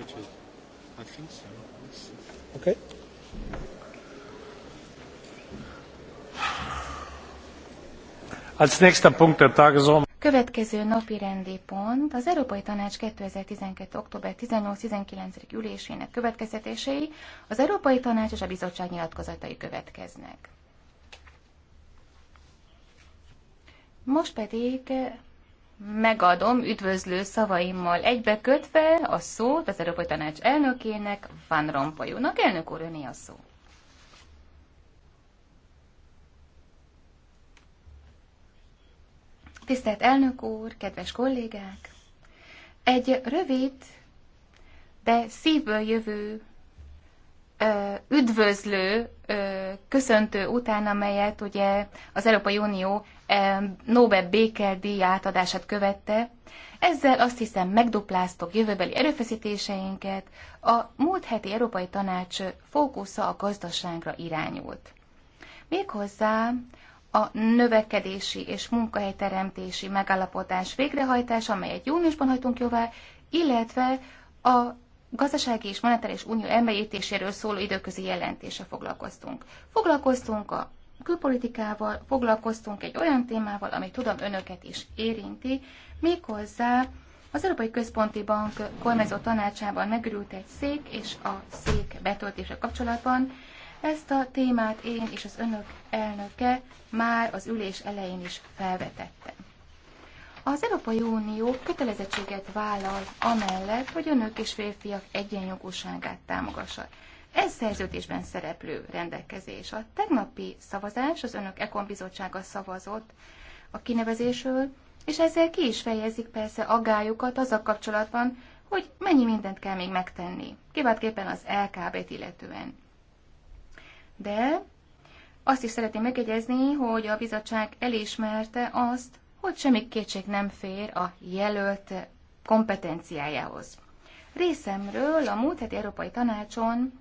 I think so. Okay. Als nächster Punkt der Tagesordnung. Következő napi rendi pont az Európai Tanács 2012. október 18-19. ülésének következtetései, az Európai Tanács és a Bizottság nyilatkozatai következnek. Most pedig megadom üdvözlő szavaimmal egybekötve a szót az Európai Tanács elnökének, Van Rompajónak. Elnök úr, öné a szó. Tisztelt elnök úr, kedves kollégák! Egy rövid, de szívből jövő, üdvözlő, köszöntő után, amelyet ugye az Európai Unió Nobel békedíj átadását követte. Ezzel azt hiszem megdupláztok jövőbeli erőfeszítéseinket, a múlt heti Európai Tanács fókusza a gazdaságra irányult. Méghozzá a növekedési és munkahelyteremtési megállapodás végrehajtása, amelyet júniusban hajtunk jóvá, illetve a gazdasági és monetáris unió emelítéséről szóló időközi jelentése foglalkoztunk. Foglalkoztunk a külpolitikával foglalkoztunk egy olyan témával, ami tudom önöket is érinti, méghozzá az Európai Központi Bank kormányzó tanácsában megürült egy szék, és a szék betöltése kapcsolatban ezt a témát én és az önök elnöke már az ülés elején is felvetette. Az Európai Unió kötelezettséget vállal amellett, hogy a nők és férfiak egyenjogúságát támogassa. Ez szerződésben szereplő rendelkezés. A tegnapi szavazás az önök Ekon bizottsága szavazott a kinevezésről, és ezzel ki is fejezik persze aggályukat a kapcsolatban, hogy mennyi mindent kell még megtenni, kiváltképpen az LKB-t illetően. De azt is szeretném megjegyezni, hogy a bizottság elismerte azt, hogy semmi kétség nem fér a jelölt kompetenciájához. Részemről a múlt heti Európai Tanácson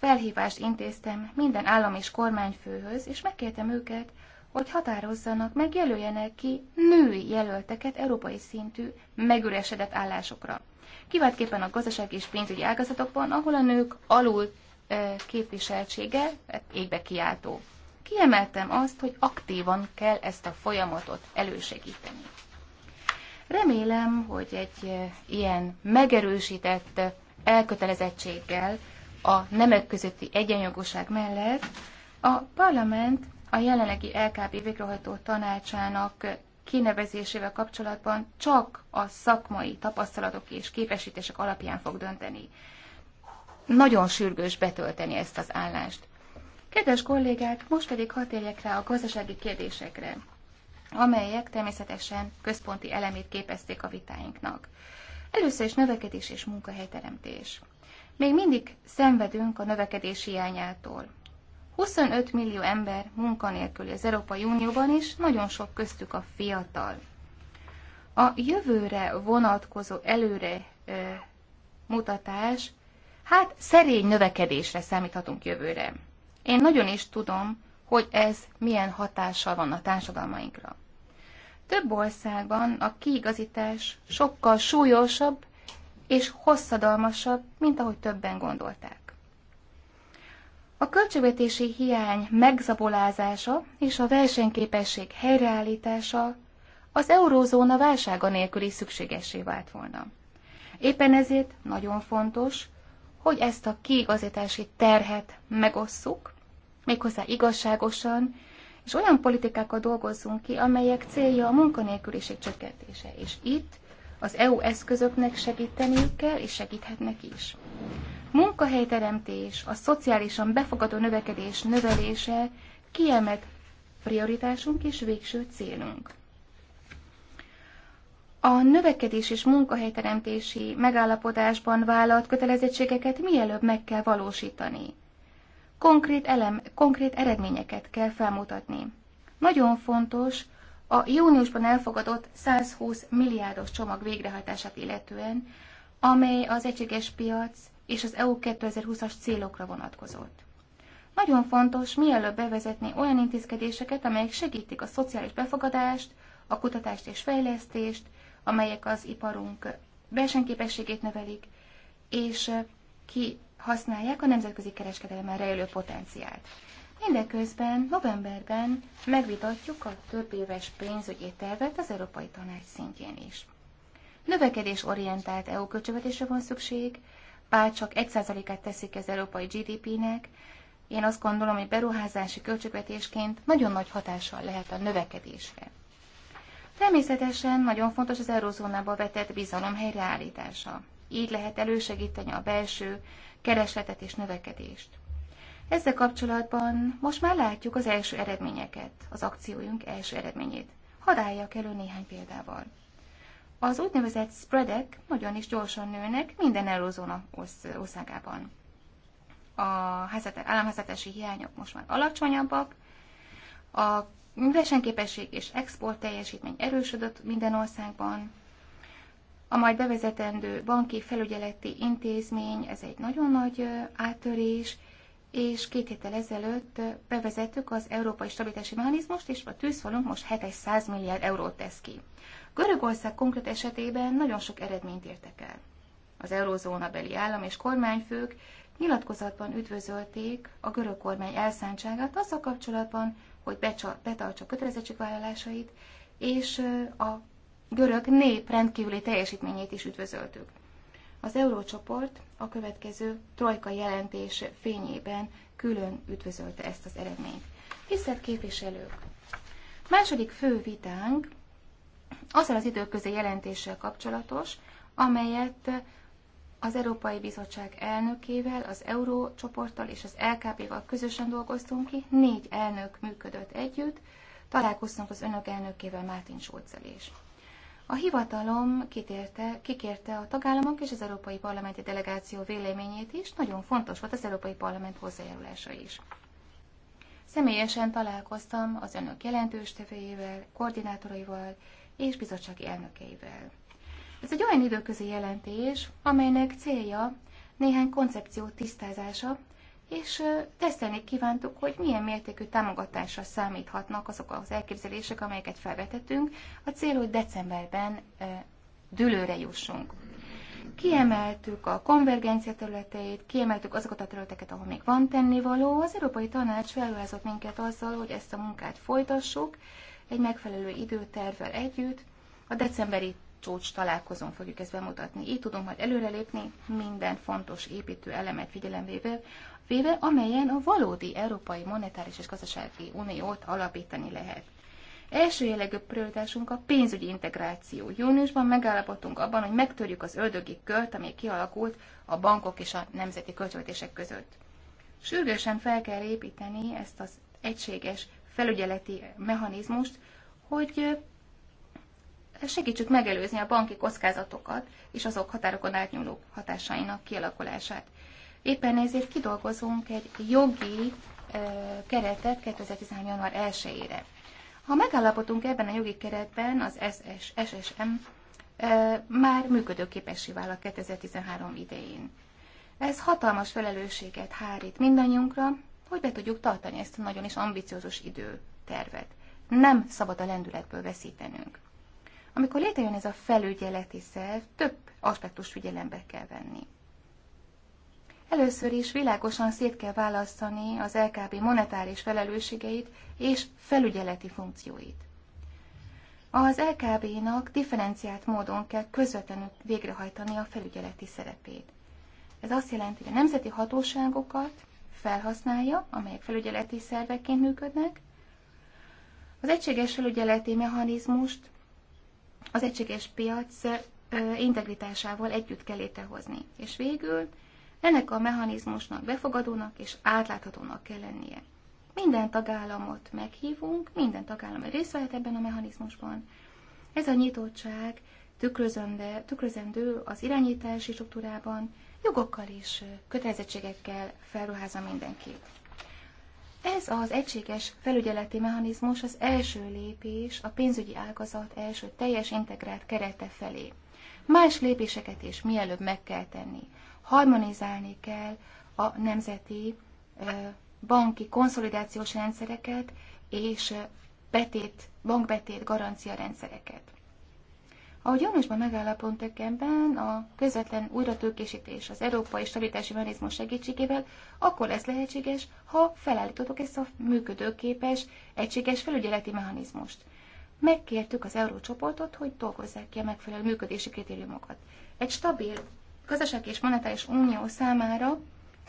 felhívást intéztem minden állam és kormányfőhöz, és megkértem őket, hogy határozzanak, meg jelöljenek ki női jelölteket európai szintű megüresedett állásokra. Kiváltképpen a gazdasági és pénzügyi ágazatokban, ahol a nők alul e, képviseltsége hát égbe kiáltó. Kiemeltem azt, hogy aktívan kell ezt a folyamatot elősegíteni. Remélem, hogy egy e, ilyen megerősített elkötelezettséggel a nemek közötti egyenjogoság mellett a parlament a jelenlegi LKB végrehajtó tanácsának kinevezésével kapcsolatban csak a szakmai tapasztalatok és képesítések alapján fog dönteni. Nagyon sürgős betölteni ezt az állást. Kedves kollégák, most pedig hadd rá a gazdasági kérdésekre, amelyek természetesen központi elemét képezték a vitáinknak. Először is növekedés és munkahelyteremtés. Még mindig szenvedünk a növekedés hiányától. 25 millió ember munkanélküli az Európai Unióban, is, nagyon sok köztük a fiatal. A jövőre vonatkozó előre ö, mutatás, hát szerény növekedésre számíthatunk jövőre. Én nagyon is tudom, hogy ez milyen hatással van a társadalmainkra. Több országban a kiigazítás sokkal súlyosabb, és hosszadalmasabb, mint ahogy többen gondolták. A költségvetési hiány megzabolázása és a versenyképesség helyreállítása az eurózóna válsága nélküli szükségessé vált volna. Éppen ezért nagyon fontos, hogy ezt a kiigazítási terhet megosszuk, méghozzá igazságosan, és olyan politikákat dolgozzunk ki, amelyek célja a munkanélküliség csökkentése. És itt az EU eszközöknek segíteniük kell, és segíthetnek is. Munkahelyteremtés, a szociálisan befogadó növekedés növelése kiemelt prioritásunk és végső célunk. A növekedés és munkahelyteremtési megállapodásban vállalt kötelezettségeket mielőbb meg kell valósítani. Konkrét, elem, konkrét eredményeket kell felmutatni. Nagyon fontos a júniusban elfogadott 120 milliárdos csomag végrehajtását illetően, amely az egységes piac és az EU 2020-as célokra vonatkozott. Nagyon fontos mielőbb bevezetni olyan intézkedéseket, amelyek segítik a szociális befogadást, a kutatást és fejlesztést, amelyek az iparunk versenyképességét növelik, és kihasználják a nemzetközi kereskedelemben rejlő potenciált. Mindeközben novemberben megvitatjuk a több éves pénzügyi tervet az Európai Tanács szintjén is. Növekedésorientált EU költségvetésre van szükség, bár csak 1%-át teszik az európai GDP-nek, én azt gondolom, hogy beruházási költségvetésként nagyon nagy hatással lehet a növekedésre. Természetesen nagyon fontos az eurozónába vetett bizalom helyreállítása. Így lehet elősegíteni a belső keresletet és növekedést. Ezzel kapcsolatban most már látjuk az első eredményeket, az akciójunk első eredményét. Hadd álljak elő néhány példával. Az úgynevezett spreadek nagyon is gyorsan nőnek minden eurozóna országában. A államházatási hiányok most már alacsonyabbak, a versenyképesség és export teljesítmény erősödött minden országban, a majd bevezetendő banki felügyeleti intézmény, ez egy nagyon nagy áttörés, és két héttel ezelőtt bevezettük az Európai Stabilitási Mechanizmust, és a tűzfalunk most 700 milliárd eurót tesz ki. Görögország konkrét esetében nagyon sok eredményt értek el. Az eurozóna beli állam és kormányfők nyilatkozatban üdvözölték a görög kormány elszántságát azzal kapcsolatban, hogy betartsa kötelezettségvállalásait, és a görög nép rendkívüli teljesítményét is üdvözöltük. Az eurócsoport a következő trojka jelentés fényében külön üdvözölte ezt az eredményt. Tisztelt képviselők! Második fő vitánk azzal az időközi jelentéssel kapcsolatos, amelyet az Európai Bizottság elnökével, az Eurócsoporttal és az LKP-val közösen dolgoztunk ki, négy elnök működött együtt, találkoztunk az önök elnökével, Mártin Schulzel is. A hivatalom kitérte, kikérte a tagállamok és az Európai Parlamenti Delegáció véleményét is, nagyon fontos volt az Európai Parlament hozzájárulása is. Személyesen találkoztam az önök jelentős tevőjével, koordinátoraival és bizottsági elnökeivel. Ez egy olyan időközi jelentés, amelynek célja néhány koncepció tisztázása, és tesztelni kívántuk, hogy milyen mértékű támogatásra számíthatnak azok az elképzelések, amelyeket felvetettünk, a cél, hogy decemberben dülőre jussunk. Kiemeltük a konvergencia területeit, kiemeltük azokat a területeket, ahol még van tennivaló. Az Európai Tanács felruházott minket azzal, hogy ezt a munkát folytassuk egy megfelelő időtervvel együtt. A decemberi csúcs találkozón fogjuk ezt bemutatni. Így tudunk majd előrelépni minden fontos építő elemet figyelembe véve, amelyen a valódi Európai Monetáris és Gazdasági Uniót alapítani lehet. Első jellegű prioritásunk a pénzügyi integráció. Júniusban megállapodtunk abban, hogy megtörjük az ördögi kört, ami kialakult a bankok és a nemzeti költségvetések között. Sürgősen fel kell építeni ezt az egységes felügyeleti mechanizmust, hogy eh, segítsük megelőzni a banki kockázatokat és azok határokon átnyúló hatásainak kialakulását. Éppen ezért kidolgozunk egy jogi keretet 2013. január 1-ére. Ha megállapodunk ebben a jogi keretben, az SS, SSM már működőképessé a 2013 idején. Ez hatalmas felelősséget hárít mindannyiunkra, hogy be tudjuk tartani ezt a nagyon is ambiciózus időtervet. Nem szabad a lendületből veszítenünk. Amikor létrejön ez a felügyeleti szerv, több aspektus figyelembe kell venni. Először is világosan szét kell választani az LKB monetáris felelősségeit és felügyeleti funkcióit. Az LKB-nak differenciált módon kell közvetlenül végrehajtani a felügyeleti szerepét. Ez azt jelenti, hogy a nemzeti hatóságokat felhasználja, amelyek felügyeleti szerveként működnek, az egységes felügyeleti mechanizmust az egységes piac integritásával együtt kell létrehozni. És végül ennek a mechanizmusnak befogadónak és átláthatónak kell lennie. Minden tagállamot meghívunk, minden tagállam részt vehet ebben a mechanizmusban. Ez a nyitottság tükrözendő az irányítási struktúrában, jogokkal és kötelezettségekkel felruházza mindenkit. Ez az egységes felügyeleti mechanizmus az első lépés a pénzügyi ágazat első teljes integrált kerete felé. Más lépéseket is mielőbb meg kell tenni harmonizálni kell a nemzeti banki konszolidációs rendszereket és betét, bankbetét garancia rendszereket. Ahogy júniusban megállapodtak ebben, a közvetlen újratőkésítés az Európai Stabilitási Mechanizmus segítségével akkor lesz lehetséges, ha felállítotok ezt a működőképes, egységes felügyeleti mechanizmust. Megkértük az eurócsoportot, hogy dolgozzák ki a megfelelő működési kritériumokat. Egy stabil gazdasági és monetáris unió számára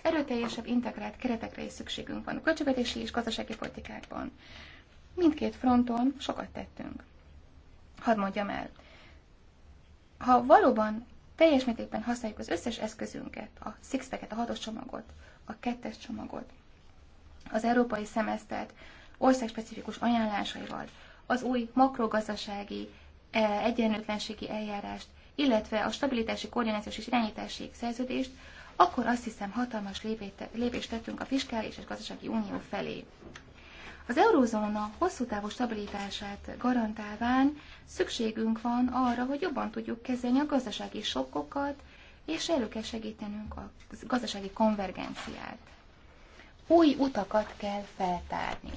erőteljesebb integrált keretekre is szükségünk van a költségvetési és gazdasági politikákban. Mindkét fronton sokat tettünk. Hadd mondjam el, ha valóban teljes mértékben használjuk az összes eszközünket, a sixpacket, a hatos csomagot, a kettes csomagot, az európai szemesztet országspecifikus ajánlásaival, az új makrogazdasági eh, egyenlőtlenségi eljárást, illetve a stabilitási, koordinációs és irányítási szerződést, akkor azt hiszem hatalmas lépést tettünk a fiskális és gazdasági unió felé. Az eurózóna hosszú távú stabilitását garantálván szükségünk van arra, hogy jobban tudjuk kezelni a gazdasági sokkokat, és elő kell segítenünk a gazdasági konvergenciát. Új utakat kell feltárni.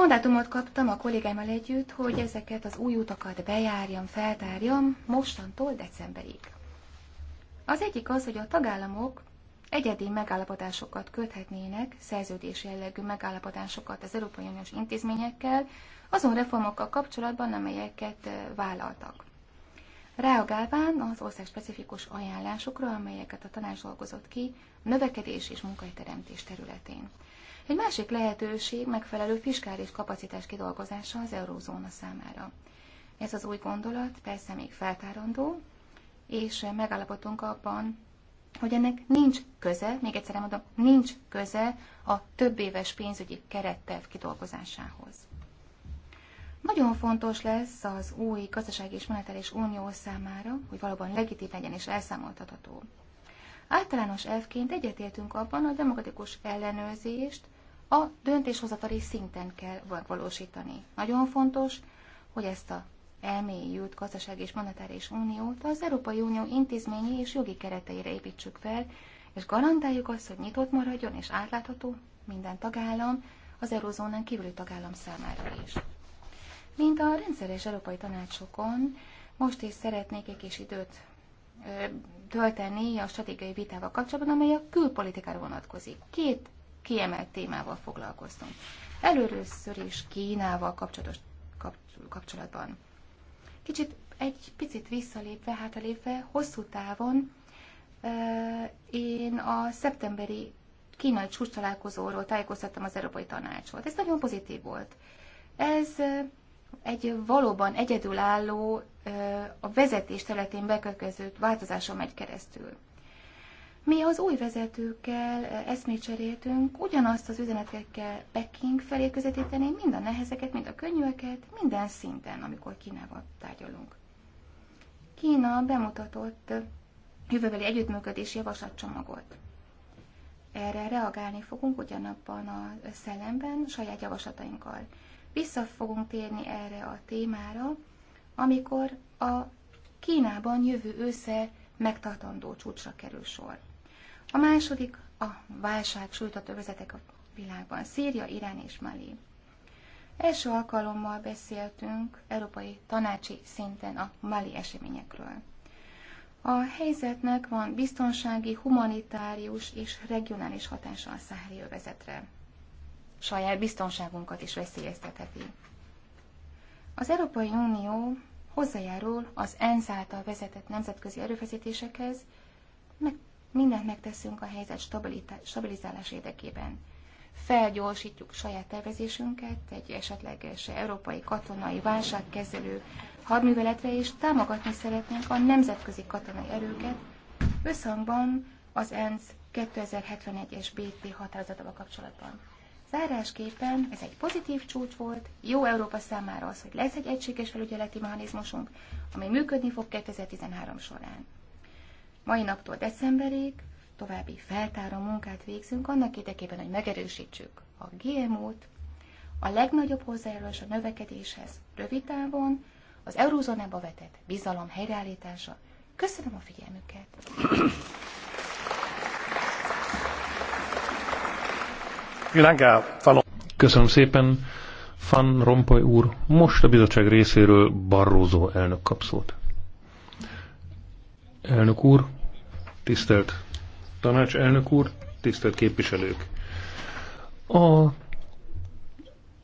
Mandátumot kaptam a kollégámmal együtt, hogy ezeket az új utakat bejárjam, feltárjam mostantól decemberig. Az egyik az, hogy a tagállamok egyedi megállapodásokat köthetnének, szerződés jellegű megállapodásokat az Európai Uniós intézményekkel, azon reformokkal kapcsolatban, amelyeket vállaltak. Reagálván az ország specifikus ajánlásokra, amelyeket a tanács dolgozott ki, növekedés és munkahelyteremtés területén. Egy másik lehetőség megfelelő fiskális kapacitás kidolgozása az eurózóna számára. Ez az új gondolat persze még feltárandó, és megállapodtunk abban, hogy ennek nincs köze, még egyszer mondom, nincs köze a több éves pénzügyi keretterv kidolgozásához. Nagyon fontos lesz az új gazdasági és monetáris unió számára, hogy valóban legitim legyen és elszámoltatható. Általános elvként egyetértünk abban, hogy a demokratikus ellenőrzést a döntéshozatali szinten kell valósítani. Nagyon fontos, hogy ezt a elmélyült gazdaság és monetáris uniót az Európai Unió intézményi és jogi kereteire építsük fel, és garantáljuk azt, hogy nyitott maradjon és átlátható minden tagállam, az eurozónán kívüli tagállam számára is. Mint a rendszeres európai tanácsokon, most is szeretnék egy kis időt tölteni a stratégiai vitával kapcsolatban, amely a külpolitikára vonatkozik. Két kiemelt témával foglalkoztunk. Először is Kínával kapcsolatos, kap, kapcsolatban. Kicsit egy picit visszalépve, hátralépve, hosszú távon én a szeptemberi kínai csúcs találkozóról tájékoztattam az Európai Tanácsot. Ez nagyon pozitív volt. Ez egy valóban egyedülálló, a vezetés területén bekövetkező változáson megy keresztül. Mi az új vezetőkkel eh, eszmét cseréltünk, ugyanazt az üzenetekkel Peking felé közvetíteni, mind a nehezeket, mind a könnyűeket, minden szinten, amikor Kínával tárgyalunk. Kína bemutatott jövőbeli együttműködési javaslatcsomagot. Erre reagálni fogunk ugyanabban a szellemben, saját javaslatainkkal. Vissza fogunk térni erre a témára, amikor a Kínában jövő ősszel megtartandó csúcsra kerül sor. A második a válság sújtott övezetek a világban, Szíria, Irán és Mali. Első alkalommal beszéltünk európai tanácsi szinten a mali eseményekről. A helyzetnek van biztonsági, humanitárius és regionális hatása a száheli övezetre. Saját biztonságunkat is veszélyeztetheti. Az Európai Unió hozzájárul az ENSZ által vezetett nemzetközi erőfeszítésekhez, meg Mindent megteszünk a helyzet stabilizálás érdekében. Felgyorsítjuk saját tervezésünket egy esetleges európai katonai válságkezelő hadműveletre, és támogatni szeretnénk a nemzetközi katonai erőket összhangban az ENSZ 2071-es BT határozatával kapcsolatban. Zárásképpen ez egy pozitív csúcs volt, jó Európa számára az, hogy lesz egy egységes felügyeleti mechanizmusunk, ami működni fog 2013 során mai naptól decemberig további feltáró munkát végzünk annak érdekében, hogy megerősítsük a GMO-t, a legnagyobb hozzájárulás a növekedéshez rövid távon, az eurózónába vetett bizalom helyreállítása. Köszönöm a figyelmüket! Köszönöm szépen, Van Rompoy úr. Most a bizottság részéről Barroso elnök kap szót. Elnök úr, Tisztelt tanácselnök úr, tisztelt képviselők! A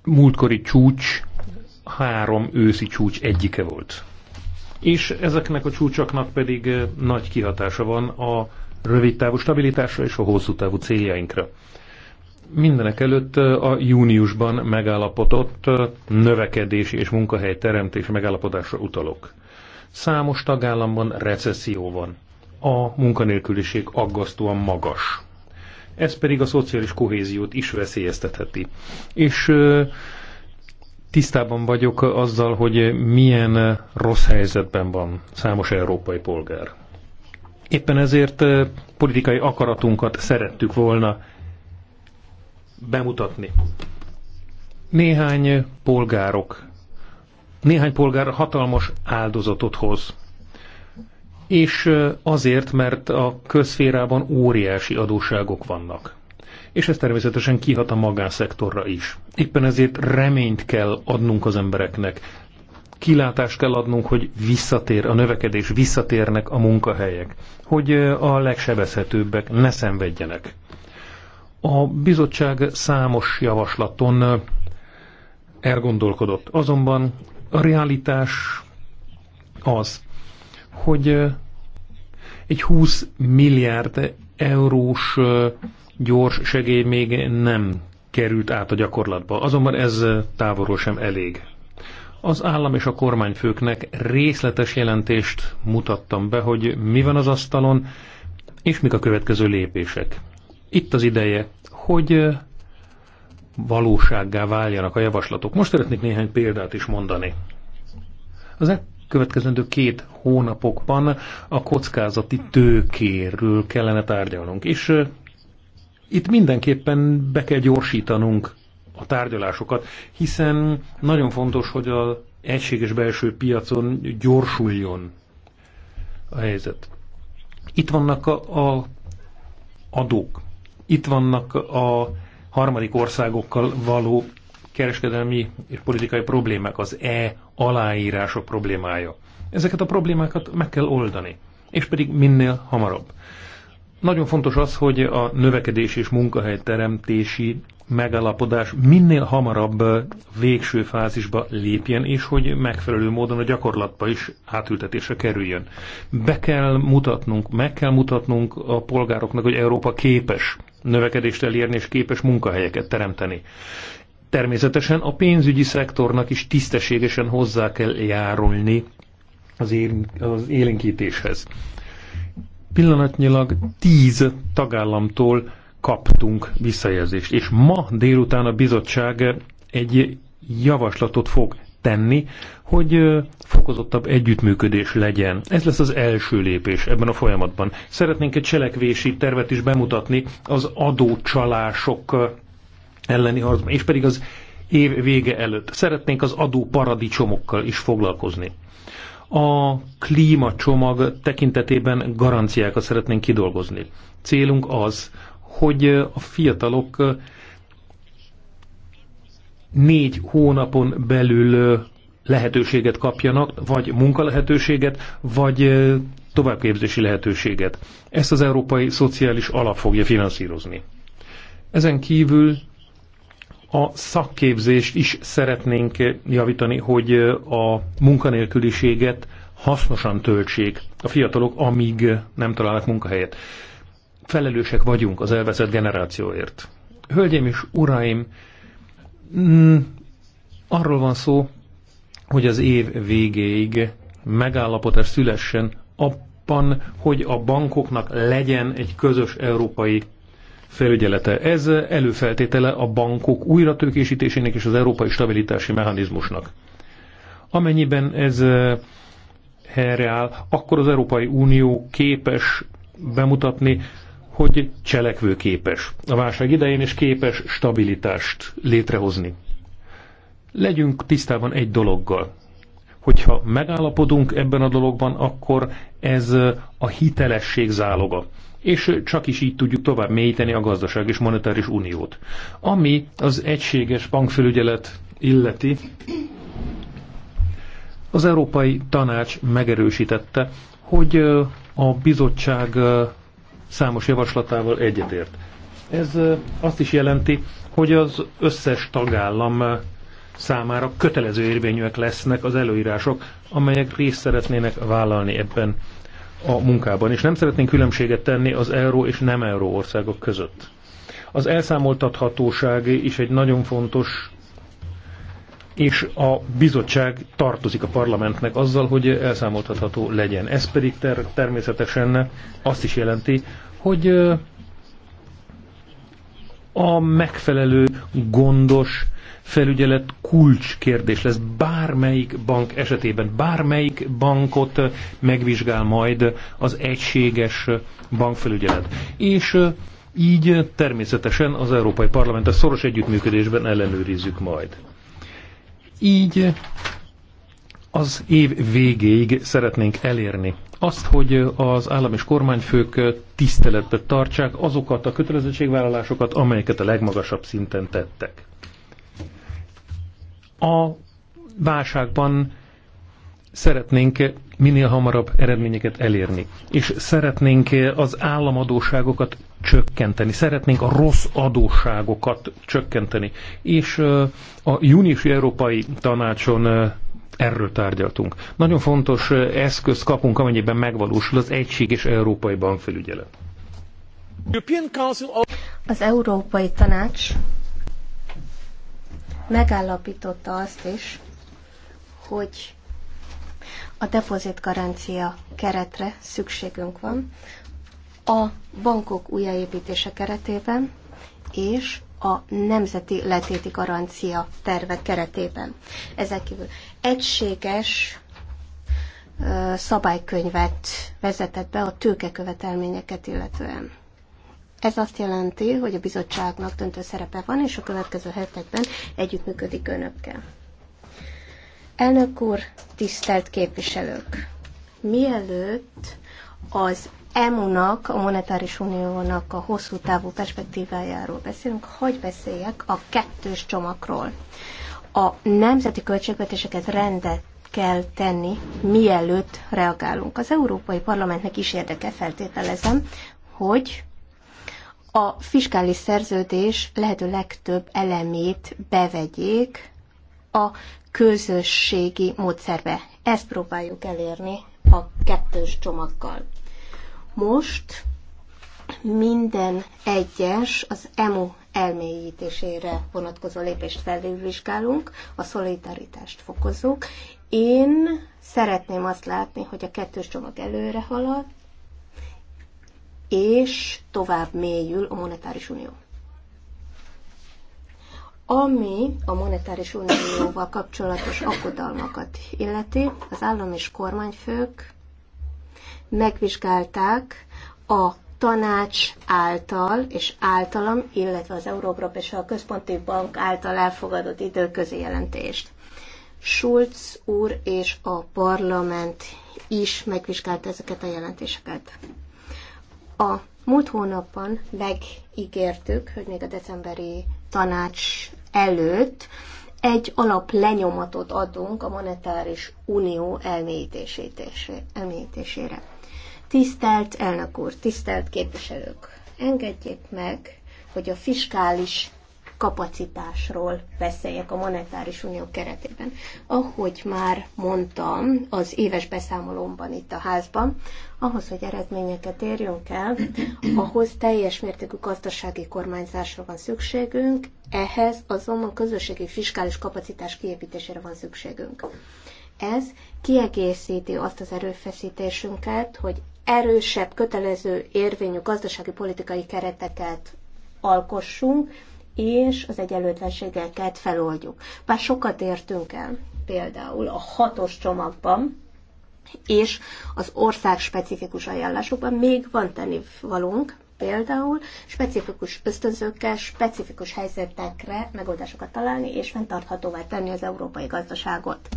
múltkori csúcs három őszi csúcs egyike volt. És ezeknek a csúcsoknak pedig nagy kihatása van a rövidtávú stabilitásra és a hosszú távú céljainkra. Mindenek előtt a júniusban megállapodott növekedési és munkahely teremtés megállapodásra utalok. Számos tagállamban recesszió van a munkanélküliség aggasztóan magas. Ez pedig a szociális kohéziót is veszélyeztetheti. És tisztában vagyok azzal, hogy milyen rossz helyzetben van számos európai polgár. Éppen ezért politikai akaratunkat szerettük volna bemutatni. Néhány polgárok, néhány polgár hatalmas áldozatot hoz és azért, mert a közférában óriási adósságok vannak. És ez természetesen kihat a magánszektorra is. Éppen ezért reményt kell adnunk az embereknek. Kilátást kell adnunk, hogy visszatér a növekedés, visszatérnek a munkahelyek, hogy a legsebezhetőbbek ne szenvedjenek. A bizottság számos javaslaton elgondolkodott. Azonban a realitás az, hogy egy 20 milliárd eurós gyors segély még nem került át a gyakorlatba. Azonban ez távolról sem elég. Az állam és a kormányfőknek részletes jelentést mutattam be, hogy mi van az asztalon, és mik a következő lépések. Itt az ideje, hogy valósággá váljanak a javaslatok. Most szeretnék néhány példát is mondani. Az következő két hónapokban a kockázati tőkéről kellene tárgyalnunk. És itt mindenképpen be kell gyorsítanunk a tárgyalásokat, hiszen nagyon fontos, hogy az egységes belső piacon gyorsuljon a helyzet. Itt vannak a, a adók, itt vannak a harmadik országokkal való kereskedelmi és politikai problémák, az E aláírások problémája. Ezeket a problémákat meg kell oldani, és pedig minél hamarabb. Nagyon fontos az, hogy a növekedés és munkahelyteremtési megalapodás minél hamarabb végső fázisba lépjen, és hogy megfelelő módon a gyakorlatba is átültetésre kerüljön. Be kell mutatnunk, meg kell mutatnunk a polgároknak, hogy Európa képes növekedést elérni és képes munkahelyeket teremteni. Természetesen a pénzügyi szektornak is tisztességesen hozzá kell járulni az, él, az élénkítéshez. Pillanatnyilag tíz tagállamtól kaptunk visszajelzést, és ma délután a bizottság egy javaslatot fog tenni, hogy fokozottabb együttműködés legyen. Ez lesz az első lépés ebben a folyamatban. Szeretnénk egy cselekvési tervet is bemutatni az adócsalások elleni harcban, és pedig az év vége előtt. Szeretnénk az adó paradicsomokkal is foglalkozni. A klímacsomag tekintetében garanciákat szeretnénk kidolgozni. Célunk az, hogy a fiatalok négy hónapon belül lehetőséget kapjanak, vagy munkalehetőséget, vagy továbbképzési lehetőséget. Ezt az Európai Szociális Alap fogja finanszírozni. Ezen kívül a szakképzést is szeretnénk javítani, hogy a munkanélküliséget hasznosan töltsék a fiatalok, amíg nem találnak munkahelyet. Felelősek vagyunk az elveszett generációért. Hölgyeim és uraim, mm, arról van szó, hogy az év végéig megállapodás szülessen abban, hogy a bankoknak legyen egy közös európai felügyelete. Ez előfeltétele a bankok újratőkésítésének és az európai stabilitási mechanizmusnak. Amennyiben ez eh, helyreáll, akkor az Európai Unió képes bemutatni, hogy cselekvőképes a válság idején, és képes stabilitást létrehozni. Legyünk tisztában egy dologgal. Hogyha megállapodunk ebben a dologban, akkor ez eh, a hitelesség záloga és csak is így tudjuk tovább mélyíteni a gazdaság és monetáris uniót. Ami az egységes bankfelügyelet illeti, az Európai Tanács megerősítette, hogy a bizottság számos javaslatával egyetért. Ez azt is jelenti, hogy az összes tagállam számára kötelező érvényűek lesznek az előírások, amelyek részt szeretnének vállalni ebben a munkában, és nem szeretnénk különbséget tenni az euró és nem euró országok között. Az elszámoltathatóság is egy nagyon fontos, és a bizottság tartozik a parlamentnek azzal, hogy elszámoltatható legyen. Ez pedig ter természetesen azt is jelenti, hogy a megfelelő gondos felügyelet kulcskérdés lesz bármelyik bank esetében. Bármelyik bankot megvizsgál majd az egységes bankfelügyelet. És így természetesen az Európai Parlament a szoros együttműködésben ellenőrizzük majd. Így az év végéig szeretnénk elérni azt, hogy az állam és kormányfők tiszteletbe tartsák azokat a kötelezettségvállalásokat, amelyeket a legmagasabb szinten tettek. A válságban szeretnénk minél hamarabb eredményeket elérni, és szeretnénk az államadóságokat csökkenteni, szeretnénk a rossz adóságokat csökkenteni, és a júniusi Európai Tanácson Erről tárgyaltunk. Nagyon fontos eszközt kapunk, amennyiben megvalósul az és európai bankfelügyelet. Az Európai Tanács megállapította azt is, hogy a depozitgarancia keretre szükségünk van a bankok újjáépítése keretében, és a nemzeti letéti garancia terve keretében. Ezek kívül egységes szabálykönyvet vezetett be a tőkekövetelményeket illetően. Ez azt jelenti, hogy a bizottságnak döntő szerepe van, és a következő hetekben együttműködik önökkel. Elnök úr, tisztelt képviselők! Mielőtt az EMU-nak, a Monetáris Uniónak a hosszú távú perspektívájáról beszélünk, hogy beszéljek a kettős csomagról. A nemzeti költségvetéseket rendet kell tenni, mielőtt reagálunk. Az Európai Parlamentnek is érdeke, feltételezem, hogy a fiskális szerződés lehető legtöbb elemét bevegyék a közösségi módszerbe. Ezt próbáljuk elérni a kettős csomaggal. Most minden egyes az EMU elmélyítésére vonatkozó lépést felülvizsgálunk, a szolidaritást fokozzuk. Én szeretném azt látni, hogy a kettős csomag előre halad, és tovább mélyül a monetáris unió. Ami a monetáris unióval kapcsolatos aggodalmakat illeti, az állam és kormányfők megvizsgálták a tanács által és általam, illetve az Európa és a Központi Bank által elfogadott időközi jelentést. Schulz úr és a parlament is megvizsgálta ezeket a jelentéseket. A múlt hónapban megígértük, hogy még a decemberi tanács előtt egy alap lenyomatot adunk a monetáris unió elmélyítésére. Tisztelt elnök úr, tisztelt képviselők, engedjék meg, hogy a fiskális kapacitásról beszéljek a Monetáris Unió keretében. Ahogy már mondtam az éves beszámolómban itt a házban, ahhoz, hogy eredményeket érjünk el, ahhoz teljes mértékű gazdasági kormányzásra van szükségünk, ehhez azonban közösségi fiskális kapacitás kiépítésére van szükségünk. Ez kiegészíti azt az erőfeszítésünket, hogy erősebb, kötelező érvényű gazdasági politikai kereteket alkossunk, és az egyenlőtlenségeket feloldjuk. Bár sokat értünk el, például a hatos csomagban, és az ország specifikus ajánlásokban még van valunk, például specifikus ösztönzőkkel, specifikus helyzetekre megoldásokat találni, és fenntarthatóvá tenni az európai gazdaságot.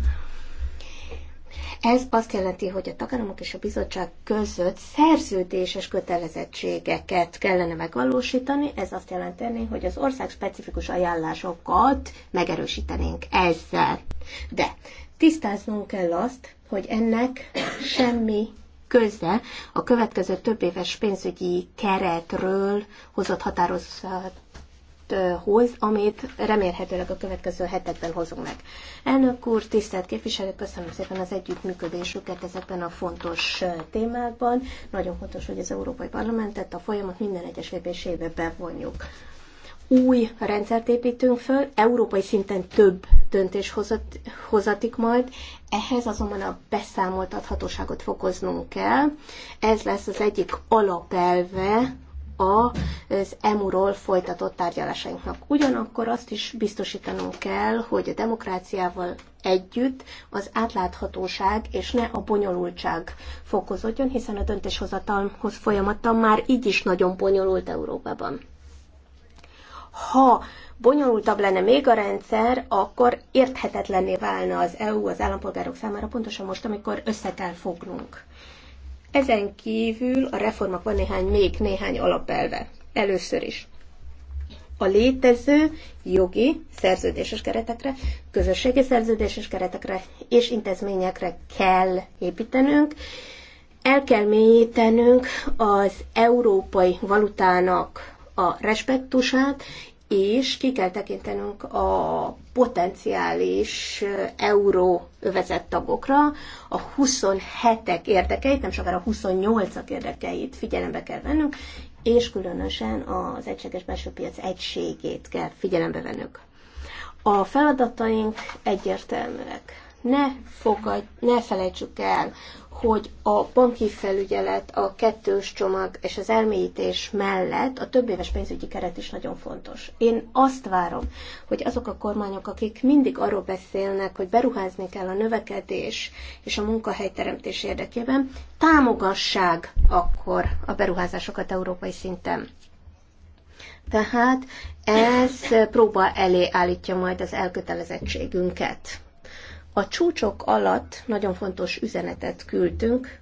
Ez azt jelenti, hogy a tagállamok és a bizottság között szerződéses kötelezettségeket kellene megvalósítani. Ez azt jelenteni, hogy az ország specifikus ajánlásokat megerősítenénk ezzel. De tisztáznunk kell azt, hogy ennek semmi köze a következő több éves pénzügyi keretről hozott határozat hoz, amit remélhetőleg a következő hetekben hozunk meg. Elnök úr, tisztelt képviselők, köszönöm szépen az együttműködésüket ezekben a fontos témákban. Nagyon fontos, hogy az Európai Parlamentet a folyamat minden egyes lépésébe bevonjuk új rendszert építünk föl, európai szinten több döntés hozat, hozatik majd, ehhez azonban a beszámoltathatóságot fokoznunk kell. Ez lesz az egyik alapelve az EMU-ról folytatott tárgyalásainknak. Ugyanakkor azt is biztosítanunk kell, hogy a demokráciával együtt az átláthatóság és ne a bonyolultság fokozódjon, hiszen a döntéshozatalhoz folyamata már így is nagyon bonyolult Európában. Ha bonyolultabb lenne még a rendszer, akkor érthetetlenné válna az EU az állampolgárok számára, pontosan most, amikor össze kell fognunk. Ezen kívül a reformak van néhány, még néhány alapelve. Először is a létező jogi szerződéses keretekre, közösségi szerződéses keretekre és intézményekre kell építenünk. El kell mélyítenünk az európai valutának a respektusát, és ki kell tekintenünk a potenciális euróövezett tagokra, a 27-ek érdekeit, nem sokára a 28-ak érdekeit figyelembe kell vennünk, és különösen az egységes belső piac egységét kell figyelembe vennünk. A feladataink egyértelműek. Ne, fogadj, ne felejtsük el, hogy a banki felügyelet, a kettős csomag és az elmélyítés mellett a több éves pénzügyi keret is nagyon fontos. Én azt várom, hogy azok a kormányok, akik mindig arról beszélnek, hogy beruházni kell a növekedés és a munkahelyteremtés érdekében, támogassák akkor a beruházásokat európai szinten. Tehát ez próba elé állítja majd az elkötelezettségünket a csúcsok alatt nagyon fontos üzenetet küldtünk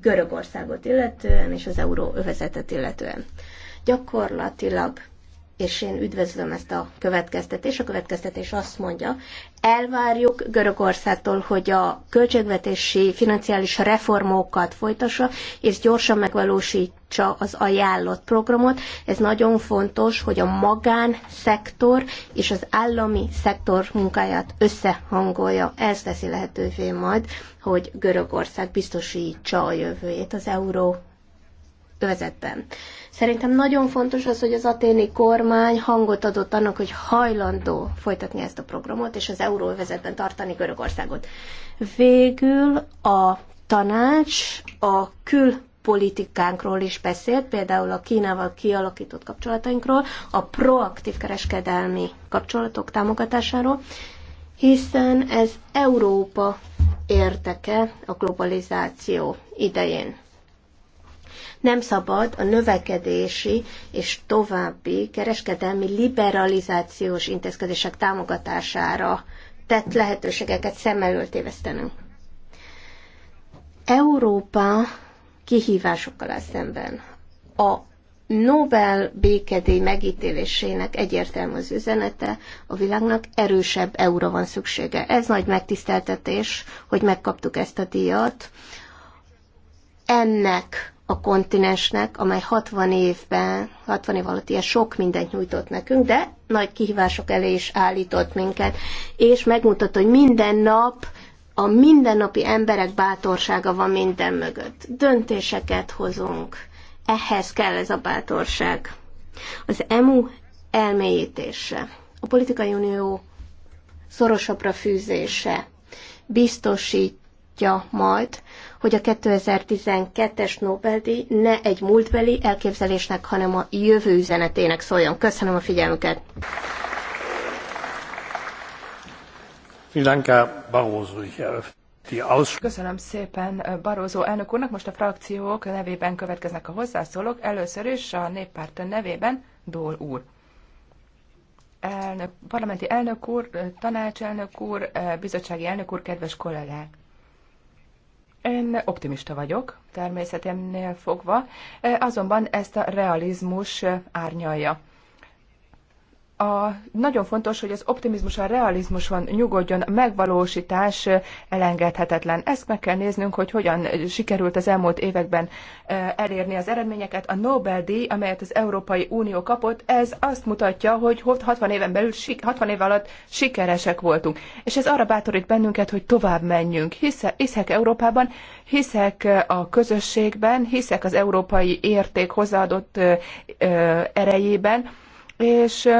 Görögországot illetően és az euróövezetet illetően. Gyakorlatilag és én üdvözlöm ezt a következtetés. A következtetés azt mondja, elvárjuk Görögországtól, hogy a költségvetési, financiális reformokat folytassa, és gyorsan megvalósítsa az ajánlott programot. Ez nagyon fontos, hogy a magánszektor és az állami szektor munkáját összehangolja. Ez teszi lehetővé majd, hogy Görögország biztosítsa a jövőjét az euró övezetben. Szerintem nagyon fontos az, hogy az aténi kormány hangot adott annak, hogy hajlandó folytatni ezt a programot, és az euróvezetben tartani Görögországot. Végül a tanács a kül politikánkról is beszélt, például a Kínával kialakított kapcsolatainkról, a proaktív kereskedelmi kapcsolatok támogatásáról, hiszen ez Európa érteke a globalizáció idején. Nem szabad a növekedési és további kereskedelmi liberalizációs intézkedések támogatására tett lehetőségeket szem elől tévesztenünk. Európa kihívásokkal áll szemben. A Nobel békedély megítélésének egyértelmű az üzenete, a világnak erősebb euró van szüksége. Ez nagy megtiszteltetés, hogy megkaptuk ezt a díjat. Ennek a kontinensnek, amely 60 évben, 60 év alatt ilyen sok mindent nyújtott nekünk, de nagy kihívások elé is állított minket, és megmutatta, hogy minden nap a mindennapi emberek bátorsága van minden mögött. Döntéseket hozunk. Ehhez kell ez a bátorság. Az EMU elmélyítése, a politikai unió szorosabbra fűzése biztosítja majd, hogy a 2012-es Nobel-díj ne egy múltbeli elképzelésnek, hanem a jövő üzenetének szóljon. Köszönöm a figyelmüket! Äh, Köszönöm szépen äh, Barózó elnök úrnak. Most a frakciók nevében következnek a hozzászólók. Először is a néppárt nevében Dól úr. Elnök, parlamenti elnök úr, tanácselnök úr, bizottsági elnök úr, kedves kollégák! Én optimista vagyok, természetemnél fogva, e, azonban ezt a realizmus e, árnyalja a, nagyon fontos, hogy az optimizmus, a realizmus van, nyugodjon, megvalósítás elengedhetetlen. Ezt meg kell néznünk, hogy hogyan sikerült az elmúlt években e, elérni az eredményeket. A Nobel-díj, amelyet az Európai Unió kapott, ez azt mutatja, hogy 60 éven belül, 60 év alatt sikeresek voltunk. És ez arra bátorít bennünket, hogy tovább menjünk. Hiszek, hiszek Európában, hiszek a közösségben, hiszek az európai érték hozzáadott e, e, erejében, és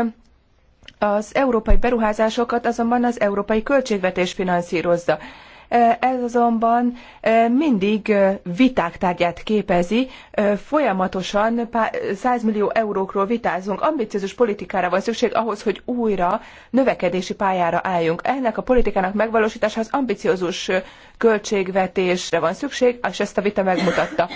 az európai beruházásokat azonban az európai költségvetés finanszírozza. E, ez azonban e, mindig e, viták tárgyát képezi, folyamatosan 100 millió eurókról vitázunk, ambiciózus politikára van szükség ahhoz, hogy újra növekedési pályára álljunk. Ennek a politikának megvalósításához ambiciózus költségvetésre van szükség, és ezt a vita megmutatta.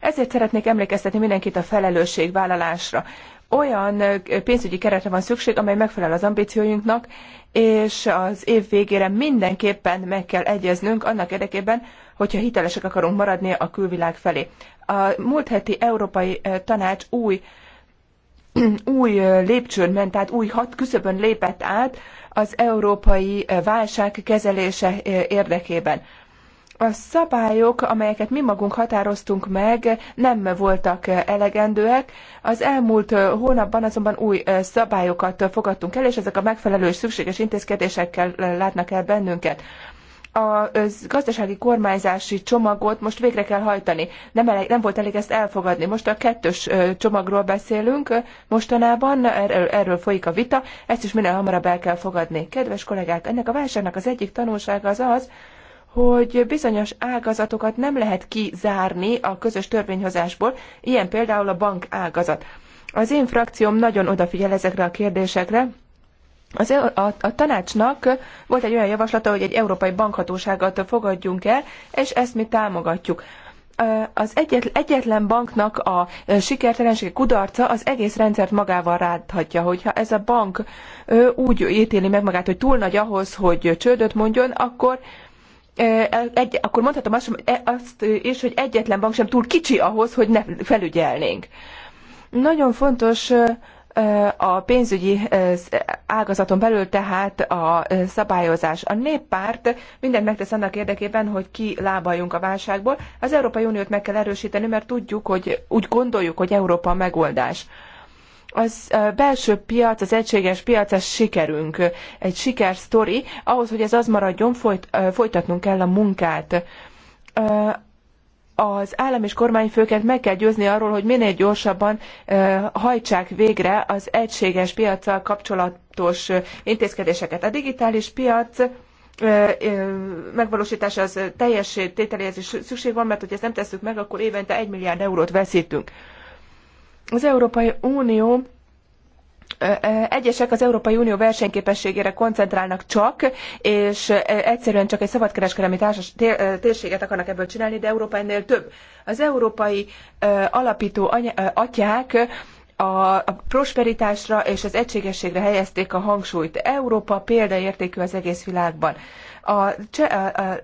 Ezért szeretnék emlékeztetni mindenkit a felelősségvállalásra olyan pénzügyi keretre van szükség, amely megfelel az ambícióinknak, és az év végére mindenképpen meg kell egyeznünk annak érdekében, hogyha hitelesek akarunk maradni a külvilág felé. A múlt heti Európai Tanács új új lépcsőn ment át, új hat küszöbön lépett át az európai válság kezelése érdekében a szabályok, amelyeket mi magunk határoztunk meg, nem voltak elegendőek. Az elmúlt hónapban azonban új szabályokat fogadtunk el, és ezek a megfelelő és szükséges intézkedésekkel látnak el bennünket a gazdasági kormányzási csomagot most végre kell hajtani. Nem, elég, nem volt elég ezt elfogadni. Most a kettős csomagról beszélünk mostanában, erről, er-, erről folyik a vita, ezt is minél hamarabb el kell fogadni. Kedves kollégák, ennek a válságnak az egyik tanulsága az az, hogy bizonyos ágazatokat nem lehet kizárni a közös törvényhozásból, ilyen például a bank ágazat. Az én frakcióm nagyon odafigyel ezekre a kérdésekre, az, e- a, a tanácsnak volt egy olyan javaslata, hogy egy európai bankhatóságot fogadjunk el, és ezt mi támogatjuk. Az egyetlen, egyetlen banknak a sikertelenség kudarca az egész rendszert magával ráthatja, hogyha ez a bank úgy ítéli meg magát, hogy túl nagy ahhoz, hogy csődöt mondjon, akkor egy, akkor mondhatom azt, e, azt is, hogy egyetlen bank sem túl kicsi ahhoz, hogy ne felügyelnénk. Nagyon fontos a pénzügyi ágazaton belül tehát a szabályozás. A néppárt mindent megtesz annak érdekében, hogy lábaljunk a válságból. Az Európai Uniót meg kell erősíteni, mert tudjuk, hogy úgy gondoljuk, hogy Európa a megoldás az belső piac, az egységes piac, ez sikerünk, egy sikersztori. Ahhoz, hogy ez az maradjon, folyt, folytatnunk kell a munkát. Az állam és kormányfőket meg kell győzni arról, hogy minél gyorsabban hajtsák végre az egységes piaccal kapcsolatos intézkedéseket. A digitális piac megvalósítása az teljes tételéhez is szükség van, mert hogyha ezt nem tesszük meg, akkor évente egy milliárd eurót veszítünk. Az Európai Unió egyesek az Európai Unió versenyképességére koncentrálnak csak, és egyszerűen csak egy szabadkereskedelmi társas, térséget akarnak ebből csinálni, de Európa ennél több. Az európai alapító atyák a prosperitásra és az egységességre helyezték a hangsúlyt. Európa példaértékű az egész világban a, a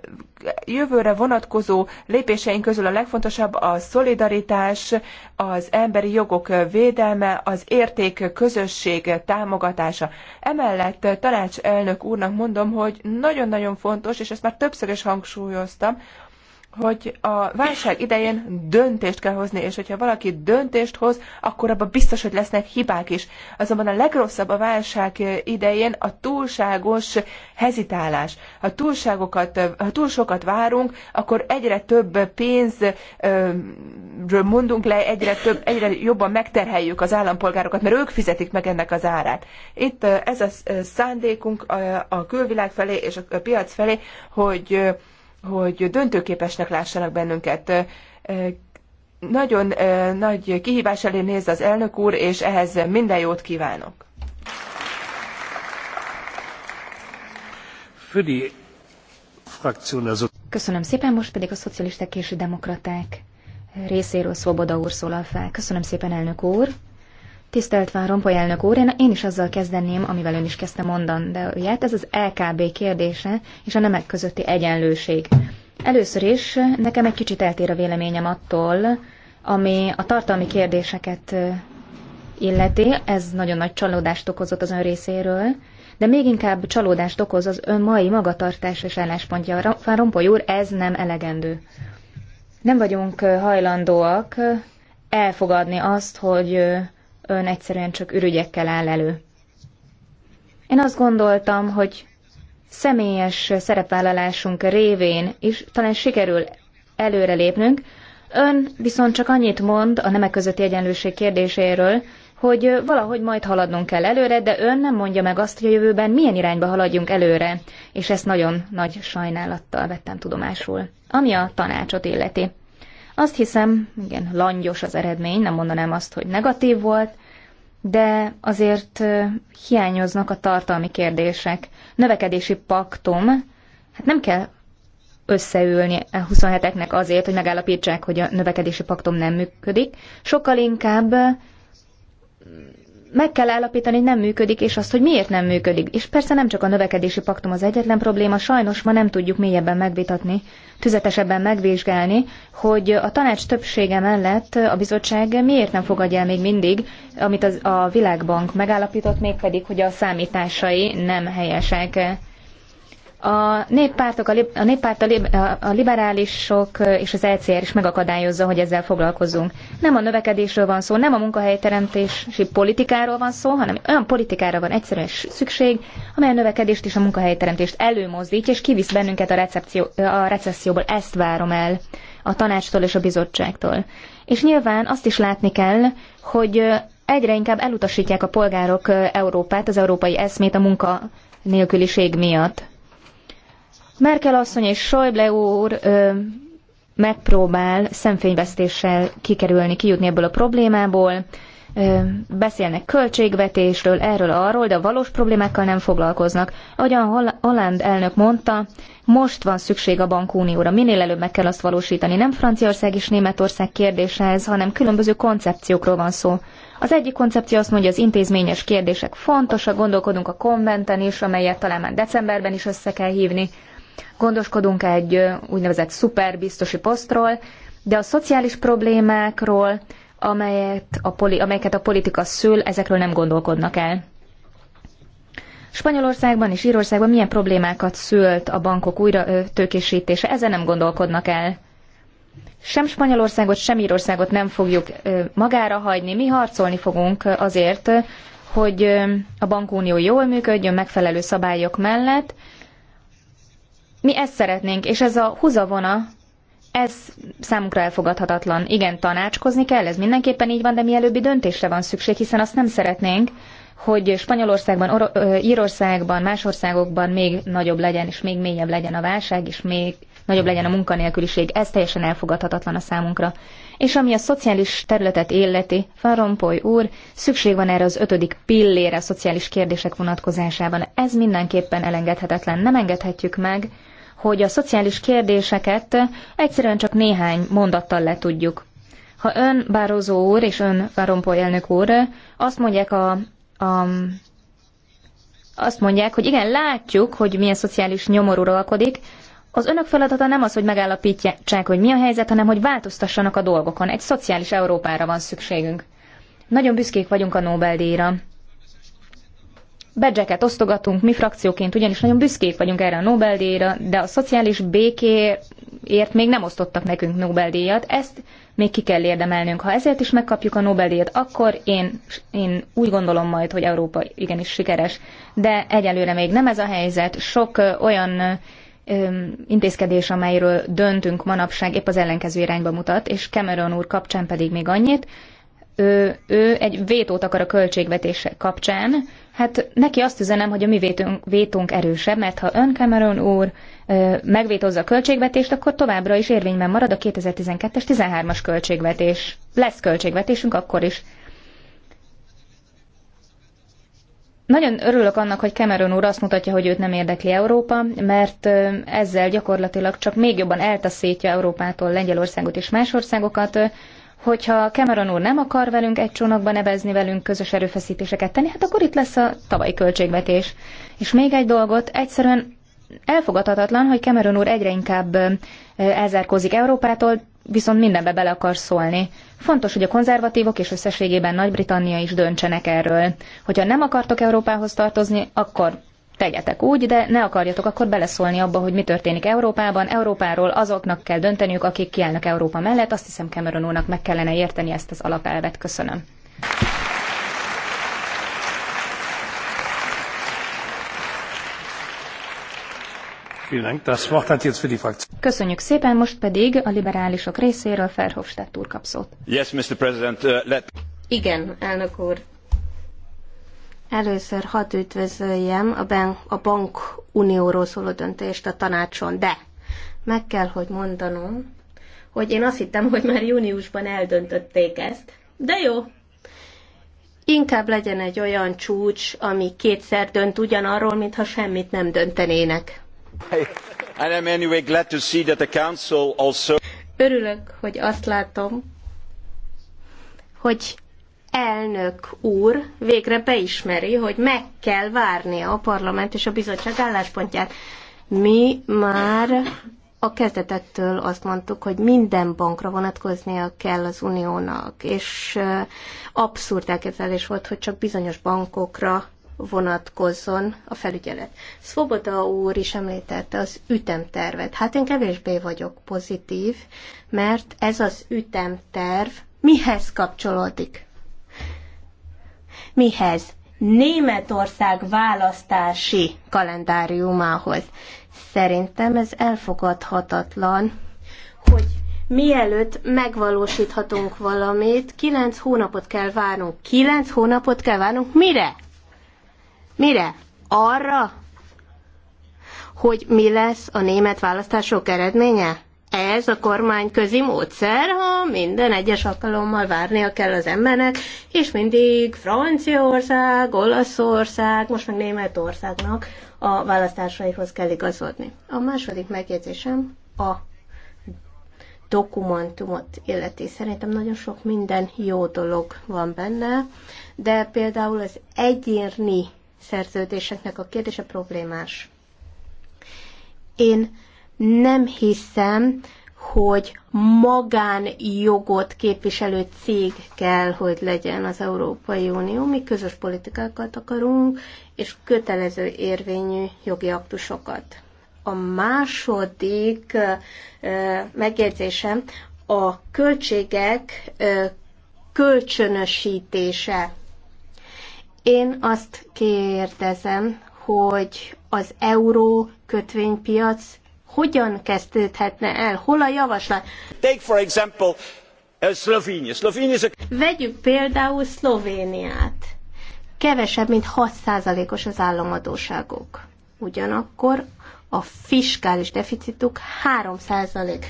jövőre vonatkozó lépéseink közül a legfontosabb a szolidaritás, az emberi jogok védelme, az érték közösség támogatása. Emellett tanácselnök úrnak mondom, hogy nagyon-nagyon fontos, és ezt már többször is hangsúlyoztam, hogy a válság idején döntést kell hozni, és hogyha valaki döntést hoz, akkor abban biztos, hogy lesznek hibák is. Azonban a legrosszabb a válság idején a túlságos hezitálás. Ha, túlságokat, ha túl sokat várunk, akkor egyre több pénzről mondunk le, egyre, több, egyre jobban megterheljük az állampolgárokat, mert ők fizetik meg ennek az árát. Itt eh, ez a szándékunk eh, a külvilág felé és a piac felé, hogy eh, hogy döntőképesnek lássanak bennünket. Nagyon nagy kihívás elé néz az elnök úr, és ehhez minden jót kívánok. Köszönöm szépen, most pedig a szocialisták és demokraták részéről Szoboda úr szólal fel. Köszönöm szépen, elnök úr! Tisztelt Ván elnök úr, én is azzal kezdeném, amivel ön is kezdte mondani, de ját, ez az LKB kérdése és a nemek közötti egyenlőség. Először is nekem egy kicsit eltér a véleményem attól, ami a tartalmi kérdéseket illeti, ez nagyon nagy csalódást okozott az ön részéről, de még inkább csalódást okoz az ön mai magatartás és álláspontja. Van úr, ez nem elegendő. Nem vagyunk hajlandóak elfogadni azt, hogy ön egyszerűen csak ürügyekkel áll elő. Én azt gondoltam, hogy személyes szerepvállalásunk révén is talán sikerül előrelépnünk, ön viszont csak annyit mond a nemek közötti egyenlőség kérdéséről, hogy valahogy majd haladnunk kell előre, de ön nem mondja meg azt, hogy a jövőben milyen irányba haladjunk előre, és ezt nagyon nagy sajnálattal vettem tudomásul, ami a tanácsot illeti. Azt hiszem, igen, langyos az eredmény, nem mondanám azt, hogy negatív volt, de azért hiányoznak a tartalmi kérdések. Növekedési paktum, hát nem kell összeülni a e 27-eknek azért, hogy megállapítsák, hogy a növekedési paktum nem működik, sokkal inkább meg kell állapítani, hogy nem működik, és azt, hogy miért nem működik. És persze nem csak a növekedési paktum az egyetlen probléma, sajnos ma nem tudjuk mélyebben megvitatni, tüzetesebben megvizsgálni, hogy a tanács többsége mellett a bizottság miért nem fogadja el még mindig, amit az, a Világbank megállapított, mégpedig, hogy a számításai nem helyesek. A, néppártok, a, lib, a néppárt, a, a liberálisok és az LCR e is megakadályozza, hogy ezzel foglalkozunk. Nem a növekedésről van szó, nem a munkahelyteremtési politikáról van szó, hanem olyan politikára van egyszerűen szükség, amely a növekedést és a munkahelyteremtést előmozdítja, és kivisz bennünket a, recepció, a recesszióból. Ezt várom el a tanácstól és a bizottságtól. És nyilván azt is látni kell, hogy egyre inkább elutasítják a polgárok Európát, az európai eszmét a munka nélküliség miatt Merkel asszony és Schäuble úr ö, megpróbál szemfényvesztéssel kikerülni, kijutni ebből a problémából. Ö, beszélnek költségvetésről, erről, arról, de a valós problémákkal nem foglalkoznak. Ahogyan Holland elnök mondta, most van szükség a bankunióra, minél előbb meg kell azt valósítani. Nem Franciaország és Németország kérdése ez, hanem különböző koncepciókról van szó. Az egyik koncepció azt mondja, az intézményes kérdések fontosak, gondolkodunk a konventen is, amelyet talán már decemberben is össze kell hívni gondoskodunk egy úgynevezett szuperbiztosi posztról, de a szociális problémákról, amelyet a poli, amelyeket a politika szül, ezekről nem gondolkodnak el. Spanyolországban és Írországban milyen problémákat szült a bankok újra tőkésítése, ezen nem gondolkodnak el. Sem Spanyolországot, sem Írországot nem fogjuk magára hagyni, mi harcolni fogunk azért, hogy a bankunió jól működjön megfelelő szabályok mellett, mi ezt szeretnénk, és ez a húzavona, ez számunkra elfogadhatatlan. Igen, tanácskozni kell, ez mindenképpen így van, de mielőbbi döntésre van szükség, hiszen azt nem szeretnénk, hogy Spanyolországban, Or- Írországban, más országokban még nagyobb legyen, és még mélyebb legyen a válság, és még nagyobb legyen a munkanélküliség. Ez teljesen elfogadhatatlan a számunkra. És ami a szociális területet illeti, Van Rompuy úr, szükség van erre az ötödik pillére a szociális kérdések vonatkozásában. Ez mindenképpen elengedhetetlen. Nem engedhetjük meg, hogy a szociális kérdéseket egyszerűen csak néhány mondattal le tudjuk. Ha ön Bározó úr és ön Várompol elnök úr azt mondják a, a azt mondják, hogy igen, látjuk, hogy milyen szociális nyomor uralkodik, az önök feladata nem az, hogy megállapítsák, hogy mi a helyzet, hanem hogy változtassanak a dolgokon. Egy szociális Európára van szükségünk. Nagyon büszkék vagyunk a Nobel-díjra. Bedzseket osztogatunk mi frakcióként, ugyanis nagyon büszkék vagyunk erre a Nobel-díjra, de a szociális békéért még nem osztottak nekünk Nobel-díjat. Ezt még ki kell érdemelnünk. Ha ezért is megkapjuk a Nobel-díjat, akkor én, én úgy gondolom majd, hogy Európa igenis sikeres. De egyelőre még nem ez a helyzet. Sok olyan intézkedés, amelyről döntünk manapság, épp az ellenkező irányba mutat, és Cameron úr kapcsán pedig még annyit, ő, ő egy vétót akar a költségvetése kapcsán, Hát neki azt üzenem, hogy a mi vétünk, vétunk erősebb, mert ha ön Cameron úr ö, megvétózza a költségvetést, akkor továbbra is érvényben marad a 2012-es 13-as költségvetés. Lesz költségvetésünk akkor is. Nagyon örülök annak, hogy Cameron úr azt mutatja, hogy őt nem érdekli Európa, mert ezzel gyakorlatilag csak még jobban eltaszítja Európától Lengyelországot és más országokat hogyha Cameron úr nem akar velünk egy csónakba nevezni, velünk közös erőfeszítéseket tenni, hát akkor itt lesz a tavalyi költségvetés. És még egy dolgot, egyszerűen elfogadhatatlan, hogy Cameron úr egyre inkább elzárkózik Európától, viszont mindenbe bele akar szólni. Fontos, hogy a konzervatívok és összességében Nagy-Britannia is döntsenek erről. Hogyha nem akartok Európához tartozni, akkor tegyetek úgy, de ne akarjatok akkor beleszólni abba, hogy mi történik Európában. Európáról azoknak kell dönteniük, akik kiállnak Európa mellett. Azt hiszem Cameron úrnak meg kellene érteni ezt az alapelvet. Köszönöm. Köszönjük szépen, most pedig a liberálisok részéről Ferhofstadt úr kap szót. Yes, Mr. President, uh, let... Igen, elnök úr, Először hat üdvözöljem a, ben, a bank unióról szóló döntést a tanácson, de meg kell, hogy mondanom, hogy én azt hittem, hogy már júniusban eldöntötték ezt. De jó, inkább legyen egy olyan csúcs, ami kétszer dönt ugyanarról, mintha semmit nem döntenének. Örülök, hogy azt látom, hogy elnök úr végre beismeri, hogy meg kell várnia a parlament és a bizottság álláspontját. Mi már a kezdetektől azt mondtuk, hogy minden bankra vonatkoznia kell az uniónak, és abszurd elképzelés volt, hogy csak bizonyos bankokra vonatkozzon a felügyelet. Svoboda úr is említette az ütemtervet. Hát én kevésbé vagyok pozitív, mert ez az ütemterv mihez kapcsolódik? mihez? Németország választási kalendáriumához. Szerintem ez elfogadhatatlan, hogy mielőtt megvalósíthatunk valamit, kilenc hónapot kell várnunk. Kilenc hónapot kell várnunk mire? Mire? Arra, hogy mi lesz a német választások eredménye? ez a kormányközi módszer, ha minden egyes alkalommal várnia kell az embernek, és mindig Franciaország, Olaszország, most meg Németországnak a választásaihoz kell igazodni. A második megjegyzésem a dokumentumot illeti. Szerintem nagyon sok minden jó dolog van benne, de például az egyérni szerződéseknek a kérdése problémás. Én nem hiszem, hogy magánjogot képviselő cég kell, hogy legyen az Európai Unió. Mi közös politikákat akarunk, és kötelező érvényű jogi aktusokat. A második megjegyzésem a költségek kölcsönösítése. Én azt kérdezem, hogy az euró kötvénypiac hogyan kezdődhetne el, hol a javaslat. Take for example uh, Slovenia. Slovenia is a... Vegyük például Szlovéniát. Kevesebb, mint 6%-os az államadóságok. Ugyanakkor a fiskális deficituk 3%.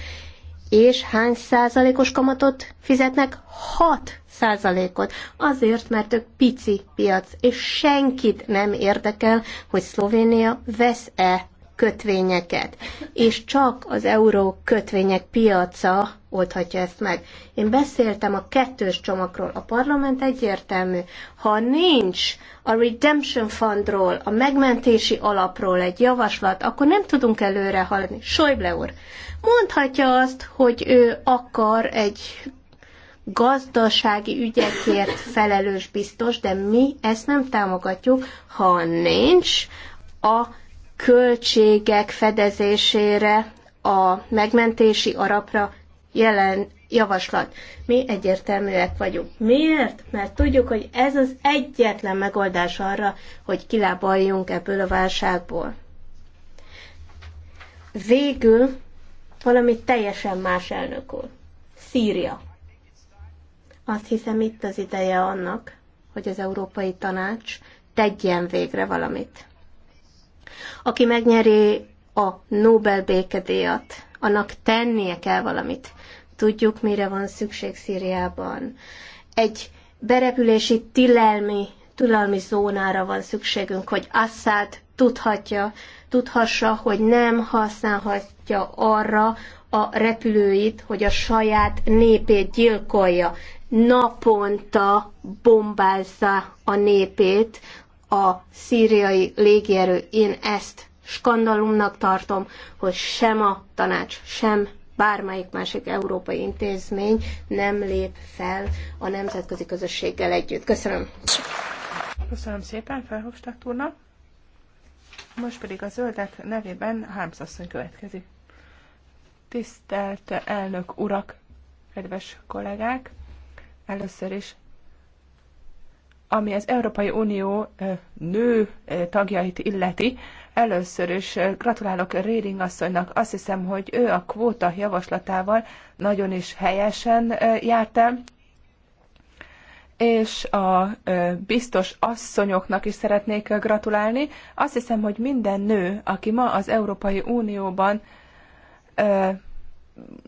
És hány százalékos kamatot fizetnek? 6 százalékot. Azért, mert ők pici piac, és senkit nem érdekel, hogy Szlovénia vesz-e kötvényeket, és csak az euró kötvények piaca oldhatja ezt meg. Én beszéltem a kettős csomagról, a parlament egyértelmű. Ha nincs a Redemption Fundról, a megmentési alapról egy javaslat, akkor nem tudunk előre haladni. Sojble úr, mondhatja azt, hogy ő akar egy gazdasági ügyekért felelős biztos, de mi ezt nem támogatjuk, ha nincs a költségek fedezésére a megmentési arapra jelen javaslat. Mi egyértelműek vagyunk. Miért? Mert tudjuk, hogy ez az egyetlen megoldás arra, hogy kilábaljunk ebből a válságból. Végül valami teljesen más elnök úr. Szíria. Azt hiszem itt az ideje annak, hogy az Európai Tanács tegyen végre valamit. Aki megnyeri a Nobel békedéjat, annak tennie kell valamit. Tudjuk, mire van szükség Szíriában. Egy berepülési tilelmi, tilalmi zónára van szükségünk, hogy Assad tudhatja, tudhassa, hogy nem használhatja arra a repülőit, hogy a saját népét gyilkolja. Naponta bombázza a népét, a szíriai légierő. Én ezt skandalumnak tartom, hogy sem a tanács, sem bármelyik másik európai intézmény nem lép fel a nemzetközi közösséggel együtt. Köszönöm. Köszönöm szépen Felhofstadt úrnak. Most pedig a zöldek nevében Hámsz asszony következik. Tisztelt elnök urak, kedves kollégák! Először is ami az Európai Unió nő tagjait illeti, először is gratulálok Réding asszonynak. Azt hiszem, hogy ő a kvóta javaslatával nagyon is helyesen járt el, és a biztos asszonyoknak is szeretnék gratulálni. Azt hiszem, hogy minden nő, aki ma az Európai Unióban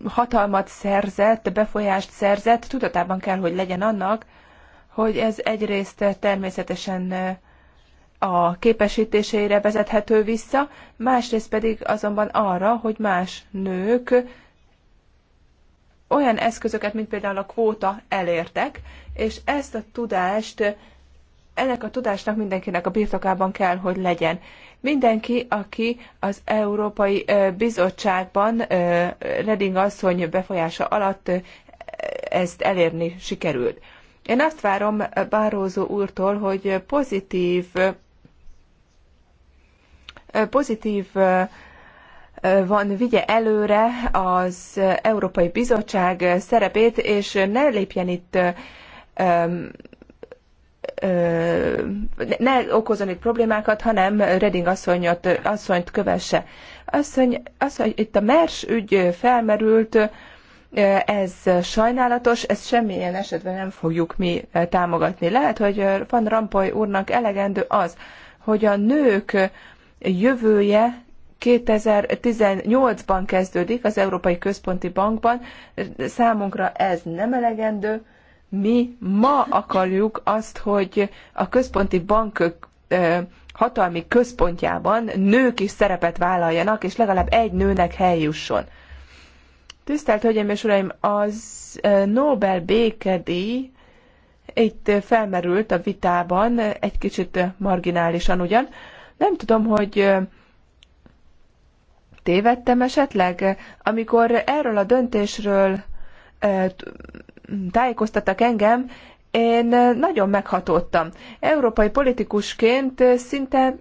hatalmat szerzett, befolyást szerzett, tudatában kell, hogy legyen annak, hogy ez egyrészt természetesen a képesítésére vezethető vissza, másrészt pedig azonban arra, hogy más nők olyan eszközöket, mint például a kvóta elértek, és ezt a tudást, ennek a tudásnak mindenkinek a birtokában kell, hogy legyen. Mindenki, aki az Európai Bizottságban Reding asszony befolyása alatt ezt elérni sikerült. Én azt várom Bárózó úrtól, hogy pozitív, pozitív van, vigye előre az Európai Bizottság szerepét, és ne lépjen itt ne okozon itt problémákat, hanem Reding asszonyot, asszonyt kövesse. Asszony, asszony, itt a MERS ügy felmerült, ez sajnálatos, ezt semmilyen esetben nem fogjuk mi eh, támogatni. Lehet, hogy eh, Van Rampoy úrnak elegendő az, hogy a nők jövője 2018-ban kezdődik az Európai Központi Bankban. Számunkra ez nem elegendő. Mi ma akarjuk azt, hogy a központi bankok eh, hatalmi központjában nők is szerepet vállaljanak, és legalább egy nőnek hely jusson. Tisztelt Hölgyeim és Uraim, az Nobel békedíj itt felmerült a vitában, egy kicsit marginálisan ugyan. Nem tudom, hogy tévedtem esetleg, amikor erről a döntésről tájékoztattak engem, én nagyon meghatódtam. Európai politikusként szinte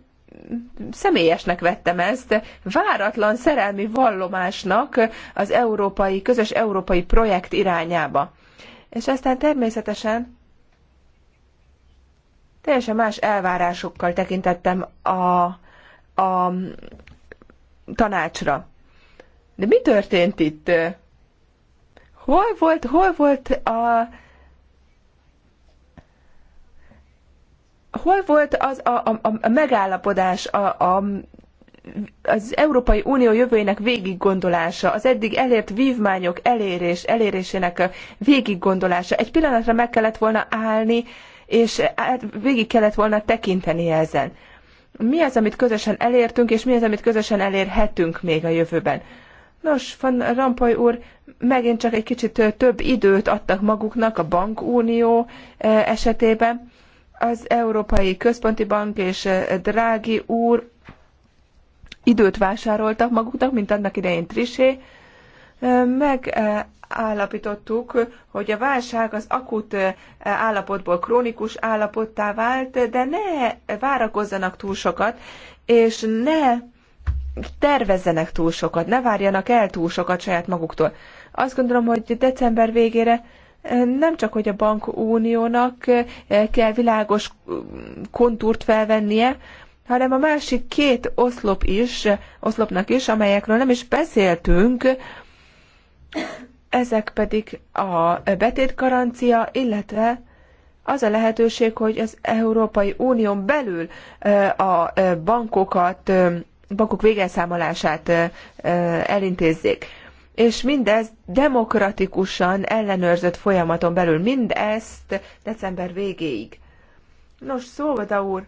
személyesnek vettem ezt, váratlan szerelmi vallomásnak az európai, közös európai projekt irányába. És aztán természetesen teljesen más elvárásokkal tekintettem a, a tanácsra. De mi történt itt? Hol volt, hol volt a, hol volt az a, a, a megállapodás, a, a, az Európai Unió jövőjének végiggondolása, az eddig elért vívmányok elérés, elérésének végiggondolása. Egy pillanatra meg kellett volna állni, és végig kellett volna tekinteni ezen. Mi az, amit közösen elértünk, és mi az, amit közösen elérhetünk még a jövőben? Nos, Van Rampoy úr, megint csak egy kicsit több időt adtak maguknak a bankunió eh, esetében az Európai Központi Bank és eh, Drági úr időt vásároltak maguknak, mint annak idején Trisé. Eh, Megállapítottuk, eh, hogy a válság az akut állapotból krónikus állapottá vált, de ne várakozzanak túl sokat, és ne tervezzenek túl sokat, ne várjanak el túl sokat saját maguktól. Azt gondolom, hogy december végére nem csak, hogy a bankuniónak eh, kell világos eh, kontúrt felvennie, hanem a másik két oszlop is, oszlopnak is, amelyekről nem is beszéltünk, ezek pedig a betétgarancia, illetve az a lehetőség, hogy az Európai Unión belül eh, a bankokat, bankok végelszámolását elintézzék és mindez demokratikusan ellenőrzött folyamaton belül, mindezt december végéig. Nos, szóvoda úr,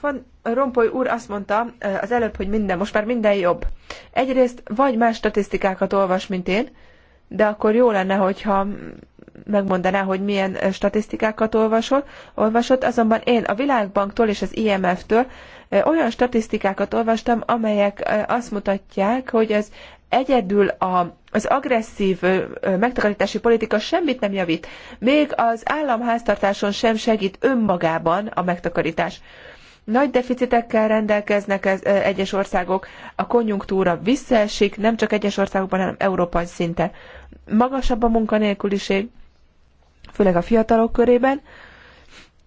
Van Rompoly úr azt mondta eh, az előbb, hogy minden, most már minden jobb. Egyrészt vagy más statisztikákat olvas, mint én, de akkor jó lenne, hogyha megmondaná, hogy milyen eh, statisztikákat olvasott, olvasott, azonban én a Világbanktól és az IMF-től eh, olyan statisztikákat olvastam, amelyek azt mutatják, hogy az egyedül a, az agresszív megtakarítási politika semmit nem javít, még az államháztartáson sem segít önmagában a megtakarítás. Nagy deficitekkel rendelkeznek ez, egyes országok, a konjunktúra visszaesik, nem csak egyes országokban, hanem európai szinten. Magasabb a munkanélküliség, főleg a fiatalok körében,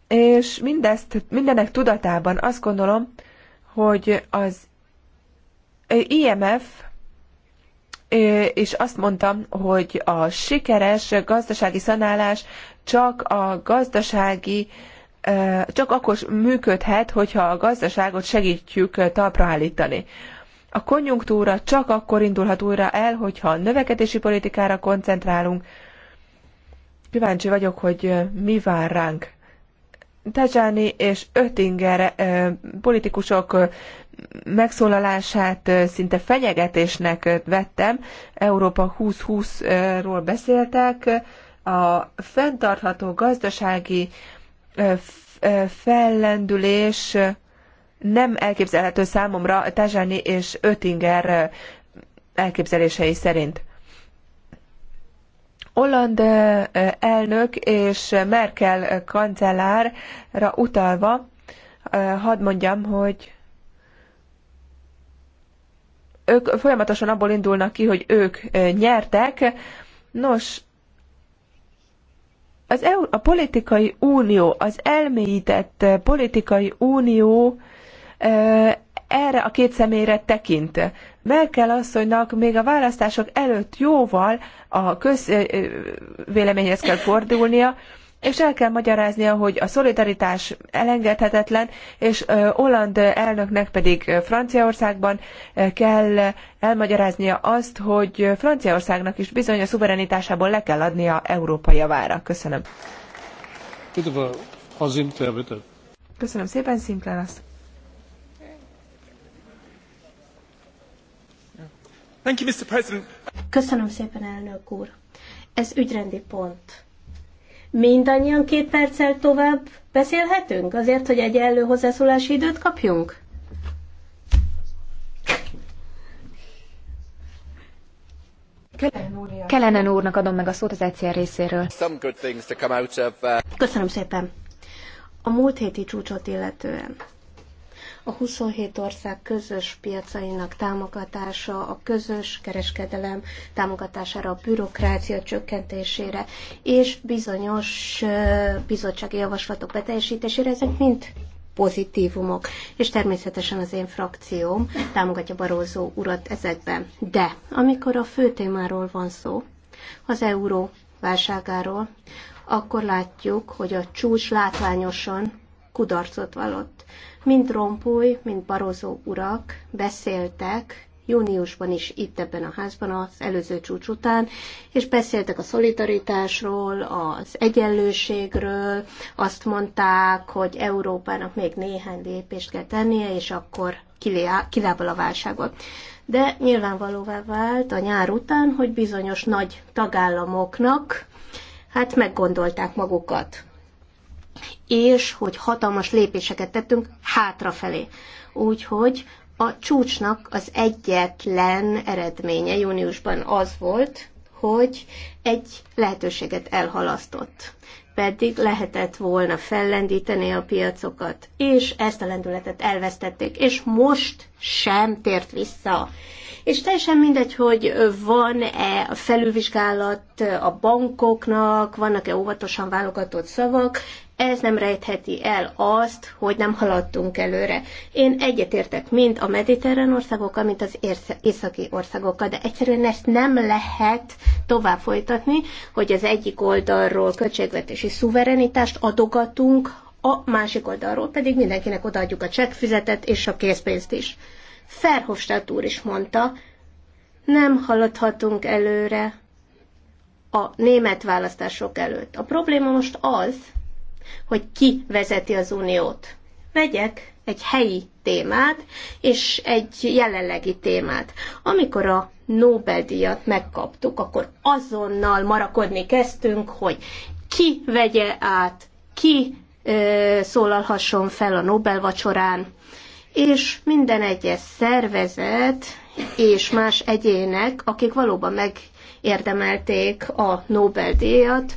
és mindezt, mindenek tudatában azt gondolom, hogy az IMF és azt mondtam, hogy a sikeres gazdasági szanálás csak a gazdasági csak akkor működhet, hogyha a gazdaságot segítjük talpra állítani. A konjunktúra csak akkor indulhat újra el, hogyha a növekedési politikára koncentrálunk. Kíváncsi vagyok, hogy mi vár ránk. Tajani és Öttinger politikusok megszólalását szinte fenyegetésnek vettem. Európa 2020-ról beszéltek. A fenntartható gazdasági fellendülés nem elképzelhető számomra Tazsani és Ötinger elképzelései szerint. Holland elnök és Merkel kancellárra utalva, hadd mondjam, hogy ők folyamatosan abból indulnak ki, hogy ők nyertek. Nos, az EU, a politikai unió, az elmélyített politikai unió erre a két személyre tekint. Merkel asszonynak még a választások előtt jóval a közvéleményhez kell fordulnia, és el kell magyaráznia, hogy a szolidaritás elengedhetetlen, és Holland elnöknek pedig Franciaországban kell elmagyaráznia azt, hogy Franciaországnak is bizony a szuverenitásából le kell adnia Európa javára. Köszönöm. Köszönöm szépen, Szimplán azt. Köszönöm szépen, elnök úr. Ez ügyrendi pont. Mindannyian két perccel tovább beszélhetünk azért, hogy egy egyenlő hozzászólási időt kapjunk? Kellenen úrnak adom meg a szót az ECR részéről. Uh, Köszönöm szépen. A múlt héti csúcsot illetően a 27 ország közös piacainak támogatása, a közös kereskedelem támogatására, a bürokrácia csökkentésére és bizonyos bizottsági javaslatok beteljesítésére, ezek mind pozitívumok, és természetesen az én frakcióm támogatja Barózó urat ezekben. De amikor a fő témáról van szó, az euró válságáról, akkor látjuk, hogy a csúcs látványosan kudarcot vallott. Mind Rompuy, mind Barozó urak beszéltek júniusban is itt ebben a házban az előző csúcs után, és beszéltek a szolidaritásról, az egyenlőségről, azt mondták, hogy Európának még néhány lépést kell tennie, és akkor kilábal a válságot. De nyilvánvalóvá vált a nyár után, hogy bizonyos nagy tagállamoknak hát meggondolták magukat és hogy hatalmas lépéseket tettünk hátrafelé. Úgyhogy a csúcsnak az egyetlen eredménye júniusban az volt, hogy egy lehetőséget elhalasztott. Pedig lehetett volna fellendíteni a piacokat, és ezt a lendületet elvesztették, és most sem tért vissza és teljesen mindegy, hogy van-e a felülvizsgálat a bankoknak, vannak-e óvatosan válogatott szavak, ez nem rejtheti el azt, hogy nem haladtunk előre. Én egyetértek mind a mediterrán országokkal, mint az északi országokkal, de egyszerűen ezt nem lehet tovább folytatni, hogy az egyik oldalról költségvetési szuverenitást adogatunk, a másik oldalról pedig mindenkinek odaadjuk a csekkfizetet és a készpénzt is. Ferhofstadt úr is mondta, nem haladhatunk előre a német választások előtt. A probléma most az, hogy ki vezeti az uniót. Vegyek egy helyi témát és egy jelenlegi témát. Amikor a Nobel-díjat megkaptuk, akkor azonnal marakodni kezdtünk, hogy ki vegye át, ki ö, szólalhasson fel a Nobel vacsorán és minden egyes szervezet és más egyének, akik valóban megérdemelték a Nobel-díjat,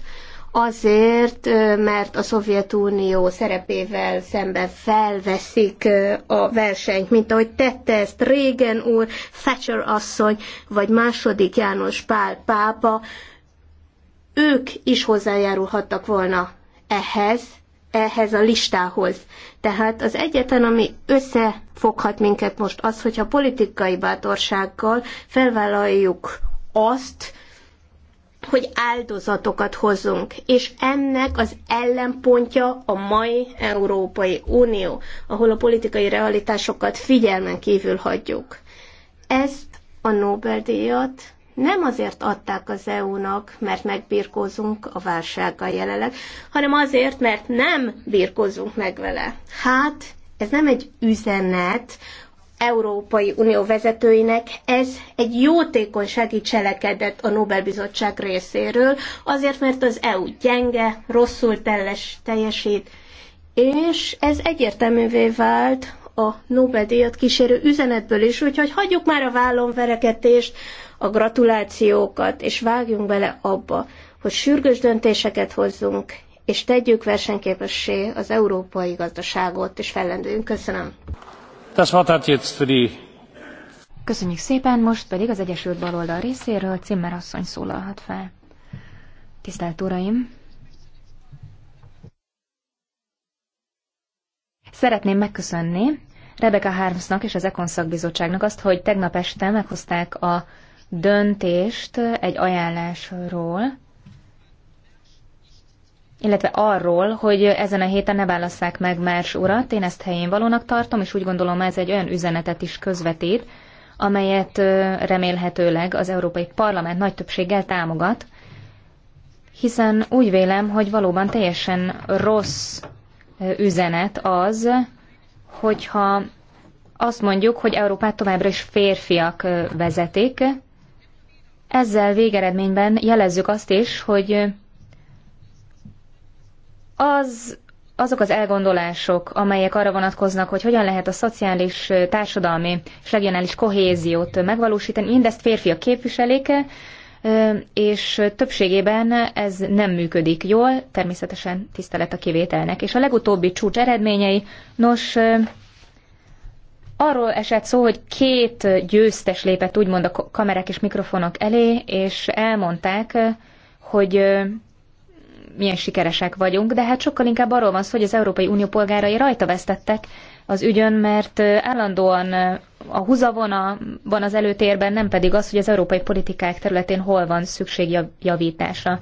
azért, mert a Szovjetunió szerepével szemben felveszik a versenyt, mint ahogy tette ezt Régen úr, Thatcher asszony, vagy második János Pál pápa, ők is hozzájárulhattak volna ehhez, ehhez a listához. Tehát az egyetlen, ami összefoghat minket most az, hogyha politikai bátorsággal felvállaljuk azt, hogy áldozatokat hozunk, És ennek az ellenpontja a mai Európai Unió, ahol a politikai realitásokat figyelmen kívül hagyjuk. Ezt a Nobel-díjat nem azért adták az EU-nak, mert megbirkózunk a válsággal jelenleg, hanem azért, mert nem birkózunk meg vele. Hát, ez nem egy üzenet Európai Unió vezetőinek, ez egy jótékonysági cselekedet a Nobel-bizottság részéről, azért, mert az EU gyenge, rosszul teljes, teljesít, és ez egyértelművé vált, a Nobel-díjat kísérő üzenetből is, úgyhogy hagyjuk már a vállon vállonvereketést, a gratulációkat, és vágjunk bele abba, hogy sürgős döntéseket hozzunk, és tegyük versenyképessé az európai gazdaságot, és fellendüljünk. Köszönöm. Köszönjük szépen, most pedig az Egyesült Baloldal részéről Cimmer asszony szólalhat fel. Tisztelt Uraim! Szeretném megköszönni Rebecca Harmsnak és az Econ szakbizottságnak azt, hogy tegnap este meghozták a döntést egy ajánlásról, illetve arról, hogy ezen a héten ne válasszák meg más urat. Én ezt helyén valónak tartom, és úgy gondolom ez egy olyan üzenetet is közvetít, amelyet remélhetőleg az Európai Parlament nagy többséggel támogat, hiszen úgy vélem, hogy valóban teljesen rossz üzenet az, hogyha azt mondjuk, hogy Európát továbbra is férfiak vezetik, ezzel végeredményben jelezzük azt is, hogy az, azok az elgondolások, amelyek arra vonatkoznak, hogy hogyan lehet a szociális, társadalmi és regionális kohéziót megvalósítani, mindezt férfiak képviselik, és többségében ez nem működik jól, természetesen tisztelet a kivételnek. És a legutóbbi csúcs eredményei, nos, arról esett szó, hogy két győztes lépett úgymond a kamerák és mikrofonok elé, és elmondták, hogy milyen sikeresek vagyunk, de hát sokkal inkább arról van szó, hogy az Európai Unió polgárai rajta vesztettek, az ügyön, mert állandóan a húzavona van az előtérben, nem pedig az, hogy az európai politikák területén hol van szükség javításra.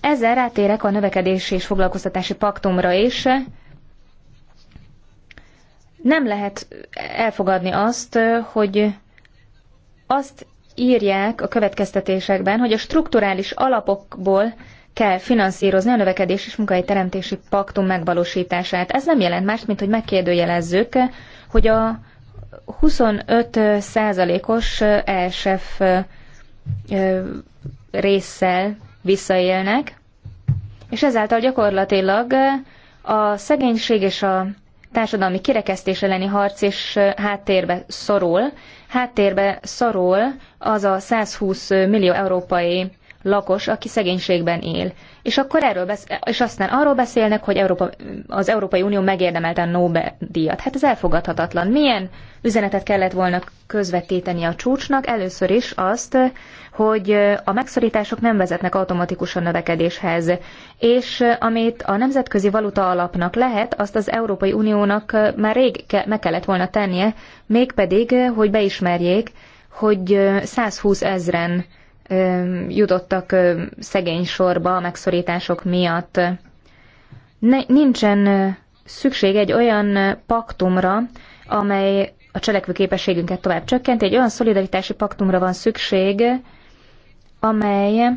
Ezzel rátérek a növekedési és foglalkoztatási paktumra is. Nem lehet elfogadni azt, hogy azt írják a következtetésekben, hogy a strukturális alapokból kell finanszírozni a növekedés és munka-teremtési paktum megvalósítását. Ez nem jelent más, mint hogy megkérdőjelezzük, hogy a 25 százalékos ESF eh, eh, résszel visszaélnek, és ezáltal gyakorlatilag eh, a szegénység és a társadalmi kirekesztés elleni harc is háttérbe szorul. Háttérbe szorul az a 120 millió európai lakos, aki szegénységben él. És akkor erről besz- és aztán arról beszélnek, hogy Európa, az Európai Unió megérdemelte a Nobel-díjat. Hát ez elfogadhatatlan. Milyen üzenetet kellett volna közvetíteni a csúcsnak? Először is azt, hogy a megszorítások nem vezetnek automatikusan növekedéshez, és amit a nemzetközi valuta alapnak lehet, azt az Európai Uniónak már rég ke- meg kellett volna tennie, mégpedig, hogy beismerjék, hogy 120 ezren jutottak szegény sorba a megszorítások miatt. Ne, nincsen szükség egy olyan paktumra, amely a cselekvőképességünket tovább csökkenti, egy olyan szolidaritási paktumra van szükség, amely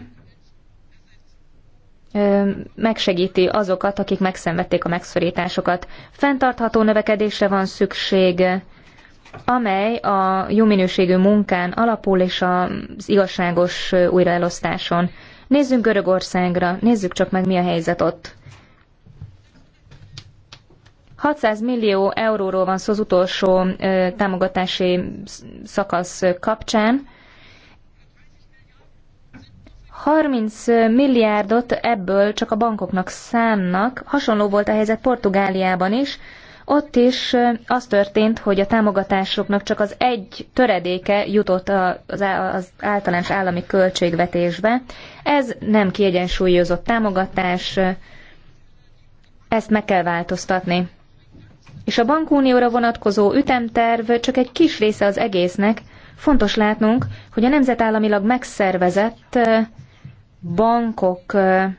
megsegíti azokat, akik megszenvedték a megszorításokat. Fentartható növekedésre van szükség, amely a jó minőségű munkán alapul és az igazságos újraelosztáson. Nézzünk Görögországra, nézzük csak meg, mi a helyzet ott. 600 millió euróról van szó az utolsó támogatási szakasz kapcsán. 30 milliárdot ebből csak a bankoknak szánnak. Hasonló volt a helyzet Portugáliában is. Ott is az történt, hogy a támogatásoknak csak az egy töredéke jutott az általános állami költségvetésbe. Ez nem kiegyensúlyozott támogatás, ezt meg kell változtatni. És a bankunióra vonatkozó ütemterv csak egy kis része az egésznek. Fontos látnunk, hogy a nemzetállamilag megszervezett bankokról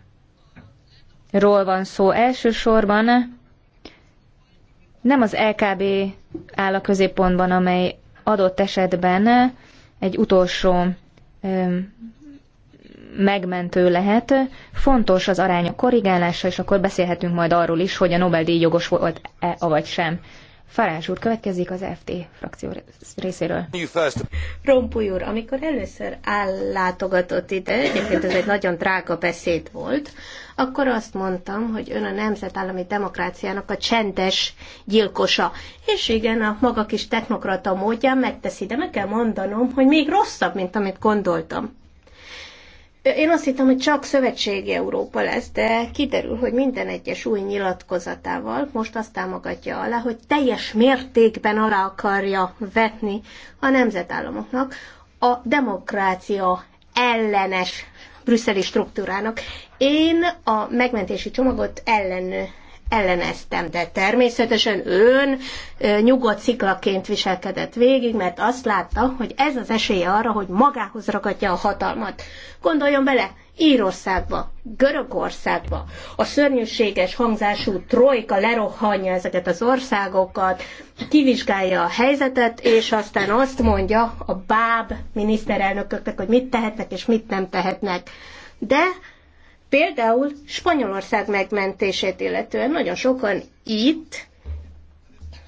van szó elsősorban, nem az LKB áll a középpontban, amely adott esetben egy utolsó megmentő lehet. Fontos az arányok korrigálása, és akkor beszélhetünk majd arról is, hogy a Nobel-díj jogos volt-e, avagy sem. Farázs úr következik az FT frakció részéről. Rompuy úr, amikor először állátogatott ide, egyébként ez egy nagyon drága beszéd volt, akkor azt mondtam, hogy ön a nemzetállami demokráciának a csendes gyilkosa. És igen, a maga kis technokrata módján megteszi, de meg kell mondanom, hogy még rosszabb, mint amit gondoltam. Én azt hittem, hogy csak szövetségi Európa lesz, de kiderül, hogy minden egyes új nyilatkozatával most azt támogatja alá, hogy teljes mértékben alá akarja vetni a nemzetállamoknak a demokrácia ellenes brüsszeli struktúrának. Én a megmentési csomagot ellen elleneztem, de természetesen ön nyugodt sziklaként viselkedett végig, mert azt látta, hogy ez az esélye arra, hogy magához ragadja a hatalmat. Gondoljon bele, Írországba, Görögországba, a szörnyűséges hangzású trojka lerohanja ezeket az országokat, kivizsgálja a helyzetet, és aztán azt mondja a báb miniszterelnököknek, hogy mit tehetnek és mit nem tehetnek. De Például Spanyolország megmentését illetően nagyon sokan itt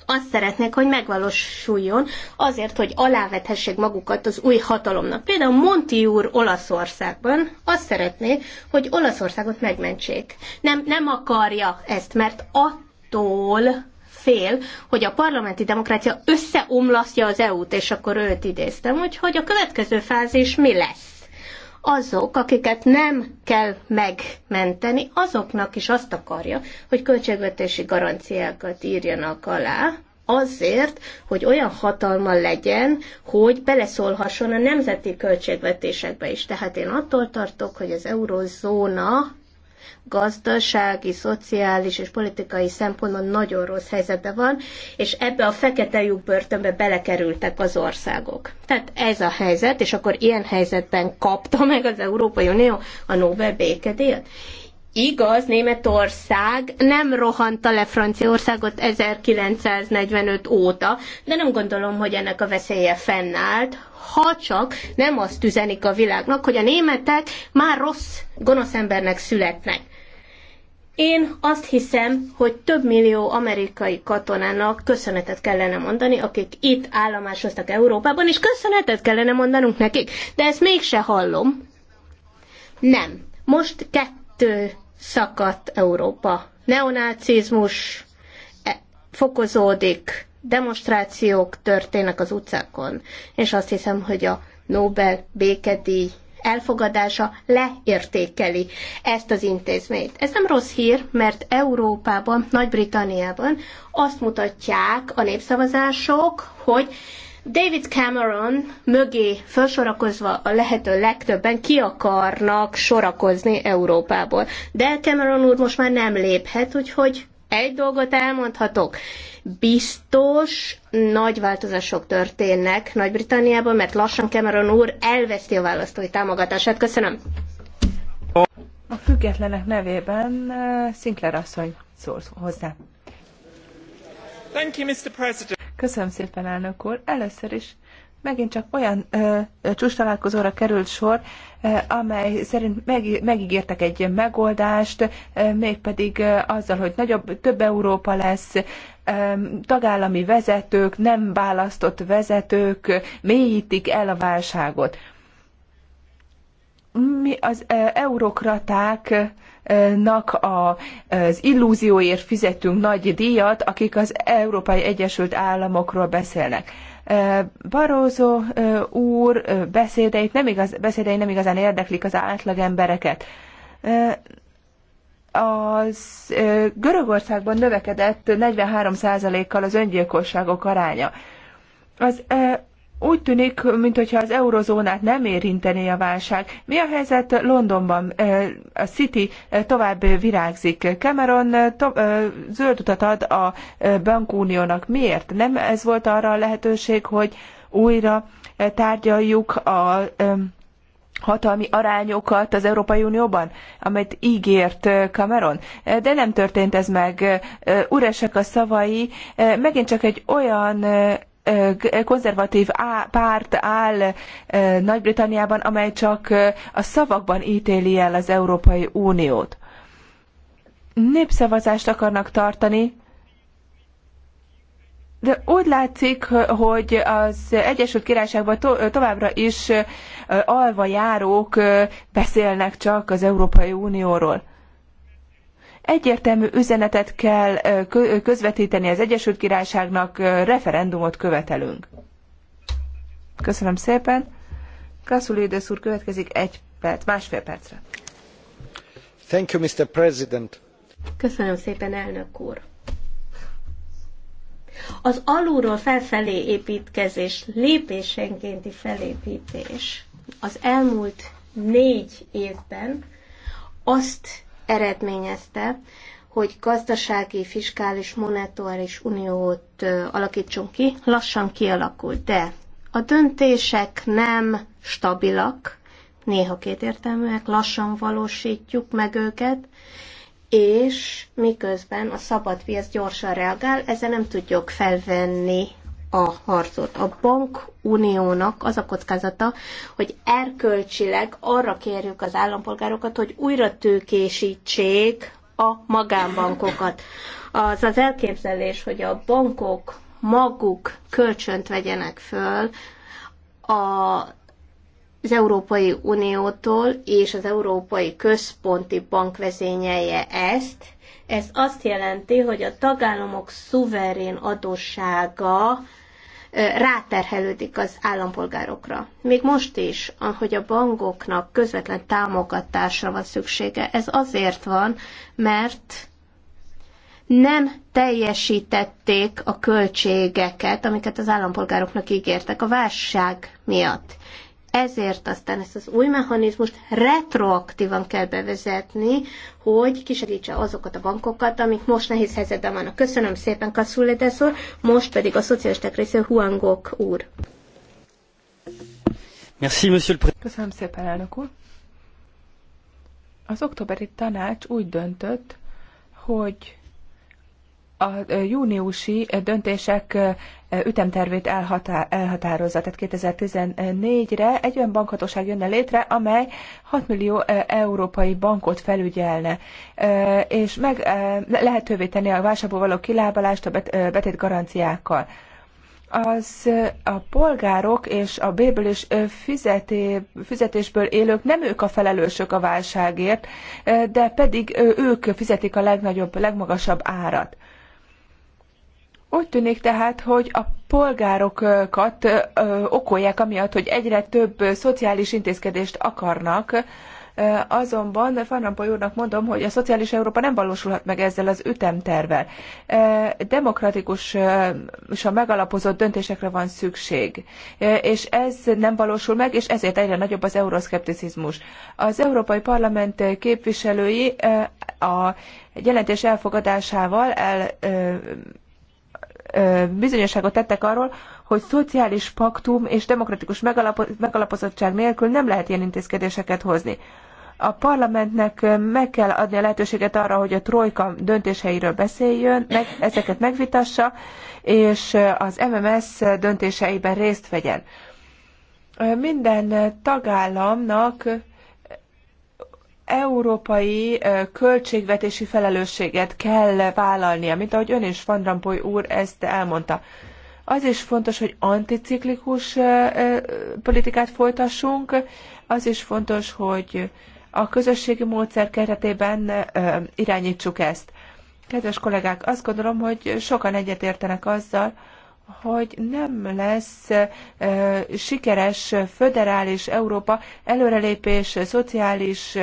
azt szeretnék, hogy megvalósuljon, azért, hogy alávethessék magukat az új hatalomnak. Például Monti úr Olaszországban azt szeretné, hogy Olaszországot megmentsék. Nem, nem akarja ezt, mert attól fél, hogy a parlamenti demokrácia összeomlasztja az EU-t, és akkor őt idéztem, úgyhogy a következő fázis mi lesz? azok, akiket nem kell megmenteni, azoknak is azt akarja, hogy költségvetési garanciákat írjanak alá, azért, hogy olyan hatalma legyen, hogy beleszólhasson a nemzeti költségvetésekbe is. Tehát én attól tartok, hogy az eurozóna gazdasági, szociális és politikai szempontból nagyon rossz helyzetben van, és ebbe a fekete lyuk börtönbe belekerültek az országok. Tehát ez a helyzet, és akkor ilyen helyzetben kapta meg az Európai Unió a Nobel békedélt. Igaz, Németország nem rohanta le Franciaországot 1945 óta, de nem gondolom, hogy ennek a veszélye fennállt, ha csak nem azt üzenik a világnak, hogy a németek már rossz, gonosz embernek születnek. Én azt hiszem, hogy több millió amerikai katonának köszönetet kellene mondani, akik itt állomásoztak Európában, és köszönetet kellene mondanunk nekik, de ezt mégse hallom. Nem. Most kettő szakadt Európa. Neonácizmus e, fokozódik, demonstrációk történnek az utcákon, és azt hiszem, hogy a Nobel békedíj elfogadása leértékeli ezt az intézményt. Ez nem rossz hír, mert Európában, Nagy-Britanniában azt mutatják a népszavazások, hogy David Cameron mögé felsorakozva a lehető legtöbben ki akarnak sorakozni Európából. De Cameron úr most már nem léphet, úgyhogy egy dolgot elmondhatok. Biztos nagy változások történnek Nagy-Britanniában, mert lassan Cameron úr elveszti a választói támogatását. Köszönöm. A függetlenek nevében Sinclair asszony szól hozzá. Thank you, Mr. President. Köszönöm szépen, elnök úr. Először is megint csak olyan csúcstalálkozóra csúcs találkozóra került sor, amely szerint meg, megígértek egy megoldást, mégpedig azzal, hogy nagyobb, több Európa lesz, tagállami vezetők, nem választott vezetők mélyítik el a válságot. Mi az ö, eurokraták a, az illúzióért fizetünk nagy díjat, akik az Európai Egyesült Államokról beszélnek. Barózó úr beszédeit nem igaz, beszédei nem igazán érdeklik az átlagembereket az Görögországban növekedett 43%-kal az öngyilkosságok aránya. Az úgy tűnik, mintha az eurozónát nem érintené a válság. Mi a helyzet Londonban? A City tovább virágzik. Cameron zöld utat ad a bankuniónak. Miért? Nem ez volt arra a lehetőség, hogy újra tárgyaljuk a hatalmi arányokat az Európai Unióban, amelyet ígért Cameron. De nem történt ez meg. Üresek a szavai. Megint csak egy olyan konzervatív párt áll Nagy-Britanniában, amely csak a szavakban ítéli el az Európai Uniót. Népszavazást akarnak tartani, de úgy látszik, hogy az Egyesült Királyságban to- továbbra is alvajárók beszélnek csak az Európai Unióról. Egyértelmű üzenetet kell közvetíteni az Egyesült Királyságnak, referendumot követelünk. Köszönöm szépen. Kaszulidis úr következik egy perc, másfél percre. Thank you, Mr. President. Köszönöm szépen, elnök úr. Az alulról felfelé építkezés, lépésenkénti felépítés az elmúlt négy évben azt eredményezte, hogy gazdasági, fiskális, monetáris uniót alakítson ki, lassan kialakult, De a döntések nem stabilak, néha kétértelműek, lassan valósítjuk meg őket, és miközben a szabad piac gyorsan reagál, ezzel nem tudjuk felvenni a harcot. A bankuniónak az a kockázata, hogy erkölcsileg arra kérjük az állampolgárokat, hogy újra tőkésítsék a magánbankokat. Az az elképzelés, hogy a bankok maguk kölcsönt vegyenek föl a, az Európai Uniótól, és az Európai Központi Bank vezényelje ezt, ez azt jelenti, hogy a tagállamok szuverén adóssága ráterhelődik az állampolgárokra. Még most is, ahogy a bankoknak közvetlen támogatásra van szüksége, ez azért van, mert nem teljesítették a költségeket, amiket az állampolgároknak ígértek a válság miatt. Ezért aztán ezt az új mechanizmust retroaktívan kell bevezetni, hogy kisegítse azokat a bankokat, amik most nehéz helyzetben vannak. Köszönöm szépen, Kasszulides úr, most pedig a szocialisták részéről Huangok úr. Merci, monsieur le Köszönöm szépen, elnök úr. Az októberi tanács úgy döntött, hogy a júniusi döntések ütemtervét elhatározza, tehát 2014-re egy olyan bankhatóság jönne létre, amely 6 millió európai bankot felügyelne, és meg lehetővé tenni a válságból való kilábalást a betét garanciákkal az a polgárok és a bérből és fizeté, fizetésből élők nem ők a felelősök a válságért, de pedig ők fizetik a legnagyobb, legmagasabb árat. Úgy tűnik tehát, hogy a polgárokat okolják amiatt, hogy egyre több szociális intézkedést akarnak, azonban Farnampoly úrnak mondom, hogy a szociális Európa nem valósulhat meg ezzel az ütemtervel. Demokratikus és a megalapozott döntésekre van szükség, és ez nem valósul meg, és ezért egyre nagyobb az euroszkepticizmus. Az Európai Parlament képviselői a jelentés elfogadásával el bizonyosságot tettek arról, hogy szociális paktum és demokratikus megalapozottság nélkül nem lehet ilyen intézkedéseket hozni. A parlamentnek meg kell adni a lehetőséget arra, hogy a trojka döntéseiről beszéljön, meg, ezeket megvitassa, és az MMS döntéseiben részt vegyen. Minden tagállamnak európai költségvetési felelősséget kell vállalnia, mint ahogy ön is, Van Rampoy úr, ezt elmondta. Az is fontos, hogy anticiklikus politikát folytassunk, az is fontos, hogy a közösségi módszer keretében irányítsuk ezt. Kedves kollégák, azt gondolom, hogy sokan egyetértenek azzal, hogy nem lesz sikeres föderális Európa előrelépés, szociális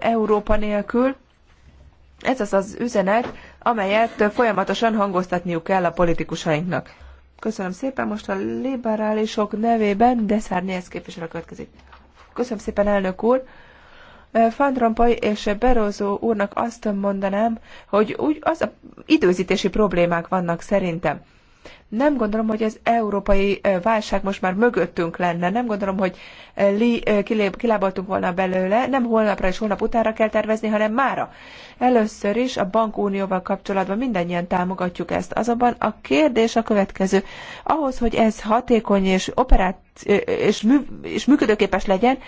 Európa nélkül. Ez az az üzenet, amelyet folyamatosan hangoztatniuk kell a politikusainknak. Köszönöm szépen, most a liberálisok nevében Deszárnyész képviselő következik. Köszönöm szépen, elnök úr! Van Rompuy és Berózó úrnak azt mondanám, hogy úgy az időzítési problémák vannak szerintem. Nem gondolom, hogy az európai válság most már mögöttünk lenne. Nem gondolom, hogy li, kilép, kilábaltunk volna belőle. Nem holnapra és holnap utára kell tervezni, hanem mára. Először is a bankunióval kapcsolatban mindannyian támogatjuk ezt. Azonban a kérdés a következő. Ahhoz, hogy ez hatékony és, operát, és, mű, és működőképes legyen,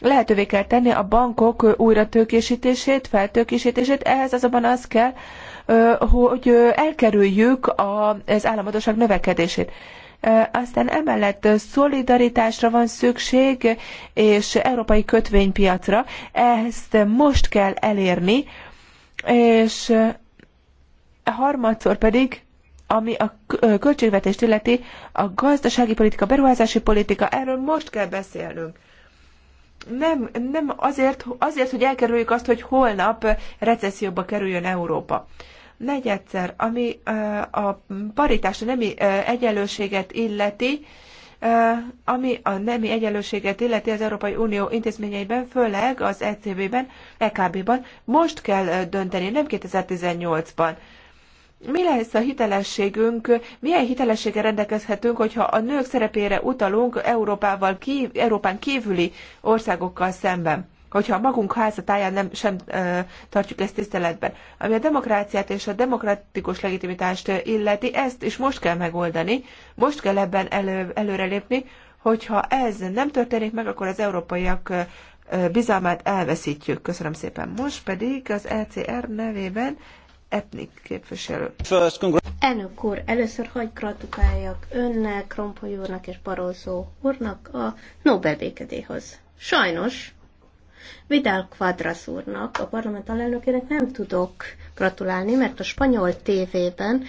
lehetővé kell tenni a bankok újratőkésítését, feltőkésítését, ehhez azonban az kell, hogy elkerüljük az államadóság növekedését. Aztán emellett szolidaritásra van szükség, és európai kötvénypiacra. Ezt most kell elérni, és harmadszor pedig ami a költségvetést illeti, a gazdasági politika, beruházási politika, erről most kell beszélnünk. Nem, nem azért, azért, hogy elkerüljük azt, hogy holnap recesszióba kerüljön Európa negyedszer, ami a paritást, a nemi egyenlőséget illeti, ami a nemi egyenlőséget illeti az Európai Unió intézményeiben, főleg az ECB-ben, EKB-ban, most kell dönteni, nem 2018-ban. Mi lesz a hitelességünk, milyen hitelességgel rendelkezhetünk, hogyha a nők szerepére utalunk Európával, kív, Európán kívüli országokkal szemben? hogyha a magunk házatáján nem sem ö, tartjuk ezt tiszteletben. Ami a demokráciát és a demokratikus legitimitást illeti, ezt is most kell megoldani, most kell ebben elő, előrelépni, hogyha ez nem történik meg, akkor az európaiak bizalmát elveszítjük. Köszönöm szépen. Most pedig az ECR nevében etnik képviselő. Elnök úr, először hagyj gratuláljak önnek, Rompoly úrnak és Barózó úrnak a Nobel békedéhoz. Sajnos Vidal Quadras úrnak, a parlament alelnökének nem tudok gratulálni, mert a spanyol tévében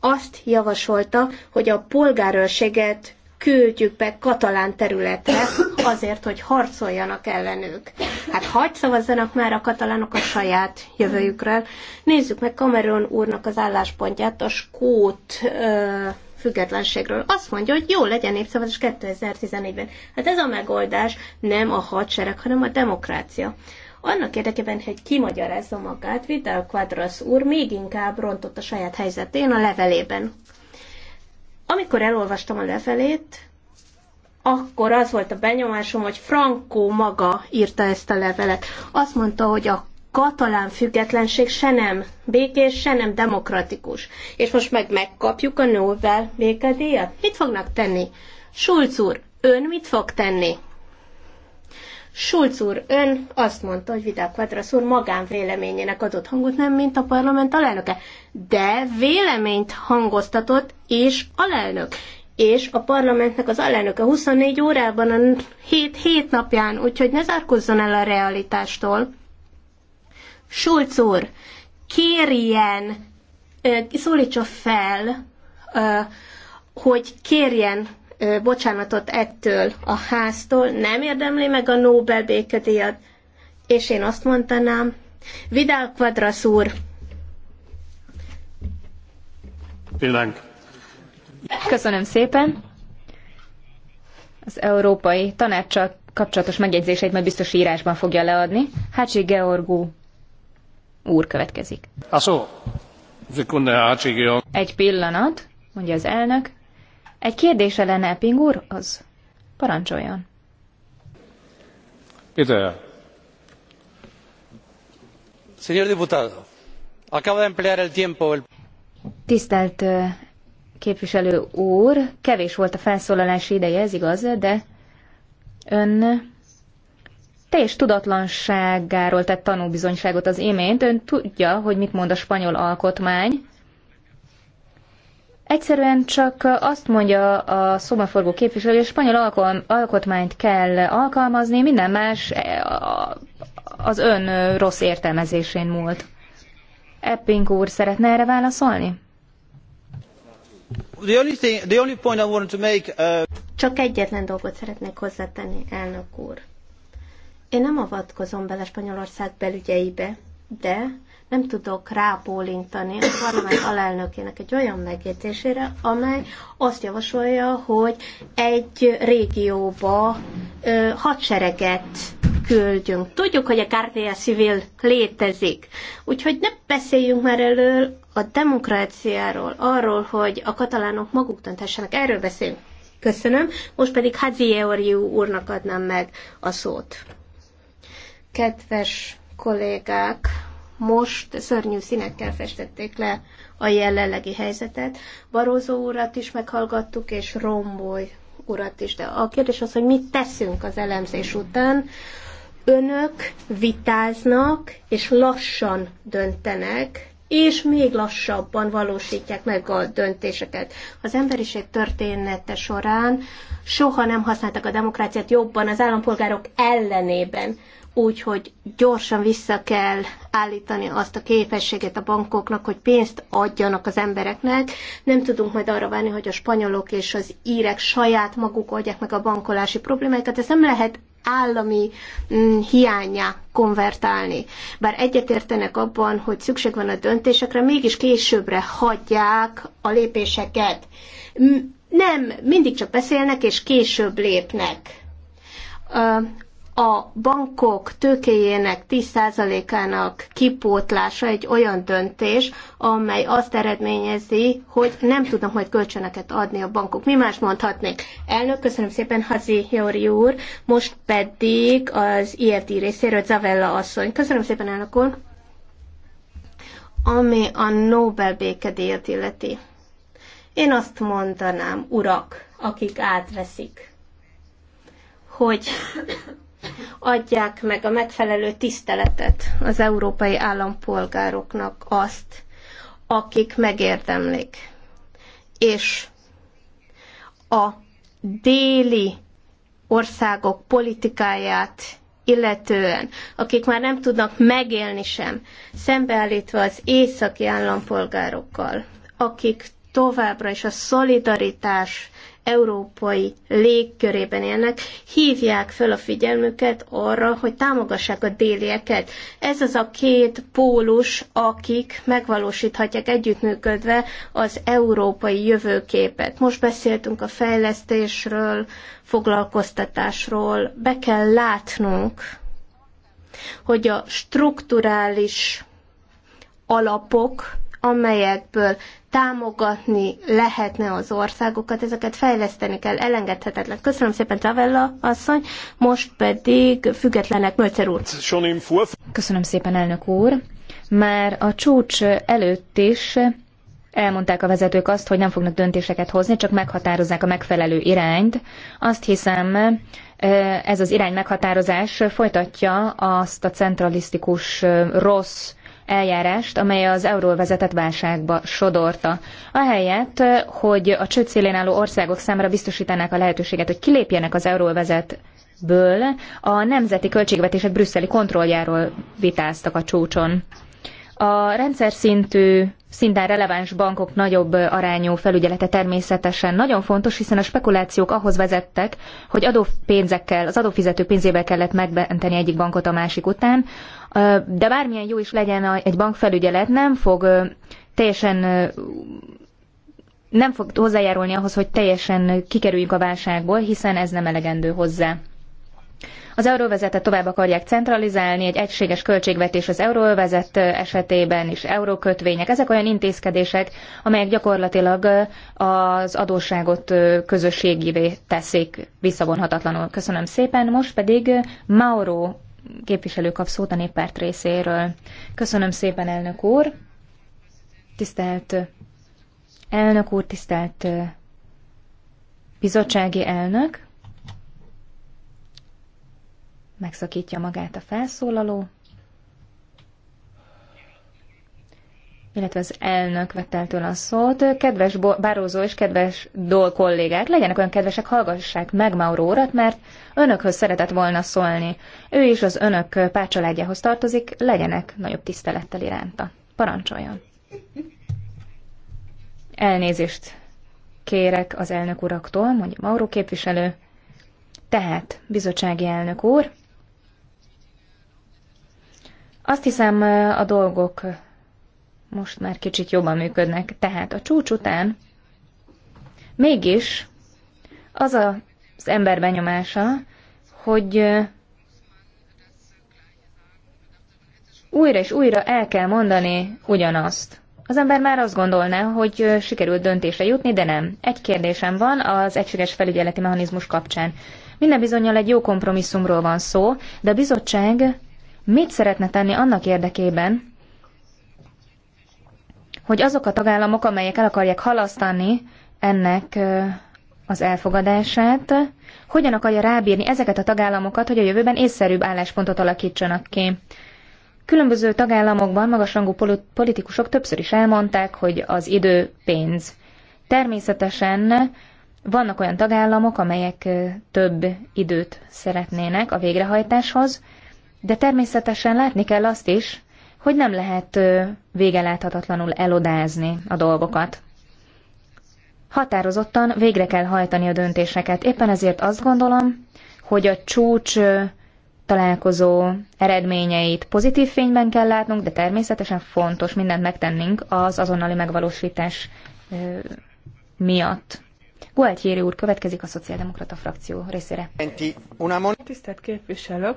azt javasolta, hogy a polgárőrséget küldjük be katalán területre azért, hogy harcoljanak ellenük. Hát hagyd szavazzanak már a katalánok a saját jövőjükről. Nézzük meg Cameron úrnak az álláspontját a skót függetlenségről. Azt mondja, hogy jó legyen népszavazás 2014-ben. Hát ez a megoldás nem a hadsereg, hanem a demokrácia. Annak érdekében, hogy kimagyarázza magát, Vidal Quadras úr még inkább rontott a saját helyzetén a levelében. Amikor elolvastam a levelét, akkor az volt a benyomásom, hogy Franco maga írta ezt a levelet. Azt mondta, hogy a katalán függetlenség se nem békés, se nem demokratikus. És most meg megkapjuk a Nobel békedélyet? Mit fognak tenni? Schulz úr, ön mit fog tenni? Schulz úr, ön azt mondta, hogy Vidal Quadras úr magánvéleményének adott hangot, nem mint a parlament alelnöke, de véleményt hangoztatott és alelnök. És a parlamentnek az alelnöke 24 órában a 7, 7 napján, úgyhogy ne zárkozzon el a realitástól. Schulz úr, kérjen, szólítsa fel, hogy kérjen bocsánatot ettől a háztól, nem érdemli meg a Nobel békedíjat. És én azt mondanám, Vidal Quadras úr. Pillank. Köszönöm szépen. Az Európai Tanácssal kapcsolatos megjegyzéseit majd biztos írásban fogja leadni. Hácsi Georgú úr következik. Egy pillanat, mondja az elnök. Egy kérdése lenne Epping az Parancsoljon. Ide. Señor diputado, acaba de emplear el tiempo. El... Tisztelt képviselő úr, kevés volt a felszólalási ideje, ez igaz, de ön teljes tudatlanságáról tett tanúbizonyságot az imént. Ön tudja, hogy mit mond a spanyol alkotmány. Egyszerűen csak azt mondja a szobaforgó képviselő, hogy a spanyol alkotmányt kell alkalmazni, minden más e, az ön rossz értelmezésén múlt. Epping úr szeretne erre válaszolni? The only thing, the only point I to make, uh... Csak egyetlen dolgot szeretnék hozzátenni, elnök úr én nem avatkozom bele Spanyolország belügyeibe, de nem tudok rápólintani a parlament alelnökének egy olyan megértésére, amely azt javasolja, hogy egy régióba ö, hadsereget küldjünk. Tudjuk, hogy a Guardia Civil létezik, úgyhogy ne beszéljünk már elől a demokráciáról, arról, hogy a katalánok maguk döntessenek. Erről beszélünk. Köszönöm. Most pedig Hadziori úrnak adnám meg a szót. Kedves kollégák, most szörnyű színekkel festették le a jelenlegi helyzetet. Barózó urat is meghallgattuk, és Romboly urat is. De a kérdés az, hogy mit teszünk az elemzés után. Önök vitáznak, és lassan döntenek, és még lassabban valósítják meg a döntéseket. Az emberiség története során soha nem használtak a demokráciát jobban az állampolgárok ellenében úgyhogy gyorsan vissza kell állítani azt a képességet a bankoknak, hogy pénzt adjanak az embereknek. Nem tudunk majd arra várni, hogy a spanyolok és az írek saját maguk oldják meg a bankolási problémáikat. Ez nem lehet állami mm, hiányá konvertálni. Bár egyetértenek abban, hogy szükség van a döntésekre, mégis későbbre hagyják a lépéseket. Nem, mindig csak beszélnek, és később lépnek a bankok tőkéjének 10%-ának kipótlása egy olyan döntés, amely azt eredményezi, hogy nem tudnak majd kölcsönöket adni a bankok. Mi más mondhatnék? Elnök, köszönöm szépen, Hazi Jóri úr, most pedig az IFD részéről Zavella asszony. Köszönöm szépen, elnök úr. Ami a Nobel békedélyet illeti. Én azt mondanám, urak, akik átveszik, hogy adják meg a megfelelő tiszteletet az európai állampolgároknak azt, akik megérdemlik. És a déli országok politikáját illetően, akik már nem tudnak megélni sem, szembeállítva az északi állampolgárokkal, akik továbbra is a szolidaritás európai légkörében élnek, hívják fel a figyelmüket arra, hogy támogassák a délieket. Ez az a két pólus, akik megvalósíthatják együttműködve az európai jövőképet. Most beszéltünk a fejlesztésről, foglalkoztatásról. Be kell látnunk, hogy a strukturális alapok, amelyekből támogatni lehetne az országokat, ezeket fejleszteni kell, elengedhetetlen. Köszönöm szépen, Travella asszony, most pedig függetlenek, Mölcer úr. Köszönöm szépen, elnök úr. Már a csúcs előtt is elmondták a vezetők azt, hogy nem fognak döntéseket hozni, csak meghatározzák a megfelelő irányt. Azt hiszem, ez az irány meghatározás folytatja azt a centralisztikus rossz eljárást, amely az vezetett válságba sodorta. Ahelyett, hogy a csőd szélén álló országok számára biztosítanák a lehetőséget, hogy kilépjenek az euróvezetből, a nemzeti költségvetések brüsszeli kontrolljáról vitáztak a csúcson. A rendszer szintű, szinten releváns bankok nagyobb arányú felügyelete természetesen nagyon fontos, hiszen a spekulációk ahhoz vezettek, hogy adópénzekkel, az adófizető pénzével kellett megmenteni egyik bankot a másik után de bármilyen jó is legyen egy bankfelügyelet, nem fog teljesen nem fog hozzájárulni ahhoz, hogy teljesen kikerüljünk a válságból, hiszen ez nem elegendő hozzá. Az euróvezetet tovább akarják centralizálni, egy egységes költségvetés az euróvezet esetében is, eurókötvények. Ezek olyan intézkedések, amelyek gyakorlatilag az adósságot közösségivé teszik visszavonhatatlanul. Köszönöm szépen. Most pedig Mauro képviselő kap szót a néppárt részéről. Köszönöm szépen, elnök úr! Tisztelt elnök úr, tisztelt bizottsági elnök! Megszakítja magát a felszólaló. illetve az elnök vett el tőle a szót. Kedves Bárózó és kedves Dol kollégák, legyenek olyan kedvesek, hallgassák meg Mauro urat, mert önökhöz szeretett volna szólni. Ő is az önök párcsaládjához tartozik, legyenek nagyobb tisztelettel iránta. Parancsoljon! Elnézést kérek az elnök uraktól, mondja Mauro képviselő. Tehát, bizottsági elnök úr, azt hiszem a dolgok most már kicsit jobban működnek. Tehát a csúcs után mégis az a, az ember benyomása, hogy újra és újra el kell mondani ugyanazt. Az ember már azt gondolná, hogy sikerült döntésre jutni, de nem. Egy kérdésem van az egységes felügyeleti mechanizmus kapcsán. Minden bizonyal egy jó kompromisszumról van szó, de a bizottság mit szeretne tenni annak érdekében, hogy azok a tagállamok, amelyek el akarják halasztani ennek az elfogadását, hogyan akarja rábírni ezeket a tagállamokat, hogy a jövőben észszerűbb álláspontot alakítsanak ki. Különböző tagállamokban magasrangú politikusok többször is elmondták, hogy az idő pénz. Természetesen vannak olyan tagállamok, amelyek több időt szeretnének a végrehajtáshoz, de természetesen látni kell azt is, hogy nem lehet végeláthatatlanul elodázni a dolgokat. Határozottan végre kell hajtani a döntéseket. Éppen ezért azt gondolom, hogy a csúcs találkozó eredményeit pozitív fényben kell látnunk, de természetesen fontos mindent megtennünk az azonnali megvalósítás miatt. Gualtieri úr következik a Szociáldemokrata frakció részére. Tisztelt képviselő!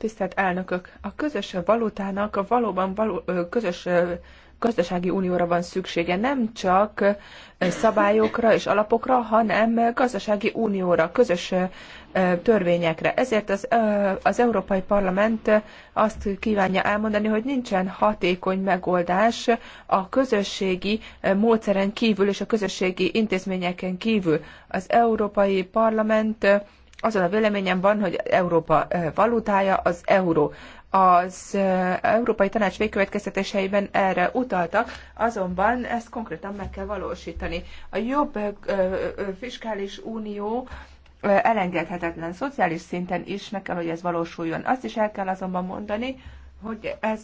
Tisztelt elnökök, a közös valutának a valóban való, közös gazdasági unióra van szüksége, nem csak szabályokra és alapokra, hanem gazdasági unióra, közös törvényekre. Ezért az, az Európai Parlament azt kívánja elmondani, hogy nincsen hatékony megoldás a közösségi módszeren kívül és a közösségi intézményeken kívül. Az Európai Parlament azon a véleményem van, hogy Európa valutája az euró. Az Európai Tanács végkövetkeztetéseiben erre utaltak, azonban ezt konkrétan meg kell valósítani. A jobb fiskális unió elengedhetetlen szociális szinten is, meg kell, hogy ez valósuljon. Azt is el kell azonban mondani, hogy ez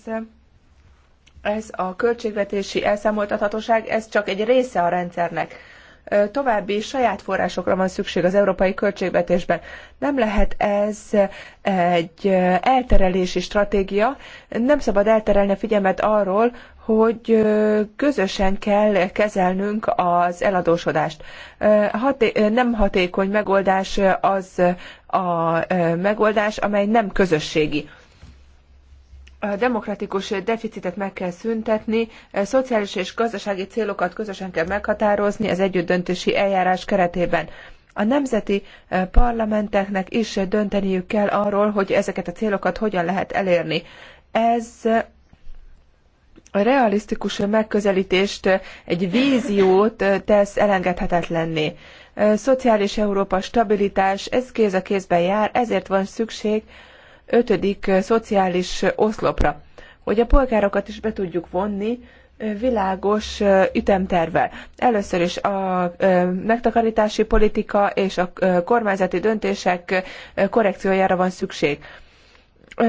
ez a költségvetési elszámoltathatóság, ez csak egy része a rendszernek további saját forrásokra van szükség az európai költségvetésben. Nem lehet ez egy elterelési stratégia, nem szabad elterelni a figyelmet arról, hogy közösen kell kezelnünk az eladósodást. Haté- nem hatékony megoldás az a megoldás, amely nem közösségi a demokratikus deficitet meg kell szüntetni, szociális és gazdasági célokat közösen kell meghatározni az együttdöntési eljárás keretében. A nemzeti eh, parlamenteknek is dönteniük kell arról, hogy ezeket a célokat hogyan lehet elérni. Ez eh, a realisztikus megközelítést, eh, egy víziót tesz elengedhetetlenné. Szociális Európa stabilitás, ez kéz a kézben jár, ezért van szükség ötödik eh, szociális eh, oszlopra, hogy a polgárokat is be tudjuk vonni, eh, világos ütemtervel. Először is a megtakarítási politika és a kormányzati döntések korrekciójára van szükség.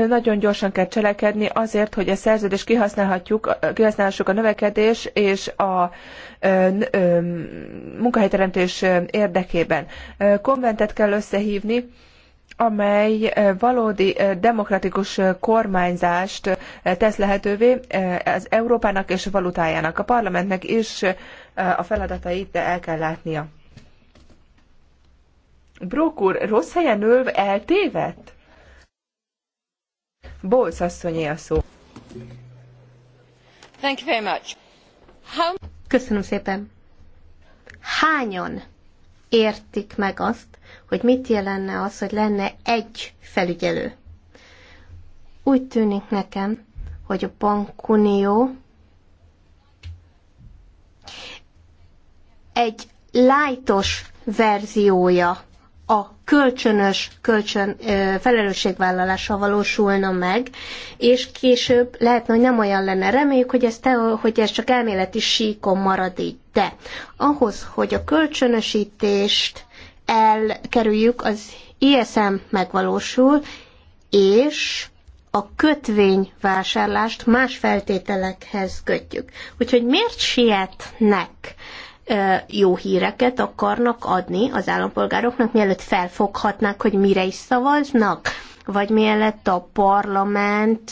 Nagyon gyorsan kell cselekedni azért, hogy a szerződést kihasználhatjuk, kihasználhassuk a növekedés és a munkahelyteremtés érdekében. Konventet kell összehívni, amely valódi demokratikus kormányzást tesz lehetővé az Európának és a valutájának. A parlamentnek is a feladatait el kell látnia. Brók úr, rossz helyen ülve eltévedt? Bolsz asszonyé a szó. Thank you very much. How... Köszönöm szépen. Hányan értik meg azt, hogy mit jelenne az, hogy lenne egy felügyelő. Úgy tűnik nekem, hogy a bankunió egy lájtos verziója a kölcsönös kölcsön, ö, felelősségvállalása valósulna meg, és később lehetne, hogy nem olyan lenne. Reméljük, hogy ez, te, hogy ez csak elméleti síkon marad így. De ahhoz, hogy a kölcsönösítést elkerüljük, az ISM megvalósul, és a kötvényvásárlást más feltételekhez kötjük. Úgyhogy miért sietnek jó híreket akarnak adni az állampolgároknak, mielőtt felfoghatnák, hogy mire is szavaznak? Vagy mielőtt a parlament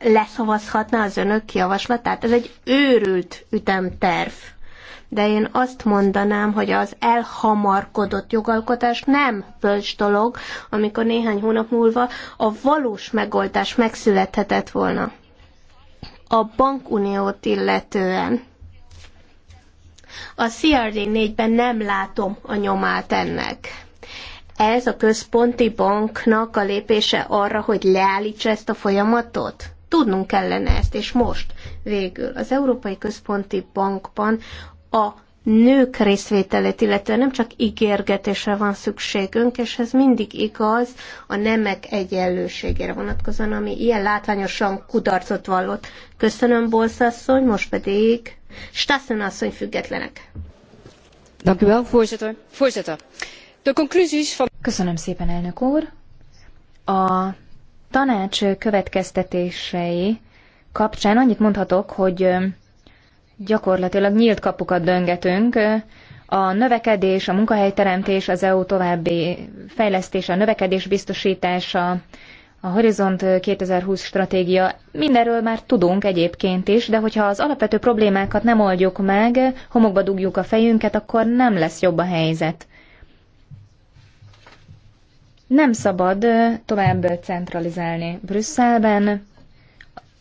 leszavazhatná az önök javaslatát? Ez egy őrült ütemterv de én azt mondanám, hogy az elhamarkodott jogalkotás nem bölcs dolog, amikor néhány hónap múlva a valós megoldás megszülethetett volna. A bankuniót illetően a CRD4-ben nem látom a nyomát ennek ez a központi banknak a lépése arra, hogy leállítsa ezt a folyamatot? Tudnunk kellene ezt, és most végül az Európai Központi Bankban a nők részvételét, illetve nem csak ígérgetésre van szükségünk, és ez mindig igaz a nemek egyenlőségére vonatkozóan, ami ilyen látványosan kudarcot vallott. Köszönöm, Bolszasszony, most pedig Stassen asszony függetlenek. Köszönöm szépen, elnök úr. A tanács következtetései kapcsán annyit mondhatok, hogy gyakorlatilag nyílt kapukat döngetünk. A növekedés, a munkahelyteremtés, az EU további fejlesztése, a növekedés biztosítása, a Horizont 2020 stratégia, mindenről már tudunk egyébként is, de hogyha az alapvető problémákat nem oldjuk meg, homokba dugjuk a fejünket, akkor nem lesz jobb a helyzet. Nem szabad tovább centralizálni Brüsszelben.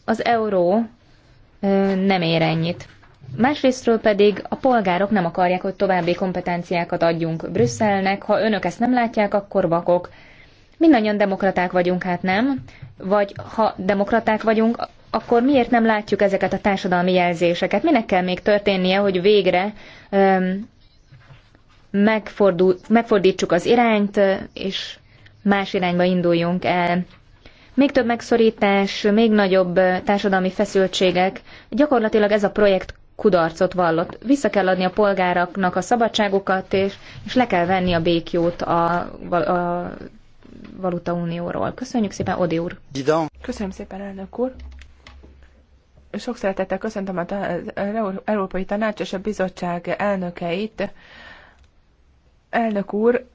Az euró nem ér ennyit. Másrésztről pedig a polgárok nem akarják, hogy további kompetenciákat adjunk Brüsszelnek. Ha önök ezt nem látják, akkor vakok. Mindannyian demokraták vagyunk, hát nem? Vagy ha demokraták vagyunk, akkor miért nem látjuk ezeket a társadalmi jelzéseket? Minek kell még történnie, hogy végre öm, megfordul, megfordítsuk az irányt, és más irányba induljunk el? Még több megszorítás, még nagyobb társadalmi feszültségek. Gyakorlatilag ez a projekt kudarcot vallott. Vissza kell adni a polgáraknak a szabadságokat és, és le kell venni a békjót a, a Valuta Unióról. Köszönjük szépen, Odi úr! Köszönöm szépen, elnök úr! Sok szeretettel köszöntöm az Európai Tanács és a Bizottság elnökeit. Elnök úr,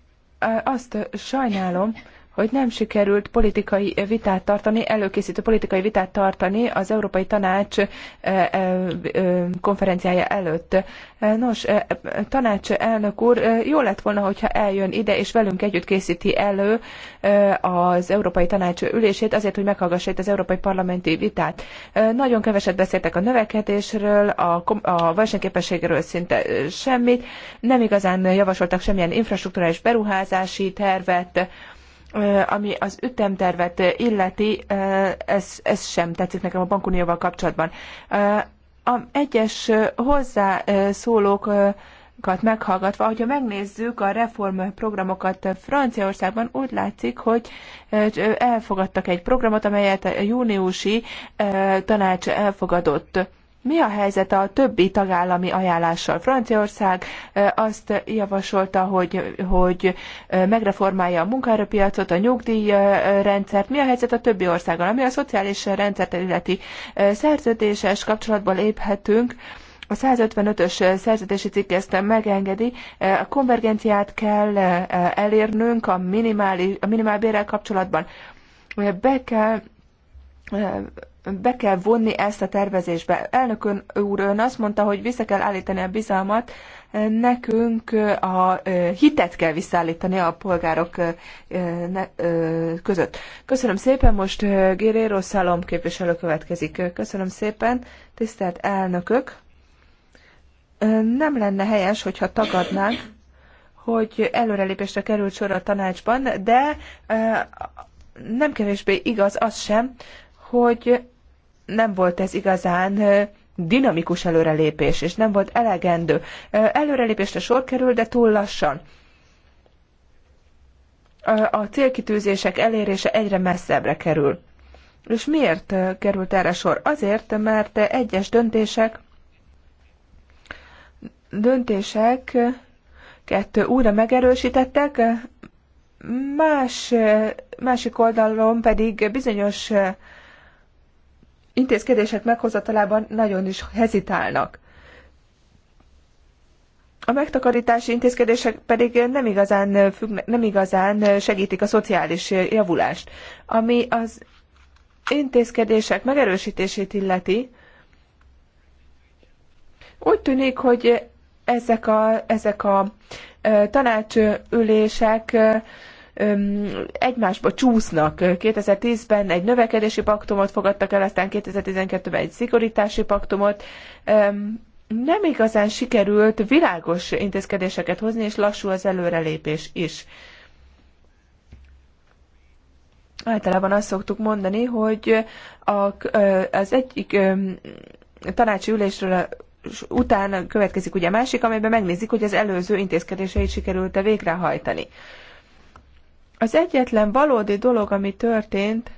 azt sajnálom, hogy nem sikerült politikai vitát tartani, előkészítő politikai vitát tartani az Európai Tanács eh, eh, eh, konferenciája előtt. Nos, tanács elnök úr, jó lett volna, hogyha eljön ide, és velünk együtt készíti elő az Európai Tanács ülését, azért, hogy meghallgassa itt az Európai Parlamenti vitát. Nagyon keveset beszéltek a növekedésről, a, versenyképességről szinte semmit, nem igazán javasoltak semmilyen infrastruktúrális beruházási tervet, ami az ütemtervet illeti, ez, ez sem tetszik nekem a bankunióval kapcsolatban. A egyes hozzászólókat meghallgatva, hogyha megnézzük a reformprogramokat Franciaországban, úgy látszik, hogy elfogadtak egy programot, amelyet a júniusi tanács elfogadott mi a helyzet a többi tagállami ajánlással? Franciaország azt javasolta, hogy, hogy megreformálja a munkaerőpiacot, a nyugdíjrendszert. Mi a helyzet a többi országgal? Ami a szociális rendszert illeti szerződéses kapcsolatban léphetünk, a 155-ös szerződési cikk ezt megengedi. A konvergenciát kell elérnünk a, minimális, a minimálbérrel kapcsolatban. Be kell be kell vonni ezt a tervezésbe. Elnökön úr ön azt mondta, hogy vissza kell állítani a bizalmat, nekünk eh, a eh, hitet kell visszaállítani a polgárok eh, között. Köszönöm szépen, most Guerrero Szalom képviselő következik. Köszönöm szépen, tisztelt elnökök! Nem lenne helyes, hogyha tagadnánk, hogy előrelépésre került sor a tanácsban, de nem kevésbé igaz az sem, hogy nem volt ez igazán dinamikus előrelépés, és nem volt elegendő. Előrelépésre sor kerül, de túl lassan. A célkitűzések elérése egyre messzebbre kerül. És miért került erre sor? Azért, mert egyes döntések döntések kettő újra megerősítettek, más, másik oldalon pedig bizonyos intézkedések meghozatalában nagyon is hezitálnak. A megtakarítási intézkedések pedig nem igazán, függ, nem igazán segítik a szociális javulást. Ami az intézkedések megerősítését illeti, úgy tűnik, hogy ezek a, ezek a tanácsülések egymásba csúsznak. 2010-ben egy növekedési paktumot fogadtak el, aztán 2012-ben egy szigorítási paktumot. Nem igazán sikerült világos intézkedéseket hozni, és lassú az előrelépés is. Általában azt szoktuk mondani, hogy az egyik tanácsi ülésről utána következik ugye a másik, amelyben megnézik, hogy az előző intézkedéseit sikerült-e végrehajtani. Az egyetlen valódi dolog, ami történt,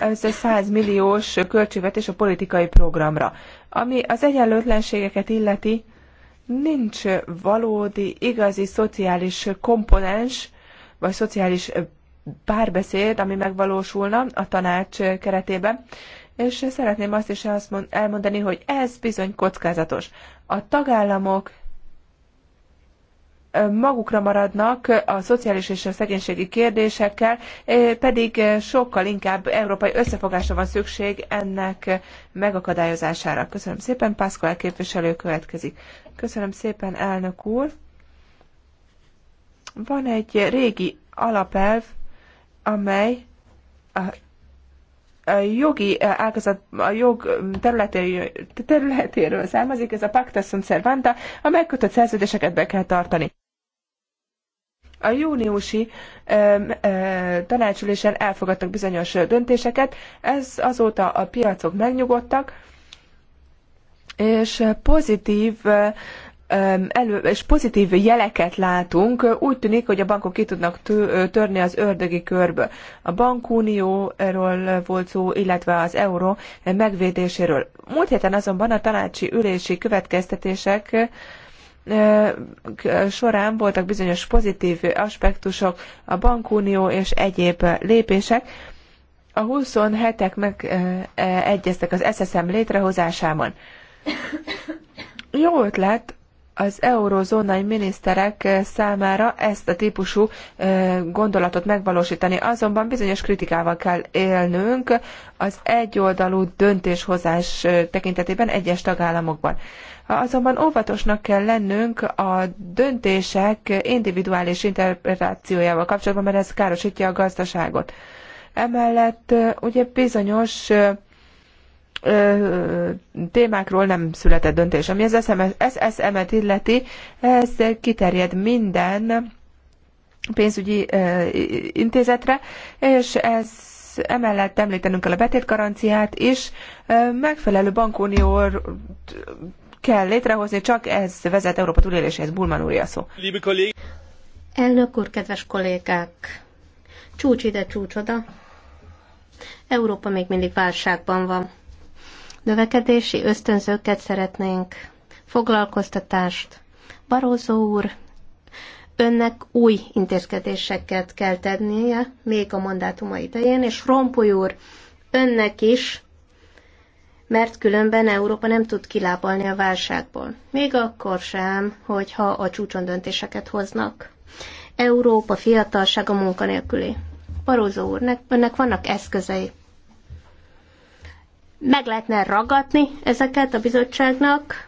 ez a 100 milliós költségvetés a politikai programra. Ami az egyenlőtlenségeket illeti, nincs valódi, igazi szociális komponens, vagy szociális párbeszéd, ami megvalósulna a tanács keretében. És szeretném azt is elmondani, hogy ez bizony kockázatos. A tagállamok magukra maradnak a szociális és a szegénységi kérdésekkel, eh, pedig sokkal inkább európai összefogásra van szükség ennek megakadályozására. Köszönöm szépen, Pászkoál képviselő következik. Köszönöm szépen, elnök úr. Van egy régi alapelv, amely a a jogi ágazat, a jog területéről, területéről származik, ez a pacta sunt servanda, a megkötött szerződéseket be kell tartani. A júniusi tanácsülésen elfogadtak bizonyos döntéseket, ez azóta a piacok megnyugodtak, és pozitív elő, és pozitív jeleket látunk, úgy tűnik, hogy a bankok ki tudnak törni az ördögi körből. A bankunióról volt szó, illetve az euró megvédéséről. Múlt héten azonban a tanácsi ülési következtetések során voltak bizonyos pozitív aspektusok, a bankunió és egyéb lépések. A 27-ek megegyeztek az SSM létrehozásában. Jó ötlet az eurozónai miniszterek számára ezt a típusú gondolatot megvalósítani, azonban bizonyos kritikával kell élnünk az egyoldalú döntéshozás tekintetében egyes tagállamokban. Azonban óvatosnak kell lennünk a döntések individuális interpretációjával kapcsolatban, mert ez károsítja a gazdaságot. Emellett ugye bizonyos témákról nem született döntés. Ami az SSM-et illeti, ez kiterjed minden pénzügyi intézetre, és ez emellett említenünk kell a betétgaranciát is, megfelelő bankunió kell létrehozni, csak ez vezet Európa túléléséhez. Bulman úr szó. Elnök úr, kedves kollégák! Csúcs ide, csúcs oda. Európa még mindig válságban van. Növekedési ösztönzőket szeretnénk, foglalkoztatást. Barózó úr, önnek új intézkedéseket kell tennie, még a mandátuma idején, és Rompuy úr, önnek is mert különben Európa nem tud kilábalni a válságból. Még akkor sem, hogyha a csúcson döntéseket hoznak. Európa fiatalsága munkanélküli. Barózó úr, önnek vannak eszközei. Meg lehetne ragadni ezeket a bizottságnak.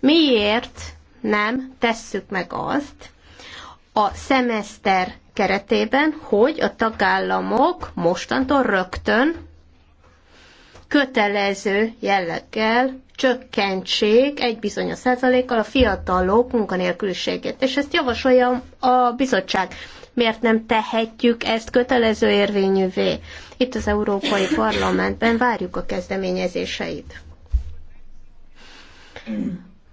Miért nem tesszük meg azt a szemeszter keretében, hogy a tagállamok mostantól rögtön kötelező jelleggel csökkentsék egy bizonyos százalékkal a fiatalok munkanélküliségét. És ezt javasolja a bizottság. Miért nem tehetjük ezt kötelező érvényűvé? Itt az Európai Parlamentben várjuk a kezdeményezéseit.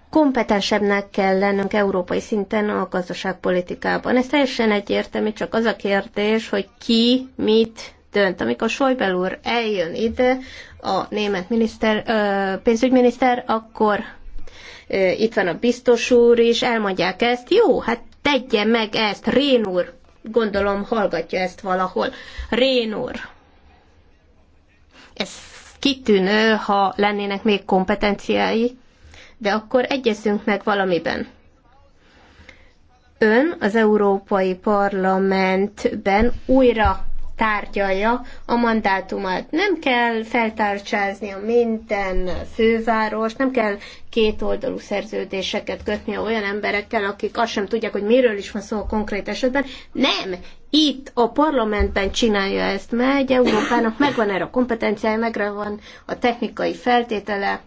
Kompetensebbnek kell lennünk európai szinten a gazdaságpolitikában. Ez teljesen egyértelmű, csak az a kérdés, hogy ki mit dönt. Amikor Schäuble úr eljön ide, a német miniszter, ö, pénzügyminiszter, akkor ö, itt van a biztos úr is, elmondják ezt, jó, hát tegye meg ezt, Rén úr, gondolom hallgatja ezt valahol, Rén úr. Ez kitűnő, ha lennének még kompetenciái, de akkor egyezünk meg valamiben. Ön az Európai Parlamentben újra tárgyalja a mandátumát. Nem kell feltárcsázni a minden főváros, nem kell kétoldalú szerződéseket kötni olyan emberekkel, akik azt sem tudják, hogy miről is van szó a konkrét esetben. Nem! Itt a parlamentben csinálja ezt meg, Európának megvan erre a kompetenciája, megre van a technikai feltétele,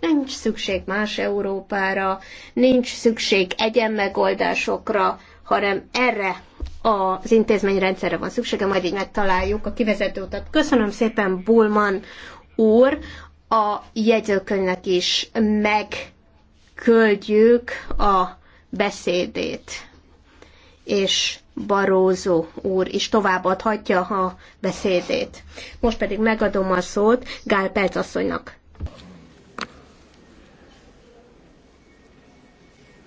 nincs szükség más Európára, nincs szükség egyenmegoldásokra, hanem erre az intézményrendszerre van szüksége, majd így megtaláljuk a kivezető utat. Köszönöm szépen Bulman úr, a jegyzőkönyvnek is megköldjük a beszédét, és Barózó úr is továbbadhatja a beszédét. Most pedig megadom a szót Gál Perc asszonynak.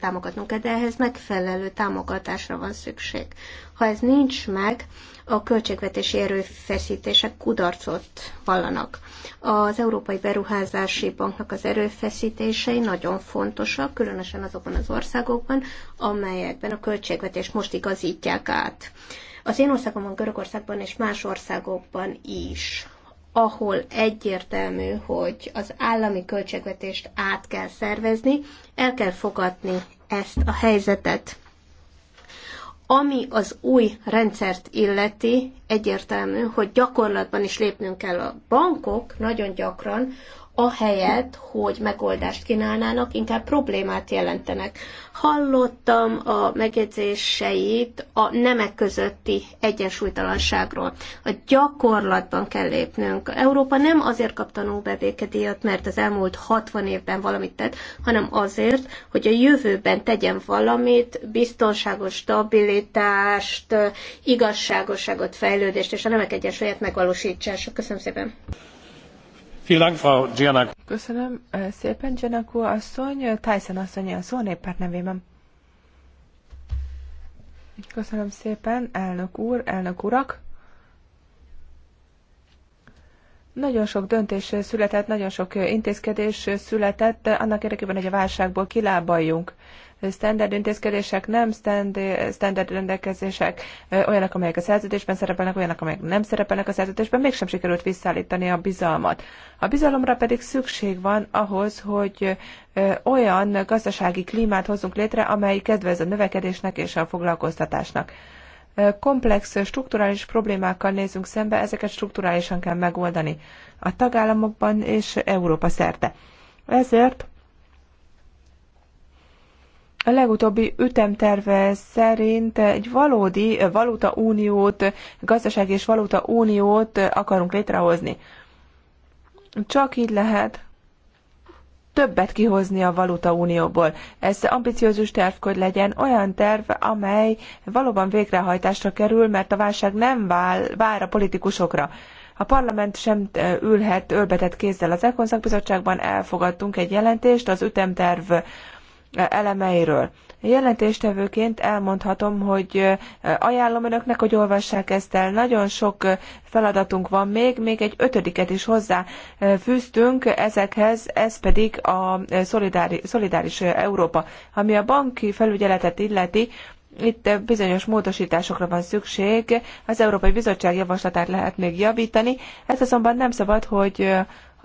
támogatnunk kell, de ehhez megfelelő támogatásra van szükség. Ha ez nincs meg, a költségvetési erőfeszítések kudarcot vallanak. Az Európai Beruházási Banknak az erőfeszítései nagyon fontosak, különösen azokban az országokban, amelyekben a költségvetést most igazítják át. Az én országomban, Görögországban és más országokban is ahol egyértelmű, hogy az állami költségvetést át kell szervezni, el kell fogadni ezt a helyzetet. Ami az új rendszert illeti, egyértelmű, hogy gyakorlatban is lépnünk kell. A bankok nagyon gyakran ahelyett, hogy megoldást kínálnának, inkább problémát jelentenek. Hallottam a megjegyzéseit a nemek közötti egyensúlytalanságról. A gyakorlatban kell lépnünk. Európa nem azért kapta Nobel-békedíjat, mert az elmúlt 60 évben valamit tett, hanem azért, hogy a jövőben tegyen valamit, biztonságos stabilitást, igazságosságot, fejlődést és a nemek egyensúlyát megvalósítsa. Köszönöm szépen! Köszönöm szépen, Giannaku asszony. Tyson asszony a szó néppárt nevében. Köszönöm szépen, elnök úr, elnök urak. Nagyon sok döntés született, nagyon sok intézkedés született, annak érdekében, hogy a válságból kilábaljunk standard intézkedések, nem standard rendelkezések, olyanok, amelyek a szerződésben szerepelnek, olyanok, amelyek nem szerepelnek a szerződésben, mégsem sikerült visszaállítani a bizalmat. A bizalomra pedig szükség van ahhoz, hogy olyan gazdasági klímát hozzunk létre, amely kedvez a növekedésnek és a foglalkoztatásnak komplex strukturális problémákkal nézünk szembe, ezeket strukturálisan kell megoldani a tagállamokban és Európa szerte. Ezért a legutóbbi ütemterve szerint egy valódi valuta uniót, gazdaság és valuta uniót akarunk létrehozni. Csak így lehet többet kihozni a valuta unióból. Ez ambiciózus terv hogy legyen olyan terv, amely valóban végrehajtásra kerül, mert a válság nem vál, vár a politikusokra. A parlament sem ülhet ölbetett kézzel az Ekonszak bizottságban, elfogadtunk egy jelentést az ütemterv elemeiről. Jelentéstevőként elmondhatom, hogy ajánlom önöknek, hogy olvassák ezt el. Nagyon sok feladatunk van még, még egy ötödiket is hozzá fűztünk ezekhez, ez pedig a szolidári, szolidáris Európa. Ami a banki felügyeletet illeti, itt bizonyos módosításokra van szükség, az Európai Bizottság javaslatát lehet még javítani, ez azonban nem szabad, hogy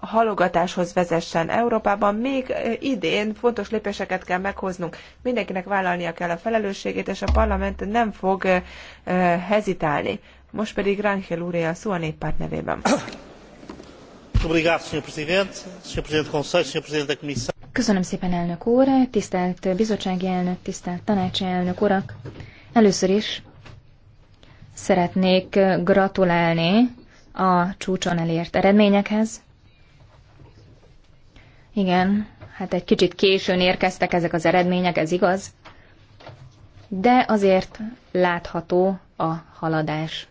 halogatáshoz vezessen Európában. Még idén fontos lépéseket kell meghoznunk. Mindenkinek vállalnia kell a felelősségét, és a parlament nem fog hezitálni. Most pedig Rangel úré a szó a néppárt nevében. Köszönöm szépen, elnök úr, tisztelt bizottsági elnök, tisztelt urak. Először is szeretnék gratulálni a csúcson elért eredményekhez, igen, hát egy kicsit későn érkeztek ezek az eredmények, ez igaz. De azért látható a haladás.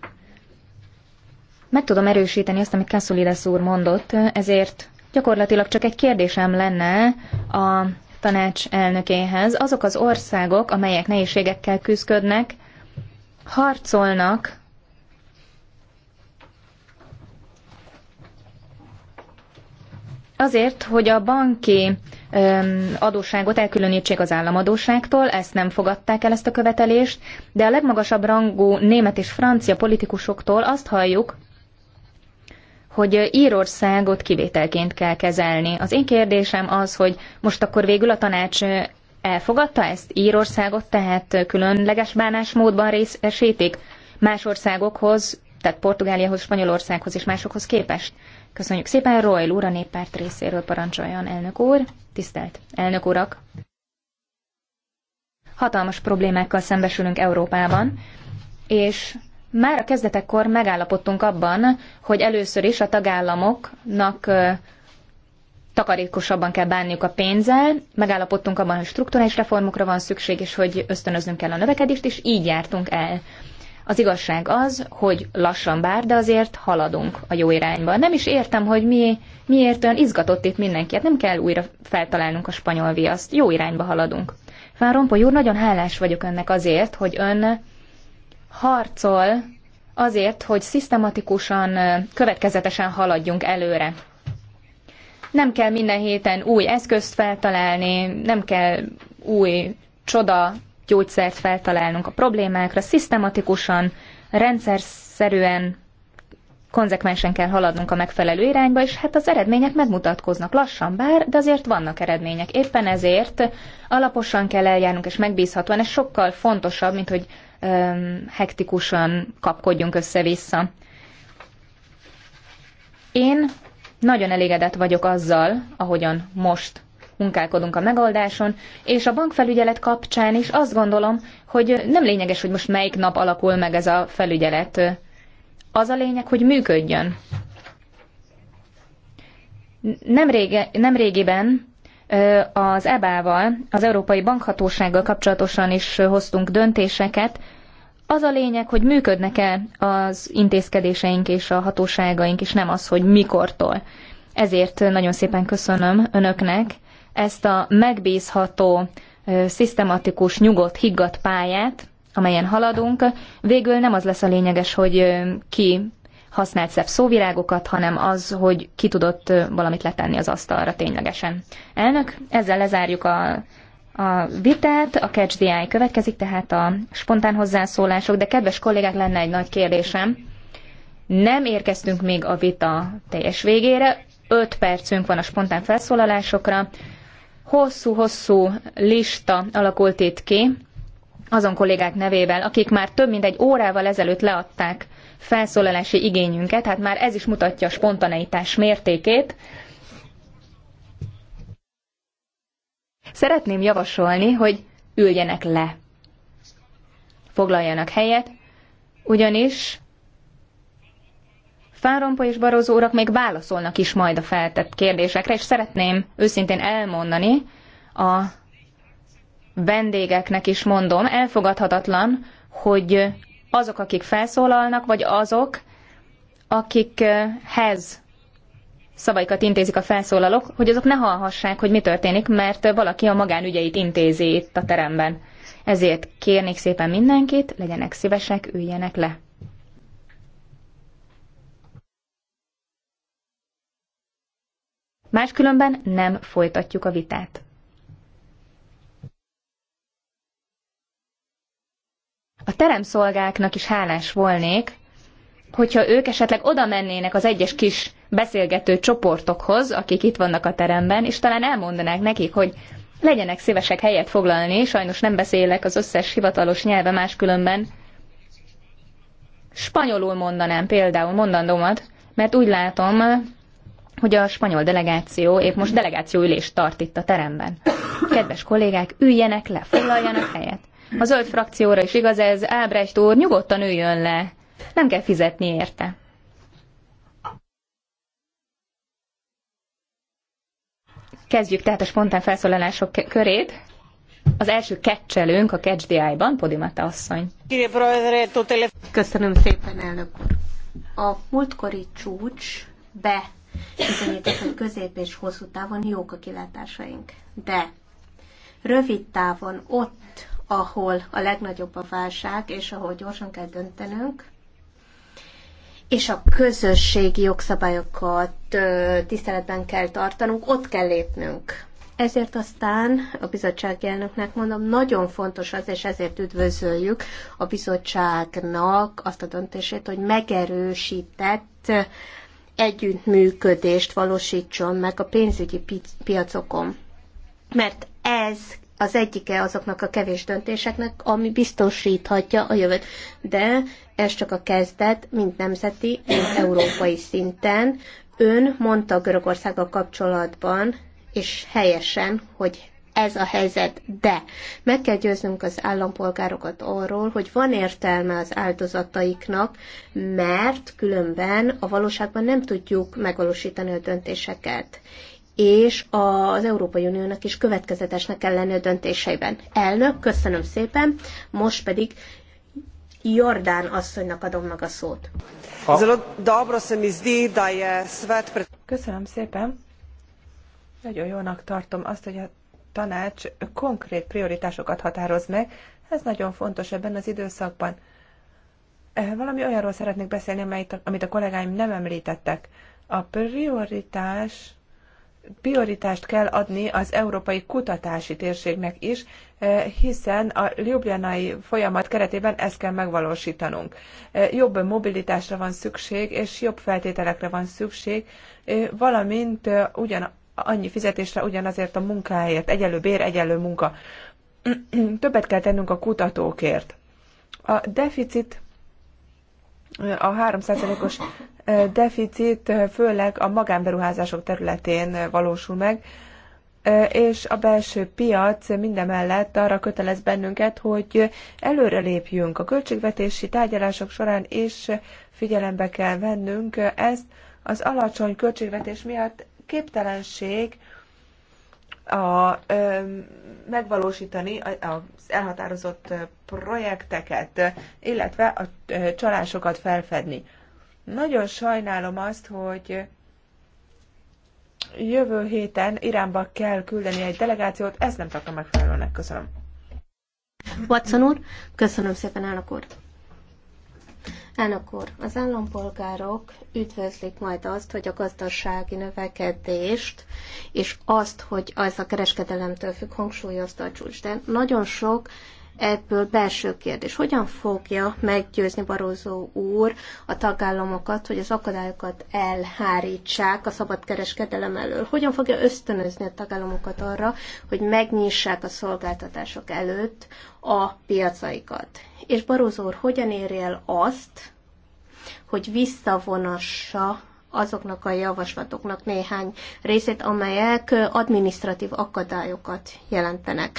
Meg tudom erősíteni azt, amit Kasszulides úr mondott, ezért gyakorlatilag csak egy kérdésem lenne a tanács elnökéhez. Azok az országok, amelyek nehézségekkel küzdködnek, harcolnak Azért, hogy a banki adósságot elkülönítsék az államadóságtól, ezt nem fogadták el ezt a követelést, de a legmagasabb rangú német és francia politikusoktól azt halljuk, hogy Írországot kivételként kell kezelni. Az én kérdésem az, hogy most akkor végül a tanács elfogadta ezt Írországot, tehát különleges bánásmódban részesítik más országokhoz, tehát Portugáliahoz, Spanyolországhoz és másokhoz képest. Köszönjük szépen, Royal úr a néppárt részéről parancsoljon, elnök úr. Tisztelt elnök urak! Hatalmas problémákkal szembesülünk Európában, és már a kezdetekkor megállapodtunk abban, hogy először is a tagállamoknak takarékosabban kell bánniuk a pénzzel, megállapodtunk abban, hogy struktúrális reformokra van szükség, és hogy ösztönöznünk kell a növekedést, és így jártunk el. Az igazság az, hogy lassan bár, de azért haladunk a jó irányba. Nem is értem, hogy mi, miért olyan izgatott itt mindenki. Hát nem kell újra feltalálnunk a spanyol viaszt. Jó irányba haladunk. Fán Rompoly úr, nagyon hálás vagyok önnek azért, hogy ön harcol azért, hogy szisztematikusan, következetesen haladjunk előre. Nem kell minden héten új eszközt feltalálni, nem kell új csoda gyógyszert feltalálnunk a problémákra, szisztematikusan, rendszerszerűen, konzekvensen kell haladnunk a megfelelő irányba, és hát az eredmények megmutatkoznak lassan bár, de azért vannak eredmények. Éppen ezért alaposan kell eljárnunk, és megbízhatóan, ez sokkal fontosabb, mint hogy öm, hektikusan kapkodjunk össze-vissza. Én nagyon elégedett vagyok azzal, ahogyan most munkálkodunk a megoldáson, és a bankfelügyelet kapcsán is azt gondolom, hogy nem lényeges, hogy most melyik nap alakul meg ez a felügyelet. Az a lényeg, hogy működjön. Nem, rége, nem régiben az EBA-val, az Európai Bankhatósággal kapcsolatosan is hoztunk döntéseket. Az a lényeg, hogy működnek-e az intézkedéseink és a hatóságaink, és nem az, hogy mikortól. Ezért nagyon szépen köszönöm önöknek ezt a megbízható, szisztematikus, nyugodt, higgadt pályát, amelyen haladunk, végül nem az lesz a lényeges, hogy ki használt szebb szóvirágokat, hanem az, hogy ki tudott valamit letenni az asztalra ténylegesen. Elnök, ezzel lezárjuk a, a vitát, a Catch the Eye következik, tehát a spontán hozzászólások, de kedves kollégák, lenne egy nagy kérdésem. Nem érkeztünk még a vita teljes végére, 5 percünk van a spontán felszólalásokra, hosszú-hosszú lista alakult itt ki, azon kollégák nevével, akik már több mint egy órával ezelőtt leadták felszólalási igényünket, hát már ez is mutatja a spontaneitás mértékét. Szeretném javasolni, hogy üljenek le, foglaljanak helyet, ugyanis Fáronpa és Barozó urak még válaszolnak is majd a feltett kérdésekre, és szeretném őszintén elmondani a vendégeknek is mondom, elfogadhatatlan, hogy azok, akik felszólalnak, vagy azok, akikhez eh, szavaikat intézik a felszólalók, hogy azok ne hallhassák, hogy mi történik, mert valaki a magánügyeit intézi itt a teremben. Ezért kérnék szépen mindenkit, legyenek szívesek, üljenek le. Máskülönben nem folytatjuk a vitát. A teremszolgáknak is hálás volnék, hogyha ők esetleg oda mennének az egyes kis beszélgető csoportokhoz, akik itt vannak a teremben, és talán elmondanák nekik, hogy legyenek szívesek helyet foglalni, sajnos nem beszélek az összes hivatalos nyelve máskülönben. Spanyolul mondanám például mondandómat, mert úgy látom, hogy a spanyol delegáció épp most delegációülést tart itt a teremben. Kedves kollégák, üljenek le, foglaljanak helyet. A zöld frakcióra is igaz ez, Ábrecht úr, nyugodtan üljön le. Nem kell fizetni érte. Kezdjük tehát a spontán felszólalások körét. Az első kecselőnk a Catch-DI-ban, Podimata asszony. Köszönöm szépen, elnök úr. A múltkori csúcs be bizonyíték, hogy közép és hosszú távon jók a kilátásaink. De rövid távon ott, ahol a legnagyobb a válság, és ahol gyorsan kell döntenünk, és a közösségi jogszabályokat tiszteletben kell tartanunk, ott kell lépnünk. Ezért aztán a bizottság elnöknek mondom, nagyon fontos az, és ezért üdvözöljük a bizottságnak azt a döntését, hogy megerősített együttműködést valósítson meg a pénzügyi piacokon. Mert ez az egyike azoknak a kevés döntéseknek, ami biztosíthatja a jövőt. De ez csak a kezdet, mint nemzeti, mint európai szinten. Ön mondta Görögországgal kapcsolatban, és helyesen, hogy ez a helyzet, de meg kell győznünk az állampolgárokat arról, hogy van értelme az áldozataiknak, mert különben a valóságban nem tudjuk megvalósítani a döntéseket és az Európai Uniónak is következetesnek kell lenni a döntéseiben. Elnök, köszönöm szépen, most pedig Jordán asszonynak adom meg a szót. Köszönöm szépen. Nagyon jónak tartom azt, hogy a tanács konkrét prioritásokat határoz meg. Ez nagyon fontos ebben az időszakban. Eh, valami olyanról szeretnék beszélni, amit a kollégáim nem említettek. A prioritás prioritást kell adni az európai kutatási térségnek is, eh, hiszen a ljubljanai folyamat keretében ezt kell megvalósítanunk. Eh, jobb mobilitásra van szükség, és jobb feltételekre van szükség, valamint ugyan annyi fizetésre ugyanazért a munkáért, egyelő bér, egyelő munka. Többet kell tennünk a kutatókért. A deficit, a 3%-os deficit főleg a magánberuházások területén valósul meg, és a belső piac mindemellett arra kötelez bennünket, hogy előre lépjünk a költségvetési tárgyalások során, és figyelembe kell vennünk ezt. Az alacsony költségvetés miatt képtelenség a, ö, megvalósítani az elhatározott projekteket, illetve a csalásokat felfedni. Nagyon sajnálom azt, hogy jövő héten Iránba kell küldeni egy delegációt, ezt nem tartom megfelelőnek. Köszönöm. Watson úr, köszönöm szépen, elnök úr. Elnök úr, az állampolgárok üdvözlik majd azt, hogy a gazdasági növekedést, és azt, hogy az a kereskedelemtől függ, hangsúlyozta a csúcs. De nagyon sok ebből belső kérdés. Hogyan fogja meggyőzni Barózó úr a tagállamokat, hogy az akadályokat elhárítsák a kereskedelem elől? Hogyan fogja ösztönözni a tagállamokat arra, hogy megnyissák a szolgáltatások előtt a piacaikat? És Barózó úr hogyan érje el azt, hogy visszavonassa azoknak a javaslatoknak néhány részét, amelyek administratív akadályokat jelentenek.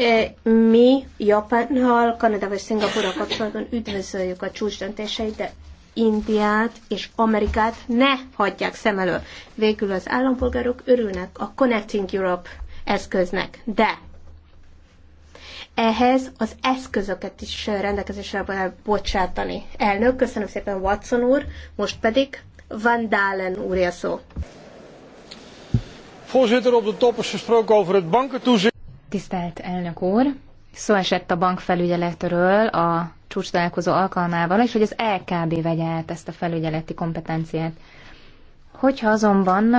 E, mi Japánnal, Kanada vagy Szingapurral kapcsolatban üdvözöljük a csúcs döntéseit, de Indiát és Amerikát ne hagyják szem elől. Végül az állampolgárok örülnek a Connecting Europe eszköznek, de ehhez az eszközöket is rendelkezésre bocsátani. Elnök, köszönöm szépen Watson úr, most pedig Van Dalen úr szó. Voorzitter, op de top is gesproken over het bankentoezicht. Tisztelt elnök úr! Szó esett a bankfelügyeletről a csúcs találkozó alkalmával, és hogy az LKB vegye át ezt a felügyeleti kompetenciát. Hogyha azonban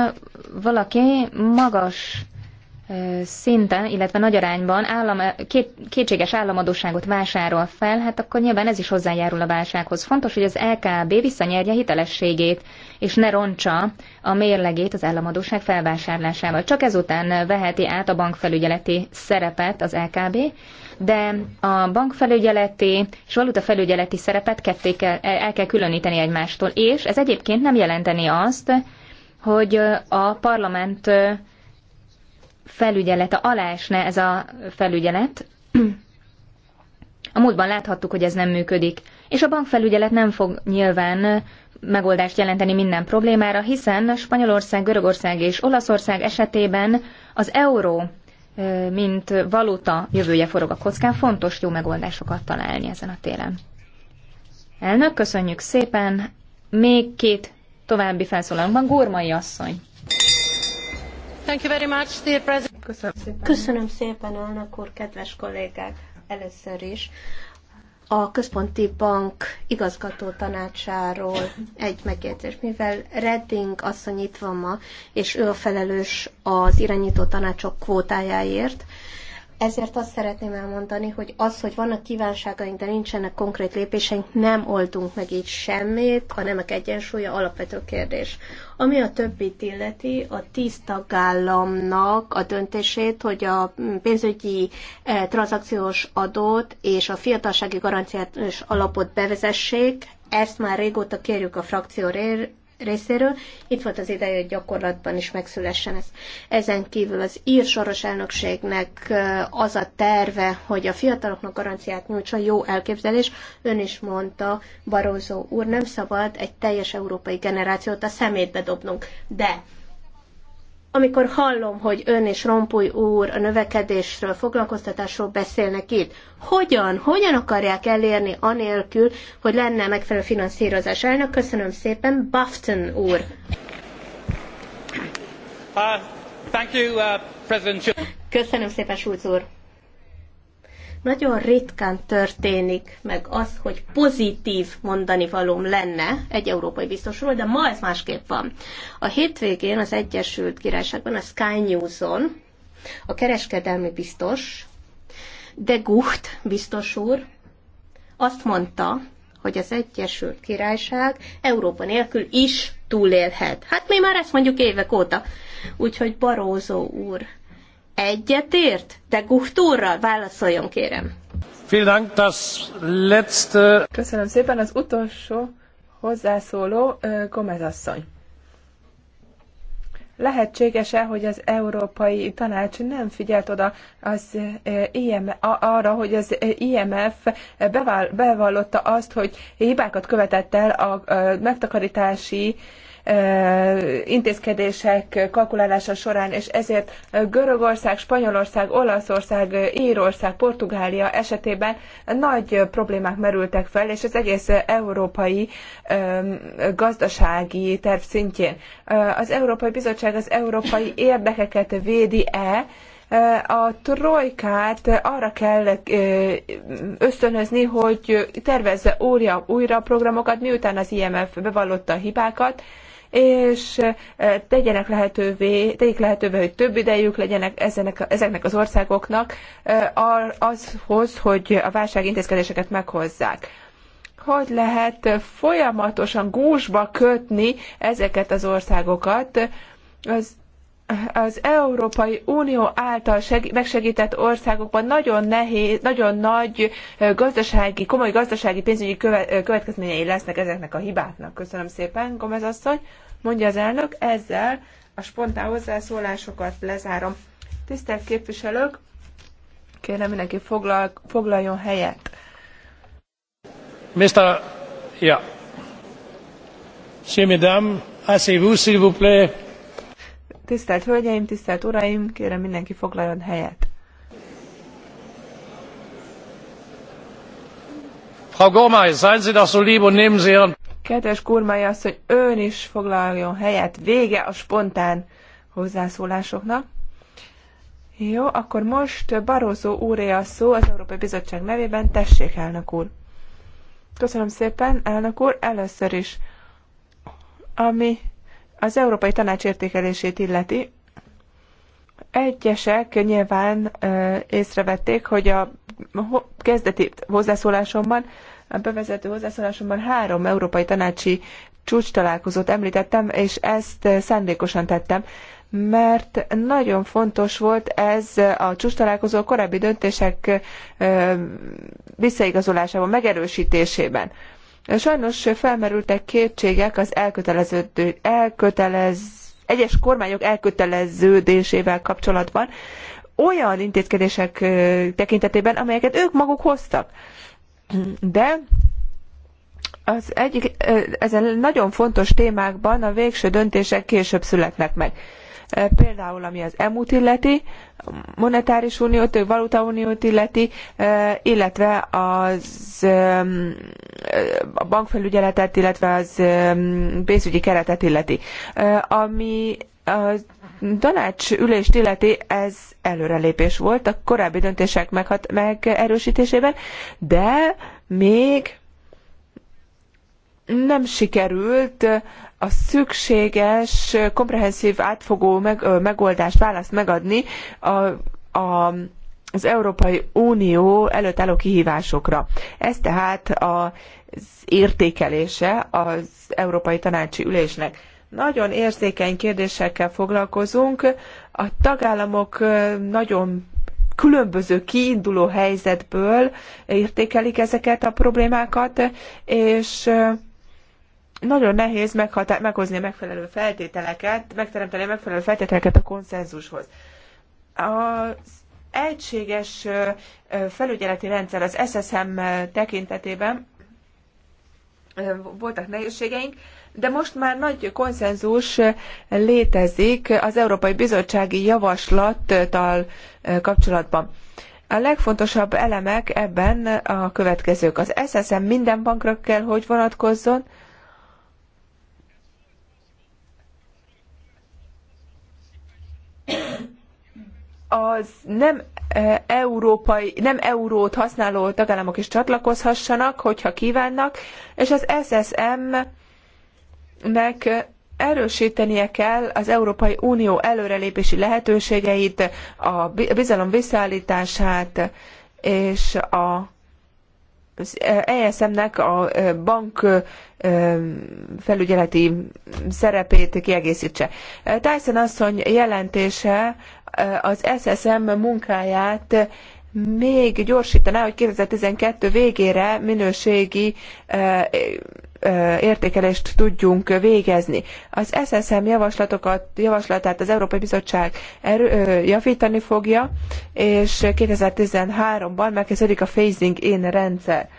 valaki magas szinten, illetve nagy arányban állam, két, kétséges államadóságot vásárol fel, hát akkor nyilván ez is hozzájárul a válsághoz. Fontos, hogy az LKB visszanyerje hitelességét, és ne roncsa a mérlegét az államadóság felvásárlásával. Csak ezután veheti át a bankfelügyeleti szerepet az LKB, de a bankfelügyeleti és valutafelügyeleti szerepet ketté kell, el kell különíteni egymástól, és ez egyébként nem jelenteni azt, hogy a parlament felügyelete alá esne ez a felügyelet. A múltban láthattuk, hogy ez nem működik, és a bankfelügyelet nem fog nyilván megoldást jelenteni minden problémára, hiszen Spanyolország, Görögország és Olaszország esetében az euró, mint valuta jövője forog a kockán, fontos jó megoldásokat találni ezen a télen. Elnök, köszönjük szépen! Még két további felszólalóban Gormai asszony. Köszönöm szépen. Köszönöm szépen, elnök úr, kedves kollégák, először is. A Központi Bank igazgató tanácsáról egy megjegyzés, mivel Redding asszony itt van ma, és ő a felelős az irányító tanácsok kvótájáért, ezért azt szeretném elmondani, hogy az, hogy vannak kívánságaink, de nincsenek konkrét lépéseink, nem oldunk meg így semmit, a nemek egyensúlya alapvető kérdés. Ami a többit illeti, a tíz tagállamnak a döntését, hogy a pénzügyi eh, tranzakciós adót és a fiatalsági garanciás alapot bevezessék, ezt már régóta kérjük a frakció részéről. Itt volt az ideje, hogy gyakorlatban is megszülessen ez. Ezen kívül az ír soros elnökségnek az a terve, hogy a fiataloknak garanciát nyújtson, jó elképzelés. Ön is mondta, Barózó úr, nem szabad egy teljes európai generációt a szemétbe dobnunk. De amikor hallom, hogy ön és Rompuy úr a növekedésről, foglalkoztatásról beszélnek itt, hogyan, hogyan akarják elérni anélkül, hogy lenne megfelelő finanszírozás? Elnök, köszönöm szépen, Bafton úr. Uh, thank you, uh, President Köszönöm szépen, Schulz úr. Nagyon ritkán történik meg az, hogy pozitív mondani valóm lenne egy európai biztosról, de ma ez másképp van. A hétvégén az Egyesült Királyságban, a Sky News-on a kereskedelmi biztos, de Gucht biztos úr azt mondta, hogy az Egyesült Királyság Európa nélkül is túlélhet. Hát mi már ezt mondjuk évek óta. Úgyhogy Barózó úr, Egyetért? De Guchtúrral válaszoljon, kérem. Köszönöm szépen. Az utolsó hozzászóló Gomez asszony. Lehetséges-e, hogy az Európai Tanács nem figyelt oda az IMF, arra, hogy az IMF bevallotta azt, hogy hibákat követett el a megtakarítási intézkedések kalkulálása során, és ezért Görögország, Spanyolország, Olaszország, Írország, Portugália esetében nagy problémák merültek fel, és az egész európai gazdasági terv szintjén. Az Európai Bizottság az európai érdekeket védi-e, a trojkát arra kell ösztönözni, hogy tervezze újra, újra programokat, miután az IMF bevallotta a hibákat, és eh, tegyenek lehetővé, tegyék lehetővé, hogy több idejük legyenek ezenek, ezeknek az országoknak eh, azhoz, hogy a válság intézkedéseket meghozzák hogy lehet folyamatosan gúzsba kötni ezeket az országokat, az az Európai Unió által seg- megsegített országokban nagyon nehéz, nagyon nagy gazdasági, komoly gazdasági pénzügyi következményei lesznek ezeknek a hibáknak. Köszönöm szépen, Gomez asszony, mondja az elnök, ezzel a spontán hozzászólásokat lezárom. Tisztelt képviselők, kérem mindenki foglal, foglaljon helyet. Mr. Ja. Yeah. Mesdames, asseyez-vous, s'il vous plaît. Tisztelt Hölgyeim, tisztelt Uraim, kérem mindenki foglaljon helyet. Frau Gormai, seien Sie doch so lieb und nehmen Sie Ihren... Kedves Gormai hogy ön is foglaljon helyet. Vége a spontán hozzászólásoknak. Jó, akkor most Barroso úré a szó az Európai Bizottság nevében. Tessék, elnök úr. Köszönöm szépen, elnök úr. Először is, ami az Európai Tanács értékelését illeti, egyesek nyilván észrevették, hogy a kezdeti hozzászólásomban, a bevezető hozzászólásomban három európai tanácsi csúcs találkozót említettem, és ezt szándékosan tettem, mert nagyon fontos volt ez a csúcs találkozó korábbi döntések visszaigazolásában, megerősítésében. Sajnos felmerültek kétségek az elköteleződő, elkötelez, egyes kormányok elköteleződésével kapcsolatban, olyan intézkedések tekintetében, amelyeket ők maguk hoztak. De az egyik, ezen nagyon fontos témákban a végső döntések később születnek meg. Eh, például ami az EMU-t illeti, monetáris uniót, valutauniót illeti, eh, illetve az eh, a bankfelügyeletet, illetve az pénzügyi keretet illeti. Ami a tanács ülést illeti, ez előrelépés volt a korábbi döntések meghat- megerősítésében, de még nem sikerült a szükséges, komprehenszív, átfogó meg, megoldást, választ megadni a, a, az Európai Unió előtt álló kihívásokra. Ez tehát az értékelése az Európai Tanácsi Ülésnek. Nagyon érzékeny kérdésekkel foglalkozunk. A tagállamok nagyon különböző kiinduló helyzetből értékelik ezeket a problémákat, és nagyon nehéz meghatá- meghozni a megfelelő feltételeket, megteremteni a megfelelő feltételeket a konszenzushoz. Az egységes felügyeleti rendszer az SSM tekintetében voltak nehézségeink, de most már nagy konszenzus létezik az Európai Bizottsági Javaslattal kapcsolatban. A legfontosabb elemek ebben a következők. Az SSM minden bankra kell, hogy vonatkozzon, az nem e, európai, nem eurót használó tagállamok is csatlakozhassanak, hogyha kívánnak, és az SSM-nek erősítenie kell az Európai Unió előrelépési lehetőségeit, a bizalom visszaállítását és a az ESM-nek a e, bank e, felügyeleti szerepét kiegészítse. Tyson asszony jelentése az SSM munkáját még gyorsítaná, hogy 2012 végére minőségi értékelést tudjunk végezni. Az SSM javaslatokat, javaslatát az Európai Bizottság erő, javítani fogja, és 2013-ban megkezdődik a phasing in rendszer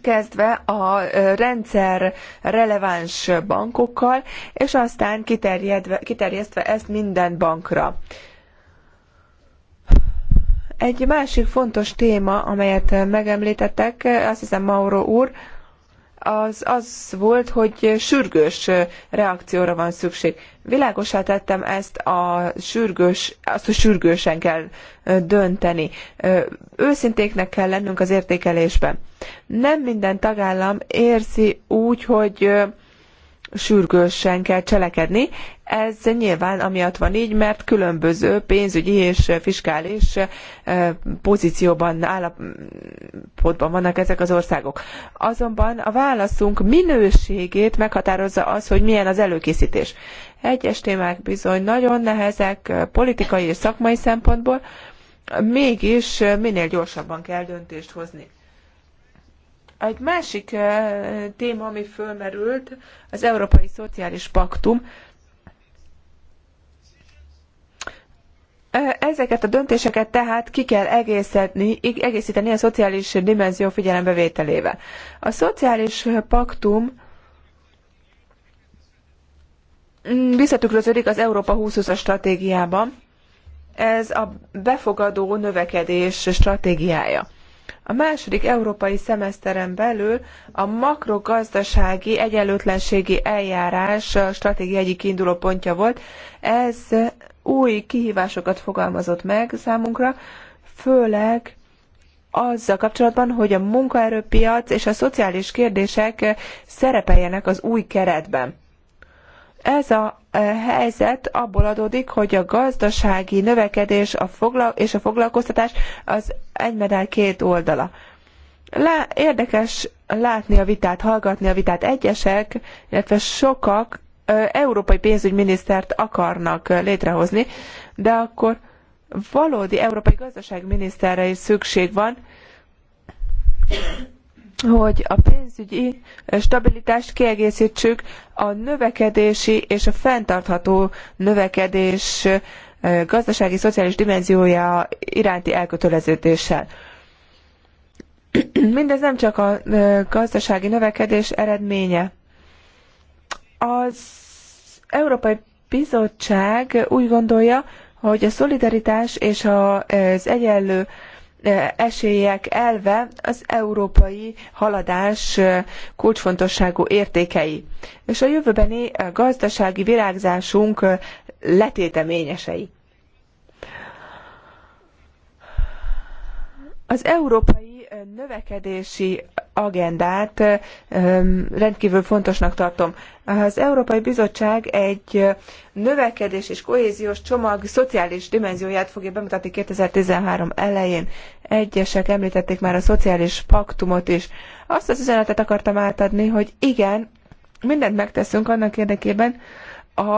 kezdve a rendszer releváns bankokkal, és aztán kiterjesztve ezt minden bankra. Egy másik fontos téma, amelyet megemlítettek, azt hiszem Mauro úr, az az volt, hogy sürgős reakcióra van szükség. Világosá tettem ezt a sürgős, azt, hogy sürgősen kell dönteni. Őszintéknek kell lennünk az értékelésben. Nem minden tagállam érzi úgy, hogy sürgősen kell cselekedni. Ez nyilván amiatt van így, mert különböző pénzügyi és fiskális eh, pozícióban, állapotban vannak ezek az országok. Azonban a válaszunk minőségét meghatározza az, hogy milyen az előkészítés. Egyes témák bizony nagyon nehezek politikai és szakmai szempontból, mégis minél gyorsabban kell döntést hozni. Egy másik téma, ami fölmerült, az Európai Szociális Paktum. Ezeket a döntéseket tehát ki kell egészíteni, egészíteni a szociális dimenzió figyelembevételével. A szociális paktum visszatükröződik az Európa 2020-as stratégiában. Ez a befogadó növekedés stratégiája. A második európai szemeszteren belül a makrogazdasági egyenlőtlenségi eljárás a stratégia egyik kiindulópontja volt. Ez új kihívásokat fogalmazott meg számunkra, főleg azzal kapcsolatban, hogy a munkaerőpiac és a szociális kérdések szerepeljenek az új keretben. Ez a helyzet abból adódik, hogy a gazdasági növekedés a fogla- és a foglalkoztatás az egy medál két oldala. Le- érdekes látni a vitát, hallgatni a vitát. Egyesek, illetve sokak európai pénzügyminisztert akarnak létrehozni, de akkor valódi európai gazdaságminiszterre is szükség van, hogy a pénzügyi eh, stabilitást kiegészítsük a növekedési és a fenntartható növekedés eh, gazdasági, szociális dimenziója iránti elköteleződéssel. Mindez nem csak a eh, gazdasági növekedés eredménye. Az Európai Bizottság úgy gondolja, hogy a szolidaritás és az egyenlő esélyek elve az európai haladás kulcsfontosságú értékei, és a jövőbeni gazdasági virágzásunk letéteményesei. Az európai növekedési agendát rendkívül fontosnak tartom. Az Európai Bizottság egy növekedés és kohéziós csomag szociális dimenzióját fogja bemutatni 2013 elején. Egyesek említették már a szociális paktumot is. Azt az üzenetet akartam átadni, hogy igen, mindent megteszünk annak érdekében, a,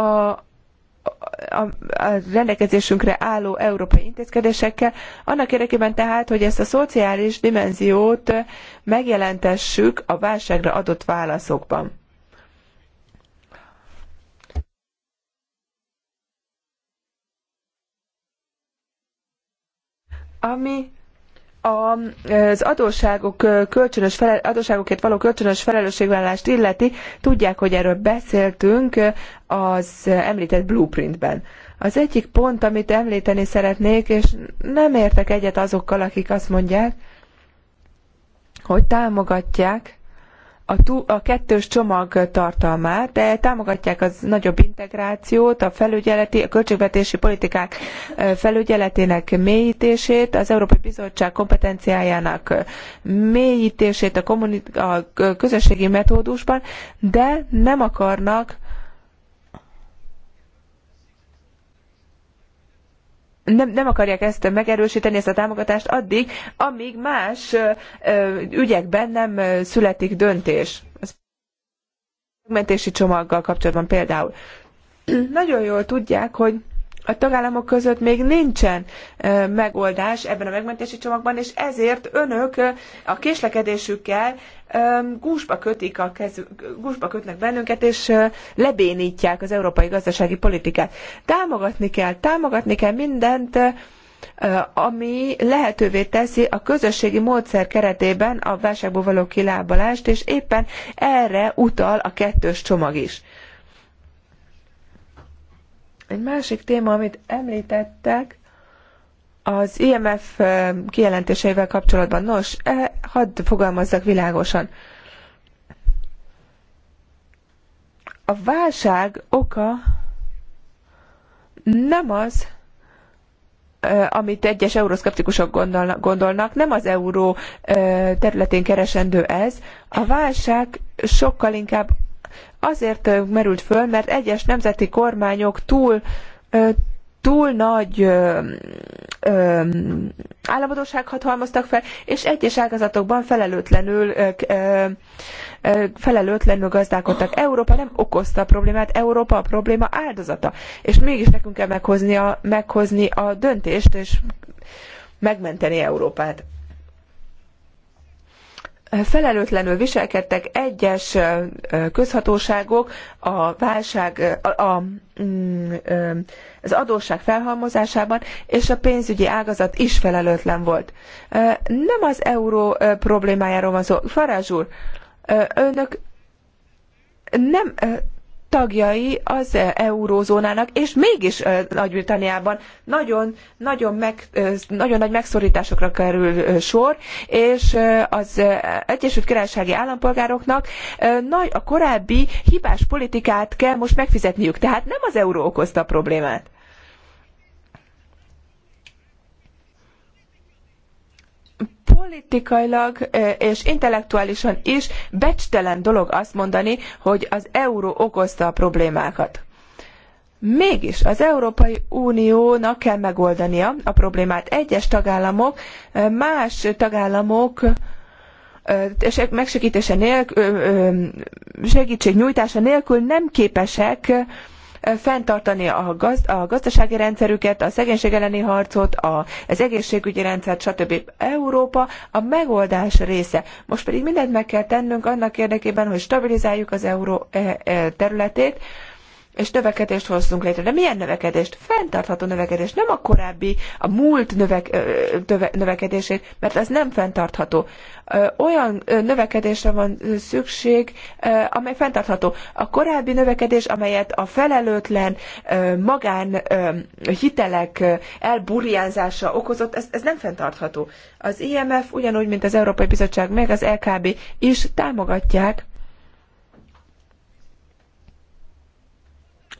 a rendelkezésünkre álló európai intézkedésekkel, annak érdekében tehát, hogy ezt a szociális dimenziót megjelentessük a válságra adott válaszokban. Ami az adósságok kölcsönös felel, adósságokért való kölcsönös felelősségvállalást illeti, tudják, hogy erről beszéltünk az említett blueprintben. Az egyik pont, amit említeni szeretnék, és nem értek egyet azokkal, akik azt mondják, hogy támogatják a, tú, a kettős csomag tartalmát, de támogatják az nagyobb integrációt, a felügyeleti, a költségvetési politikák felügyeletének mélyítését, az Európai Bizottság kompetenciájának mélyítését a, a közösségi metódusban, de nem akarnak nem, nem akarják ezt megerősíteni, ezt a támogatást addig, amíg más ügyekben nem születik döntés. A megmentési csomaggal kapcsolatban például. Nagyon jól tudják, hogy a tagállamok között még nincsen megoldás ebben a megmentési csomagban, és ezért önök a késlekedésükkel gúzsba, kötik a kezü, gúzsba kötnek bennünket, és lebénítják az európai gazdasági politikát. Támogatni kell, támogatni kell mindent, ami lehetővé teszi a közösségi módszer keretében a válságból való kilábalást, és éppen erre utal a kettős csomag is. Egy másik téma, amit említettek, az IMF kijelentéseivel kapcsolatban. Nos, e, hadd fogalmazzak világosan. A válság oka nem az, amit egyes euroszkeptikusok gondolnak, gondolnak, nem az euró területén keresendő ez. A válság sokkal inkább azért merült föl, mert egyes nemzeti kormányok túl túl nagy ö, halmoztak fel, és egyes ágazatokban felelőtlenül, ö, ö, felelőtlenül gazdálkodtak. Európa nem okozta a problémát, Európa a probléma áldozata. És mégis nekünk kell meghozni a, meghozni a döntést, és megmenteni Európát felelőtlenül viselkedtek egyes közhatóságok a válság, a, a, mm, az adósság felhalmozásában, és a pénzügyi ágazat is felelőtlen volt. Nem az euró problémájáról van szó. Farázs úr, önök nem tagjai az eurózónának, és mégis Nagy-Britanniában nagyon, nagyon, meg, nagyon nagy megszorításokra kerül sor, és az Egyesült Királysági állampolgároknak nagy a korábbi hibás politikát kell most megfizetniük. Tehát nem az euró okozta a problémát. politikailag és intellektuálisan is becstelen dolog azt mondani, hogy az euró okozta a problémákat. Mégis az Európai Uniónak kell megoldania a problémát. Egyes tagállamok, más tagállamok megsegítése nélkül, segítség nyújtása nélkül nem képesek fenntartani a, a gazdasági rendszerüket, a szegénység elleni harcot, a, az egészségügyi rendszert, stb. Európa a megoldás része. Most pedig mindent meg kell tennünk annak érdekében, hogy stabilizáljuk az euró eh, eh, területét, és növekedést hozzunk létre. De milyen növekedést? Fenntartható növekedést, nem a korábbi, a múlt növek, töve, növekedését, mert ez nem fenntartható. Olyan növekedésre van szükség, amely fenntartható. A korábbi növekedés, amelyet a felelőtlen magán hitelek elburjánzása okozott, ez, ez nem fenntartható. Az IMF ugyanúgy, mint az Európai Bizottság, meg az LKB is támogatják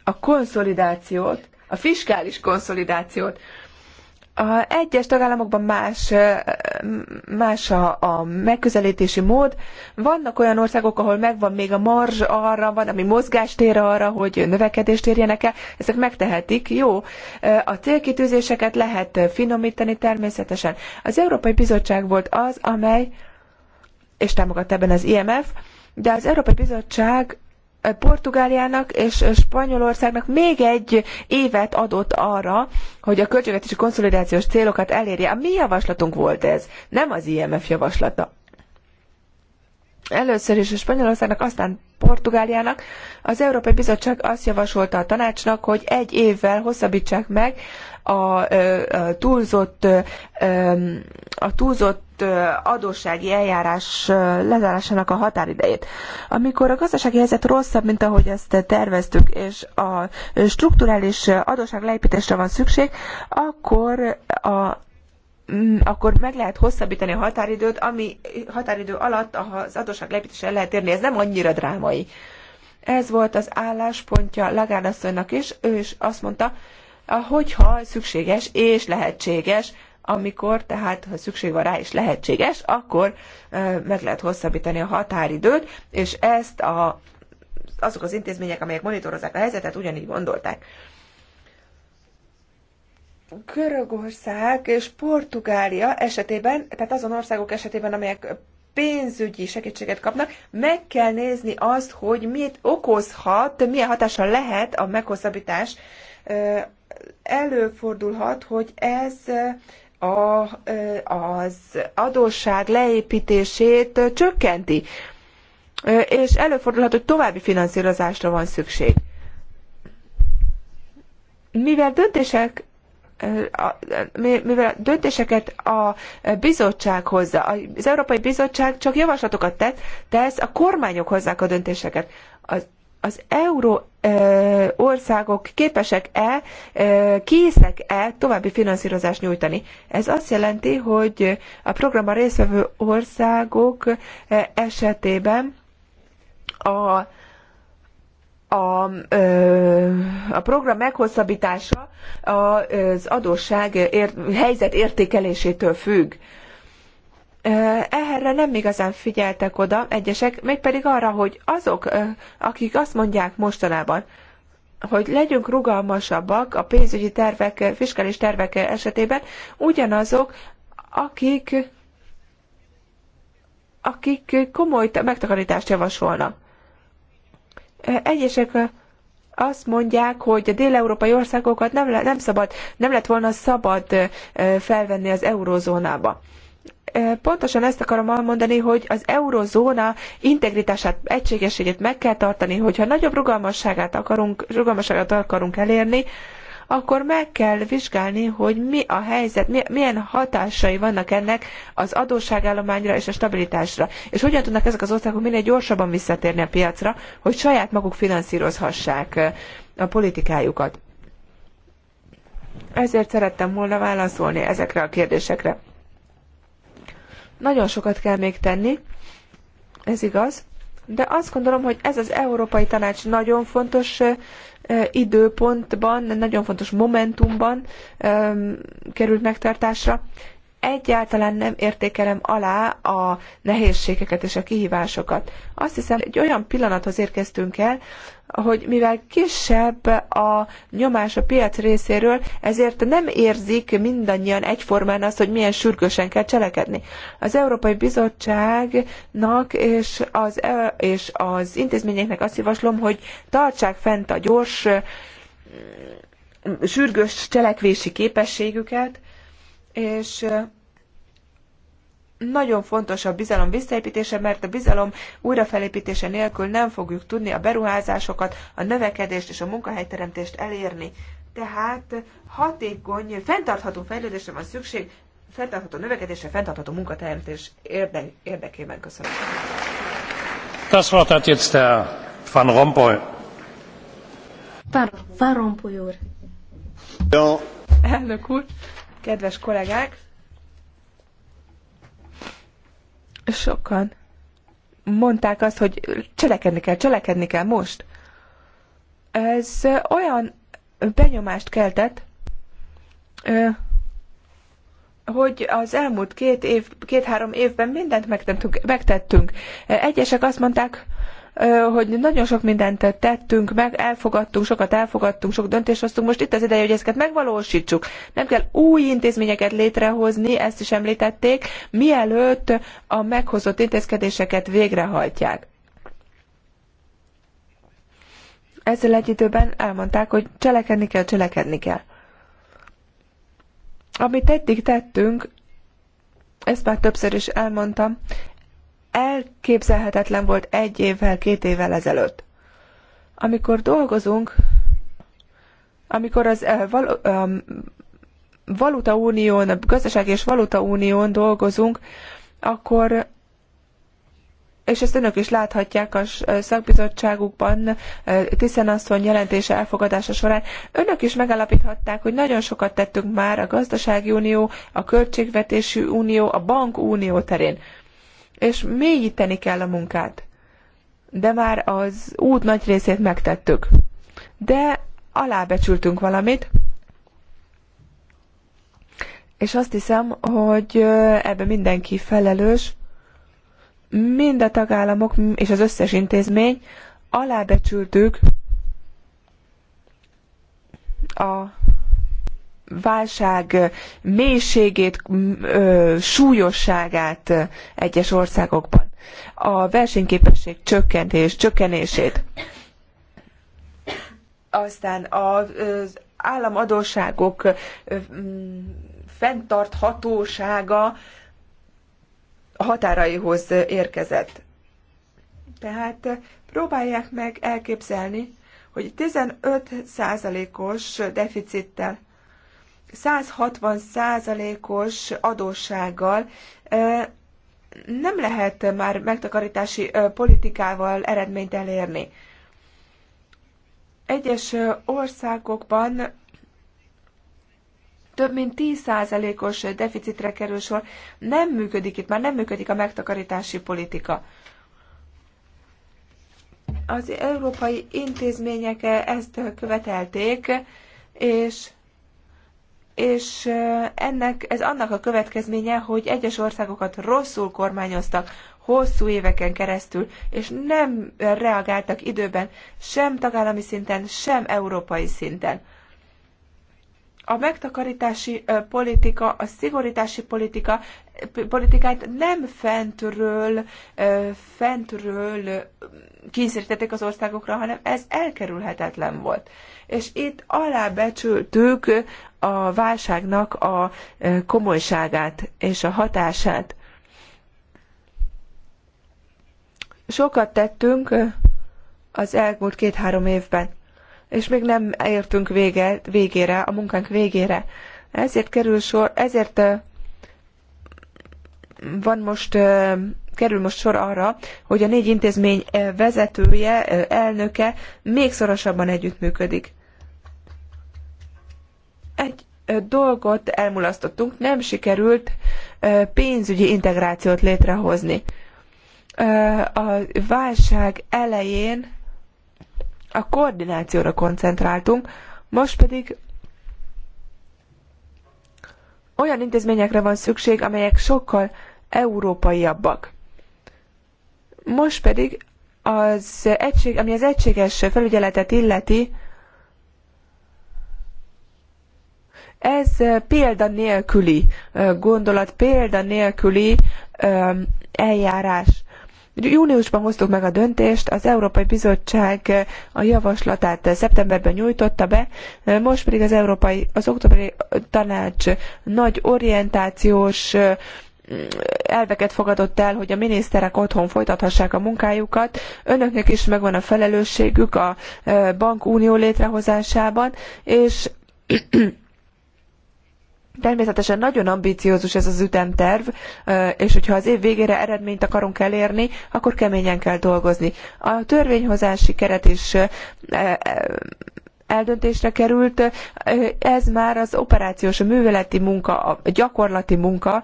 a konszolidációt, a fiskális konszolidációt. A egyes tagállamokban más, más a, a megközelítési mód. Vannak olyan országok, ahol megvan még a marzs arra, van, ami mozgástér arra, hogy növekedést érjenek el. Ezek megtehetik, jó. A célkitűzéseket lehet finomítani természetesen. Az Európai Bizottság volt az, amely, és támogatta ebben az IMF, de az Európai Bizottság Portugáliának és Spanyolországnak még egy évet adott arra, hogy a költségvetési konszolidációs célokat elérje. A mi javaslatunk volt ez, nem az IMF javaslata. Először is a Spanyolországnak, aztán Portugáliának az Európai Bizottság azt javasolta a tanácsnak, hogy egy évvel hosszabbítsák meg a túlzott, a túlzott adóssági eljárás lezárásának a határidejét. Amikor a gazdasági helyzet rosszabb, mint ahogy ezt terveztük, és a strukturális adósság leépítésre van szükség, akkor a akkor meg lehet hosszabbítani a határidőt, ami határidő alatt az adósság leépítésre lehet érni. Ez nem annyira drámai. Ez volt az álláspontja Lagárdasszonynak is, ő is azt mondta, hogyha szükséges és lehetséges, amikor tehát, ha szükség van rá és lehetséges, akkor meg lehet hosszabbítani a határidőt, és ezt a, azok az intézmények, amelyek monitorozzák a helyzetet, ugyanígy gondolták. Görögország és Portugália esetében, tehát azon országok esetében, amelyek pénzügyi segítséget kapnak, meg kell nézni azt, hogy mit okozhat, milyen hatással lehet a meghosszabbítás előfordulhat, hogy ez a, az adósság leépítését csökkenti, és előfordulhat, hogy további finanszírozásra van szükség. Mivel döntések mivel döntéseket a bizottság hozza, az Európai Bizottság csak javaslatokat tett, ez a kormányok hozzák a döntéseket. Az, az euró országok képesek-e, készek-e további finanszírozást nyújtani. Ez azt jelenti, hogy a programban résztvevő országok esetében a a, a program meghosszabbítása az adósság ér, helyzet értékelésétől függ erre nem igazán figyeltek oda egyesek, mégpedig arra, hogy azok, akik azt mondják mostanában, hogy legyünk rugalmasabbak a pénzügyi tervek, fiskális tervek esetében, ugyanazok, akik, akik komoly megtakarítást javasolnak. Egyesek azt mondják, hogy a dél-európai országokat nem, nem szabad, nem lett volna szabad felvenni az eurózónába pontosan ezt akarom elmondani, hogy az eurozóna integritását, egységességét meg kell tartani, hogyha nagyobb rugalmasságát akarunk, rugalmasságot akarunk elérni, akkor meg kell vizsgálni, hogy mi a helyzet, milyen hatásai vannak ennek az adósságállományra és a stabilitásra, és hogyan tudnak ezek az országok minél gyorsabban visszatérni a piacra, hogy saját maguk finanszírozhassák a politikájukat. Ezért szerettem volna válaszolni ezekre a kérdésekre. Nagyon sokat kell még tenni, ez igaz, de azt gondolom, hogy ez az Európai Tanács nagyon fontos időpontban, nagyon fontos momentumban került megtartásra, egyáltalán nem értékelem alá a nehézségeket és a kihívásokat. Azt hiszem, egy olyan pillanathoz érkeztünk el, hogy mivel kisebb a nyomás a piac részéről, ezért nem érzik mindannyian egyformán azt, hogy milyen sürgősen kell cselekedni. Az Európai Bizottságnak és az, e, és az intézményeknek azt javaslom, hogy tartsák fent a gyors, mm, sürgős cselekvési képességüket, és nagyon fontos a bizalom visszaépítése, mert a bizalom újrafelépítése nélkül nem fogjuk tudni a beruházásokat, a növekedést és a munkahelyteremtést elérni. Tehát hatékony, fenntartható fejlődésre van szükség, fenntartható növekedésre, fenntartható munkateremtés érde, érdekében. Köszönöm. Das Wort hat jetzt der Van Rompuy. Van, Van Rompuy úr. Ja. Elnök úr. Kedves kollégák, sokan mondták azt, hogy cselekedni kell, cselekedni kell most. Ez olyan benyomást keltett, hogy az elmúlt két-három év, két évben mindent megtettünk. Egyesek azt mondták, hogy nagyon sok mindent tettünk meg, elfogadtunk, sokat elfogadtunk, sok döntést hoztunk. Most itt az ideje, hogy ezeket megvalósítsuk. Nem kell új intézményeket létrehozni, ezt is említették, mielőtt a meghozott intézkedéseket végrehajtják. Ezzel egy időben elmondták, hogy cselekedni kell, cselekedni kell. Amit eddig tettünk, ezt már többször is elmondtam, elképzelhetetlen volt egy évvel, két évvel ezelőtt. Amikor dolgozunk, amikor az eh, val, um, a gazdaság és Unión dolgozunk, akkor és ezt önök is láthatják a eh, szakbizottságukban, Tiszen asszony jelentése elfogadása során. Önök is megállapíthatták, hogy nagyon sokat tettünk már a gazdasági unió, a költségvetési unió, a bankunió terén és mélyíteni kell a munkát. De már az út nagy részét megtettük. De alábecsültünk valamit, és azt hiszem, hogy ebben mindenki felelős, mind a tagállamok és az összes intézmény alábecsültük a válság mélységét, súlyosságát egyes országokban, a versenyképesség csökkentés, csökkenését, aztán az államadóságok fenntarthatósága határaihoz érkezett. Tehát próbálják meg elképzelni, hogy 15%-os deficittel 160 százalékos adóssággal nem lehet már megtakarítási politikával eredményt elérni. Egyes országokban több mint 10%-os deficitre kerül sor. Nem működik itt, már nem működik a megtakarítási politika. Az európai intézmények ezt követelték, és és ennek, ez annak a következménye, hogy egyes országokat rosszul kormányoztak hosszú éveken keresztül, és nem reagáltak időben sem tagállami szinten, sem európai szinten. A megtakarítási politika, a szigorítási politika, politikát nem fentről, fentről kényszerítették az országokra, hanem ez elkerülhetetlen volt. És itt alábecsültük a válságnak a e, komolyságát és a hatását. Sokat tettünk e, az elmúlt két-három évben, és még nem értünk vége, végére, a munkánk végére. Ezért kerül sor, ezért e, van most kerül most sor arra, hogy a négy intézmény vezetője, elnöke még szorosabban együttműködik. Egy dolgot elmulasztottunk, nem sikerült pénzügyi integrációt létrehozni. A válság elején a koordinációra koncentráltunk, most pedig olyan intézményekre van szükség, amelyek sokkal európaiabbak. Most pedig az egység, ami az egységes felügyeletet illeti, Ez példa nélküli gondolat, példa nélküli eljárás. Júniusban hoztuk meg a döntést, az Európai Bizottság a javaslatát szeptemberben nyújtotta be, most pedig az Európai, az októberi tanács nagy orientációs elveket fogadott el, hogy a miniszterek otthon folytathassák a munkájukat. Önöknek is megvan a felelősségük a bankunió létrehozásában, és Természetesen nagyon ambiciózus ez az ütemterv, és hogyha az év végére eredményt akarunk elérni, akkor keményen kell dolgozni. A törvényhozási keret is eldöntésre került, ez már az operációs, a műveleti munka, a gyakorlati munka,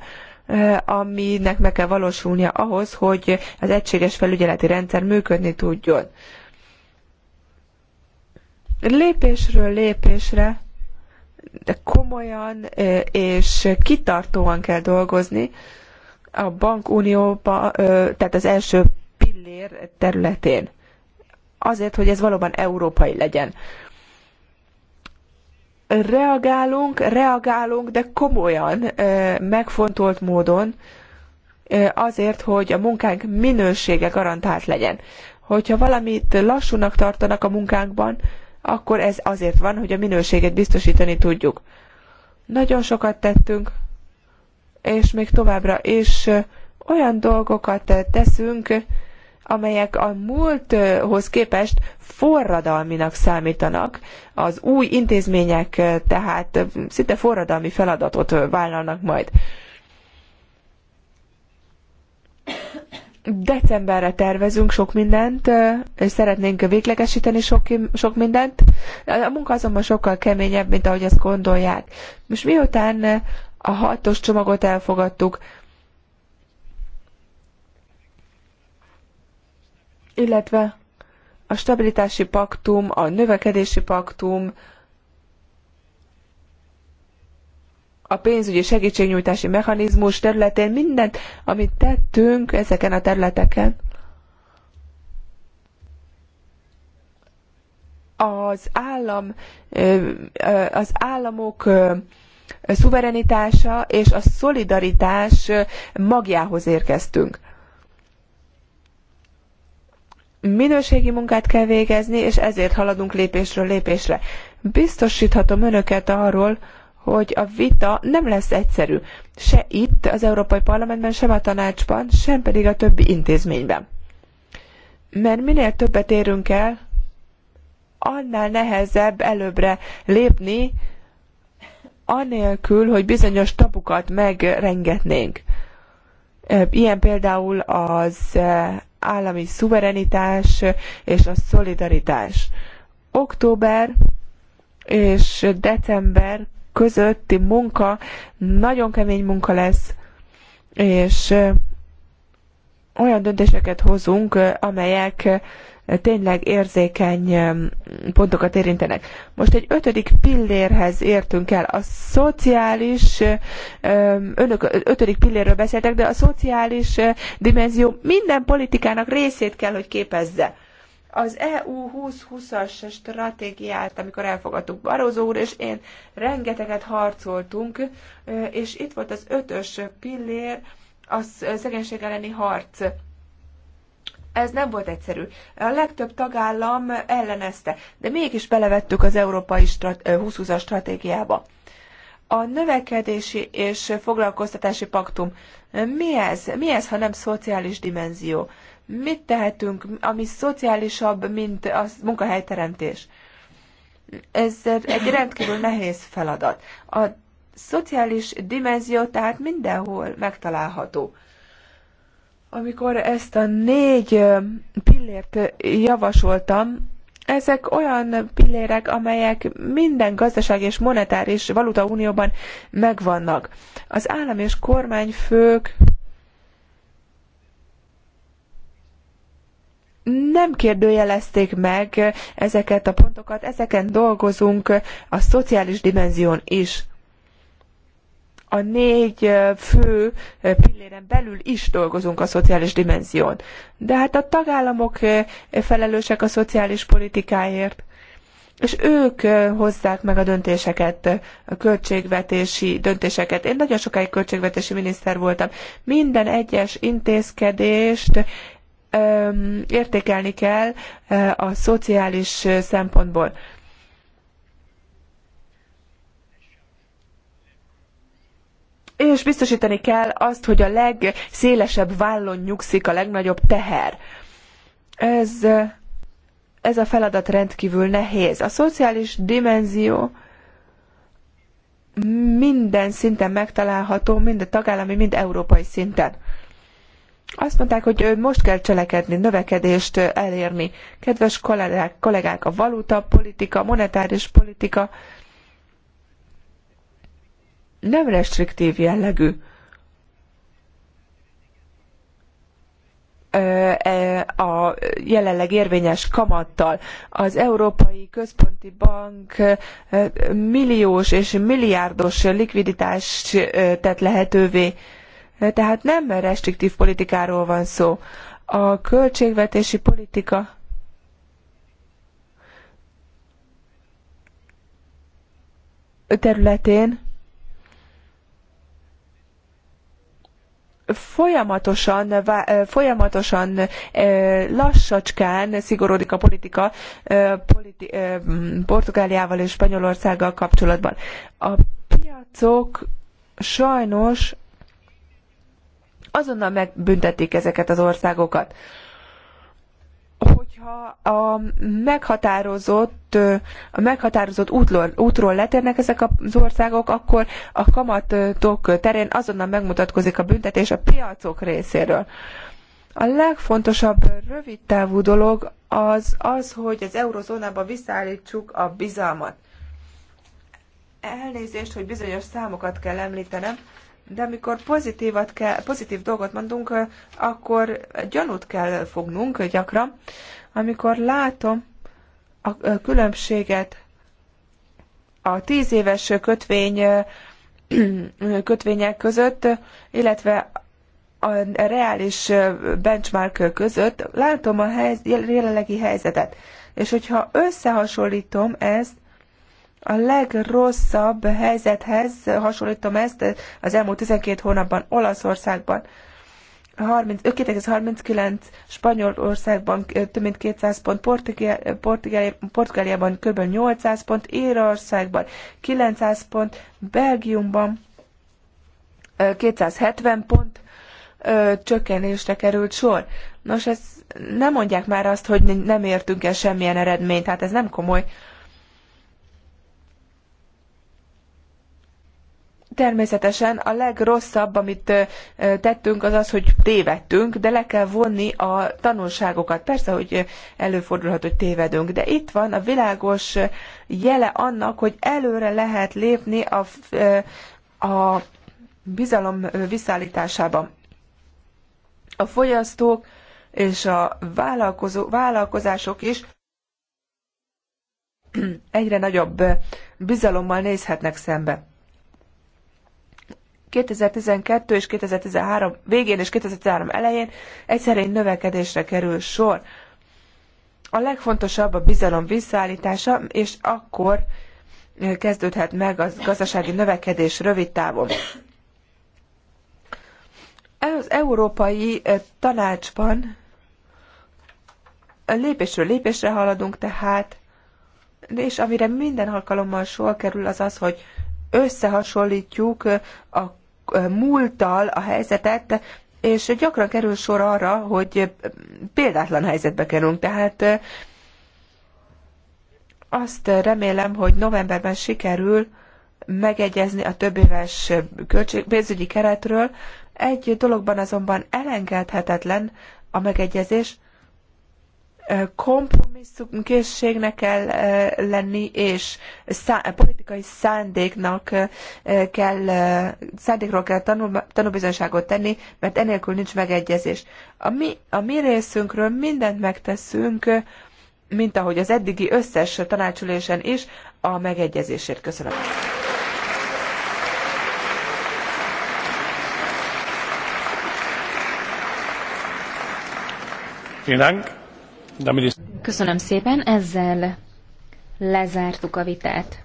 aminek meg kell valósulnia ahhoz, hogy az egységes felügyeleti rendszer működni tudjon. Lépésről lépésre de komolyan és kitartóan kell dolgozni a bankunióba, tehát az első pillér területén. Azért, hogy ez valóban európai legyen. Reagálunk, reagálunk, de komolyan, megfontolt módon, azért, hogy a munkánk minősége garantált legyen. Hogyha valamit lassúnak tartanak a munkánkban, akkor ez azért van, hogy a minőséget biztosítani tudjuk. Nagyon sokat tettünk, és még továbbra is olyan dolgokat teszünk, amelyek a múlthoz képest forradalminak számítanak. Az új intézmények tehát szinte forradalmi feladatot vállalnak majd. Decemberre tervezünk sok mindent, és szeretnénk véglegesíteni sok, sok mindent. A munka azonban sokkal keményebb, mint ahogy azt gondolják. Most miután a hatos csomagot elfogadtuk, illetve a stabilitási paktum, a növekedési paktum, a pénzügyi segítségnyújtási mechanizmus területén mindent, amit tettünk ezeken a területeken, az állam, az államok szuverenitása és a szolidaritás magjához érkeztünk. Minőségi munkát kell végezni, és ezért haladunk lépésről lépésre. Biztosíthatom önöket arról, hogy a vita nem lesz egyszerű, se itt az Európai Parlamentben, sem a tanácsban, sem pedig a többi intézményben. Mert minél többet érünk el, annál nehezebb előbbre lépni, anélkül, hogy bizonyos tabukat megrengetnénk. Ilyen például az állami szuverenitás és a szolidaritás. Október és december közötti munka nagyon kemény munka lesz, és olyan döntéseket hozunk, amelyek tényleg érzékeny pontokat érintenek. Most egy ötödik pillérhez értünk el. A szociális, önök ötödik pillérről beszéltek, de a szociális dimenzió minden politikának részét kell, hogy képezze az EU 2020-as stratégiát, amikor elfogadtuk Barózó úr, és én rengeteget harcoltunk, és itt volt az ötös pillér, a szegénység elleni harc. Ez nem volt egyszerű. A legtöbb tagállam ellenezte, de mégis belevettük az Európai 2020-as stratégiába. A növekedési és foglalkoztatási paktum. Mi ez? Mi ez, ha nem szociális dimenzió? Mit tehetünk, ami szociálisabb, mint a munkahelyteremtés? Ez egy rendkívül nehéz feladat. A szociális dimenzió tehát mindenhol megtalálható. Amikor ezt a négy pillért javasoltam, ezek olyan pillérek, amelyek minden gazdaság és monetáris valutaunióban megvannak. Az állam és kormányfők nem kérdőjelezték meg ezeket a pontokat, ezeken dolgozunk a szociális dimenzión is. A négy fő pilléren belül is dolgozunk a szociális dimenzión. De hát a tagállamok felelősek a szociális politikáért, és ők hozzák meg a döntéseket, a költségvetési döntéseket. Én nagyon sokáig költségvetési miniszter voltam. Minden egyes intézkedést értékelni kell a szociális szempontból. És biztosítani kell azt, hogy a legszélesebb vállon nyugszik a legnagyobb teher. Ez, ez a feladat rendkívül nehéz. A szociális dimenzió minden szinten megtalálható, mind a tagállami, mind európai szinten. Azt mondták, hogy most kell cselekedni, növekedést elérni. Kedves kollégák, kollégák a valuta politika, monetáris politika nem restriktív jellegű. E, a jelenleg érvényes kamattal. Az Európai Központi Bank milliós és milliárdos likviditást tett lehetővé tehát nem restriktív politikáról van szó. A költségvetési politika területén folyamatosan, folyamatosan lassacskán szigorodik a politika politi, Portugáliával és Spanyolországgal kapcsolatban. A piacok sajnos azonnal megbüntetik ezeket az országokat. Hogyha a meghatározott, a meghatározott útról, útról letérnek ezek az országok, akkor a kamatok terén azonnal megmutatkozik a büntetés a piacok részéről. A legfontosabb rövidtávú dolog az az, hogy az eurozónába visszaállítsuk a bizalmat. Elnézést, hogy bizonyos számokat kell említenem, de amikor pozitívat kell, pozitív dolgot mondunk, akkor gyanút kell fognunk gyakran. Amikor látom a különbséget a tíz éves kötvény, kötvények között, illetve a reális benchmark között, látom a hely, jelenlegi helyzetet. És hogyha összehasonlítom ezt a legrosszabb helyzethez hasonlítom ezt az elmúlt 12 hónapban Olaszországban. 2,39 Spanyolországban több mint 200 pont, Portugáliában kb. 800 pont, Írországban 900 pont, Belgiumban 270 pont ö, csökkenésre került sor. Nos, ez nem mondják már azt, hogy nem értünk el semmilyen eredményt, tehát ez nem komoly. Ö, Természetesen a legrosszabb, amit tettünk, az az, hogy tévedtünk, de le kell vonni a tanulságokat. Persze, hogy előfordulhat, hogy tévedünk, de itt van a világos jele annak, hogy előre lehet lépni a, a bizalom visszaállításába. A fogyasztók és a vállalkozó, vállalkozások is egyre nagyobb bizalommal nézhetnek szembe. 2012 és 2013 végén és 2013 elején egyszerűen növekedésre kerül sor. A legfontosabb a bizalom visszaállítása, és akkor kezdődhet meg a gazdasági növekedés rövid távon. Az Európai Tanácsban lépésről lépésre haladunk tehát, és amire minden alkalommal sor kerül, az az, hogy összehasonlítjuk a múltal a helyzetet, és gyakran kerül sor arra, hogy példátlan helyzetbe kerülünk. Tehát azt remélem, hogy novemberben sikerül megegyezni a többéves költség, pénzügyi keretről. Egy dologban azonban elengedhetetlen a megegyezés, Kompromisszumkészségnek kell lenni, és szá- politikai szándéknak kell, szándékról kell tanul, tanúbizonyságot tenni, mert enélkül nincs megegyezés. A mi, a mi részünkről mindent megteszünk, mint ahogy az eddigi összes tanácsülésen is, a megegyezésért. Köszönöm. Vielen Dank. Köszönöm szépen, ezzel lezártuk a vitát.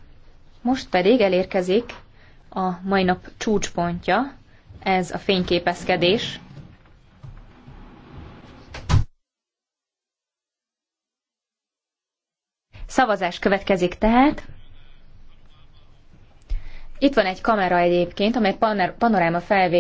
Most pedig elérkezik a mai nap csúcspontja, ez a fényképezkedés. Szavazás következik tehát. Itt van egy kamera egyébként, amely panoráma felvétel.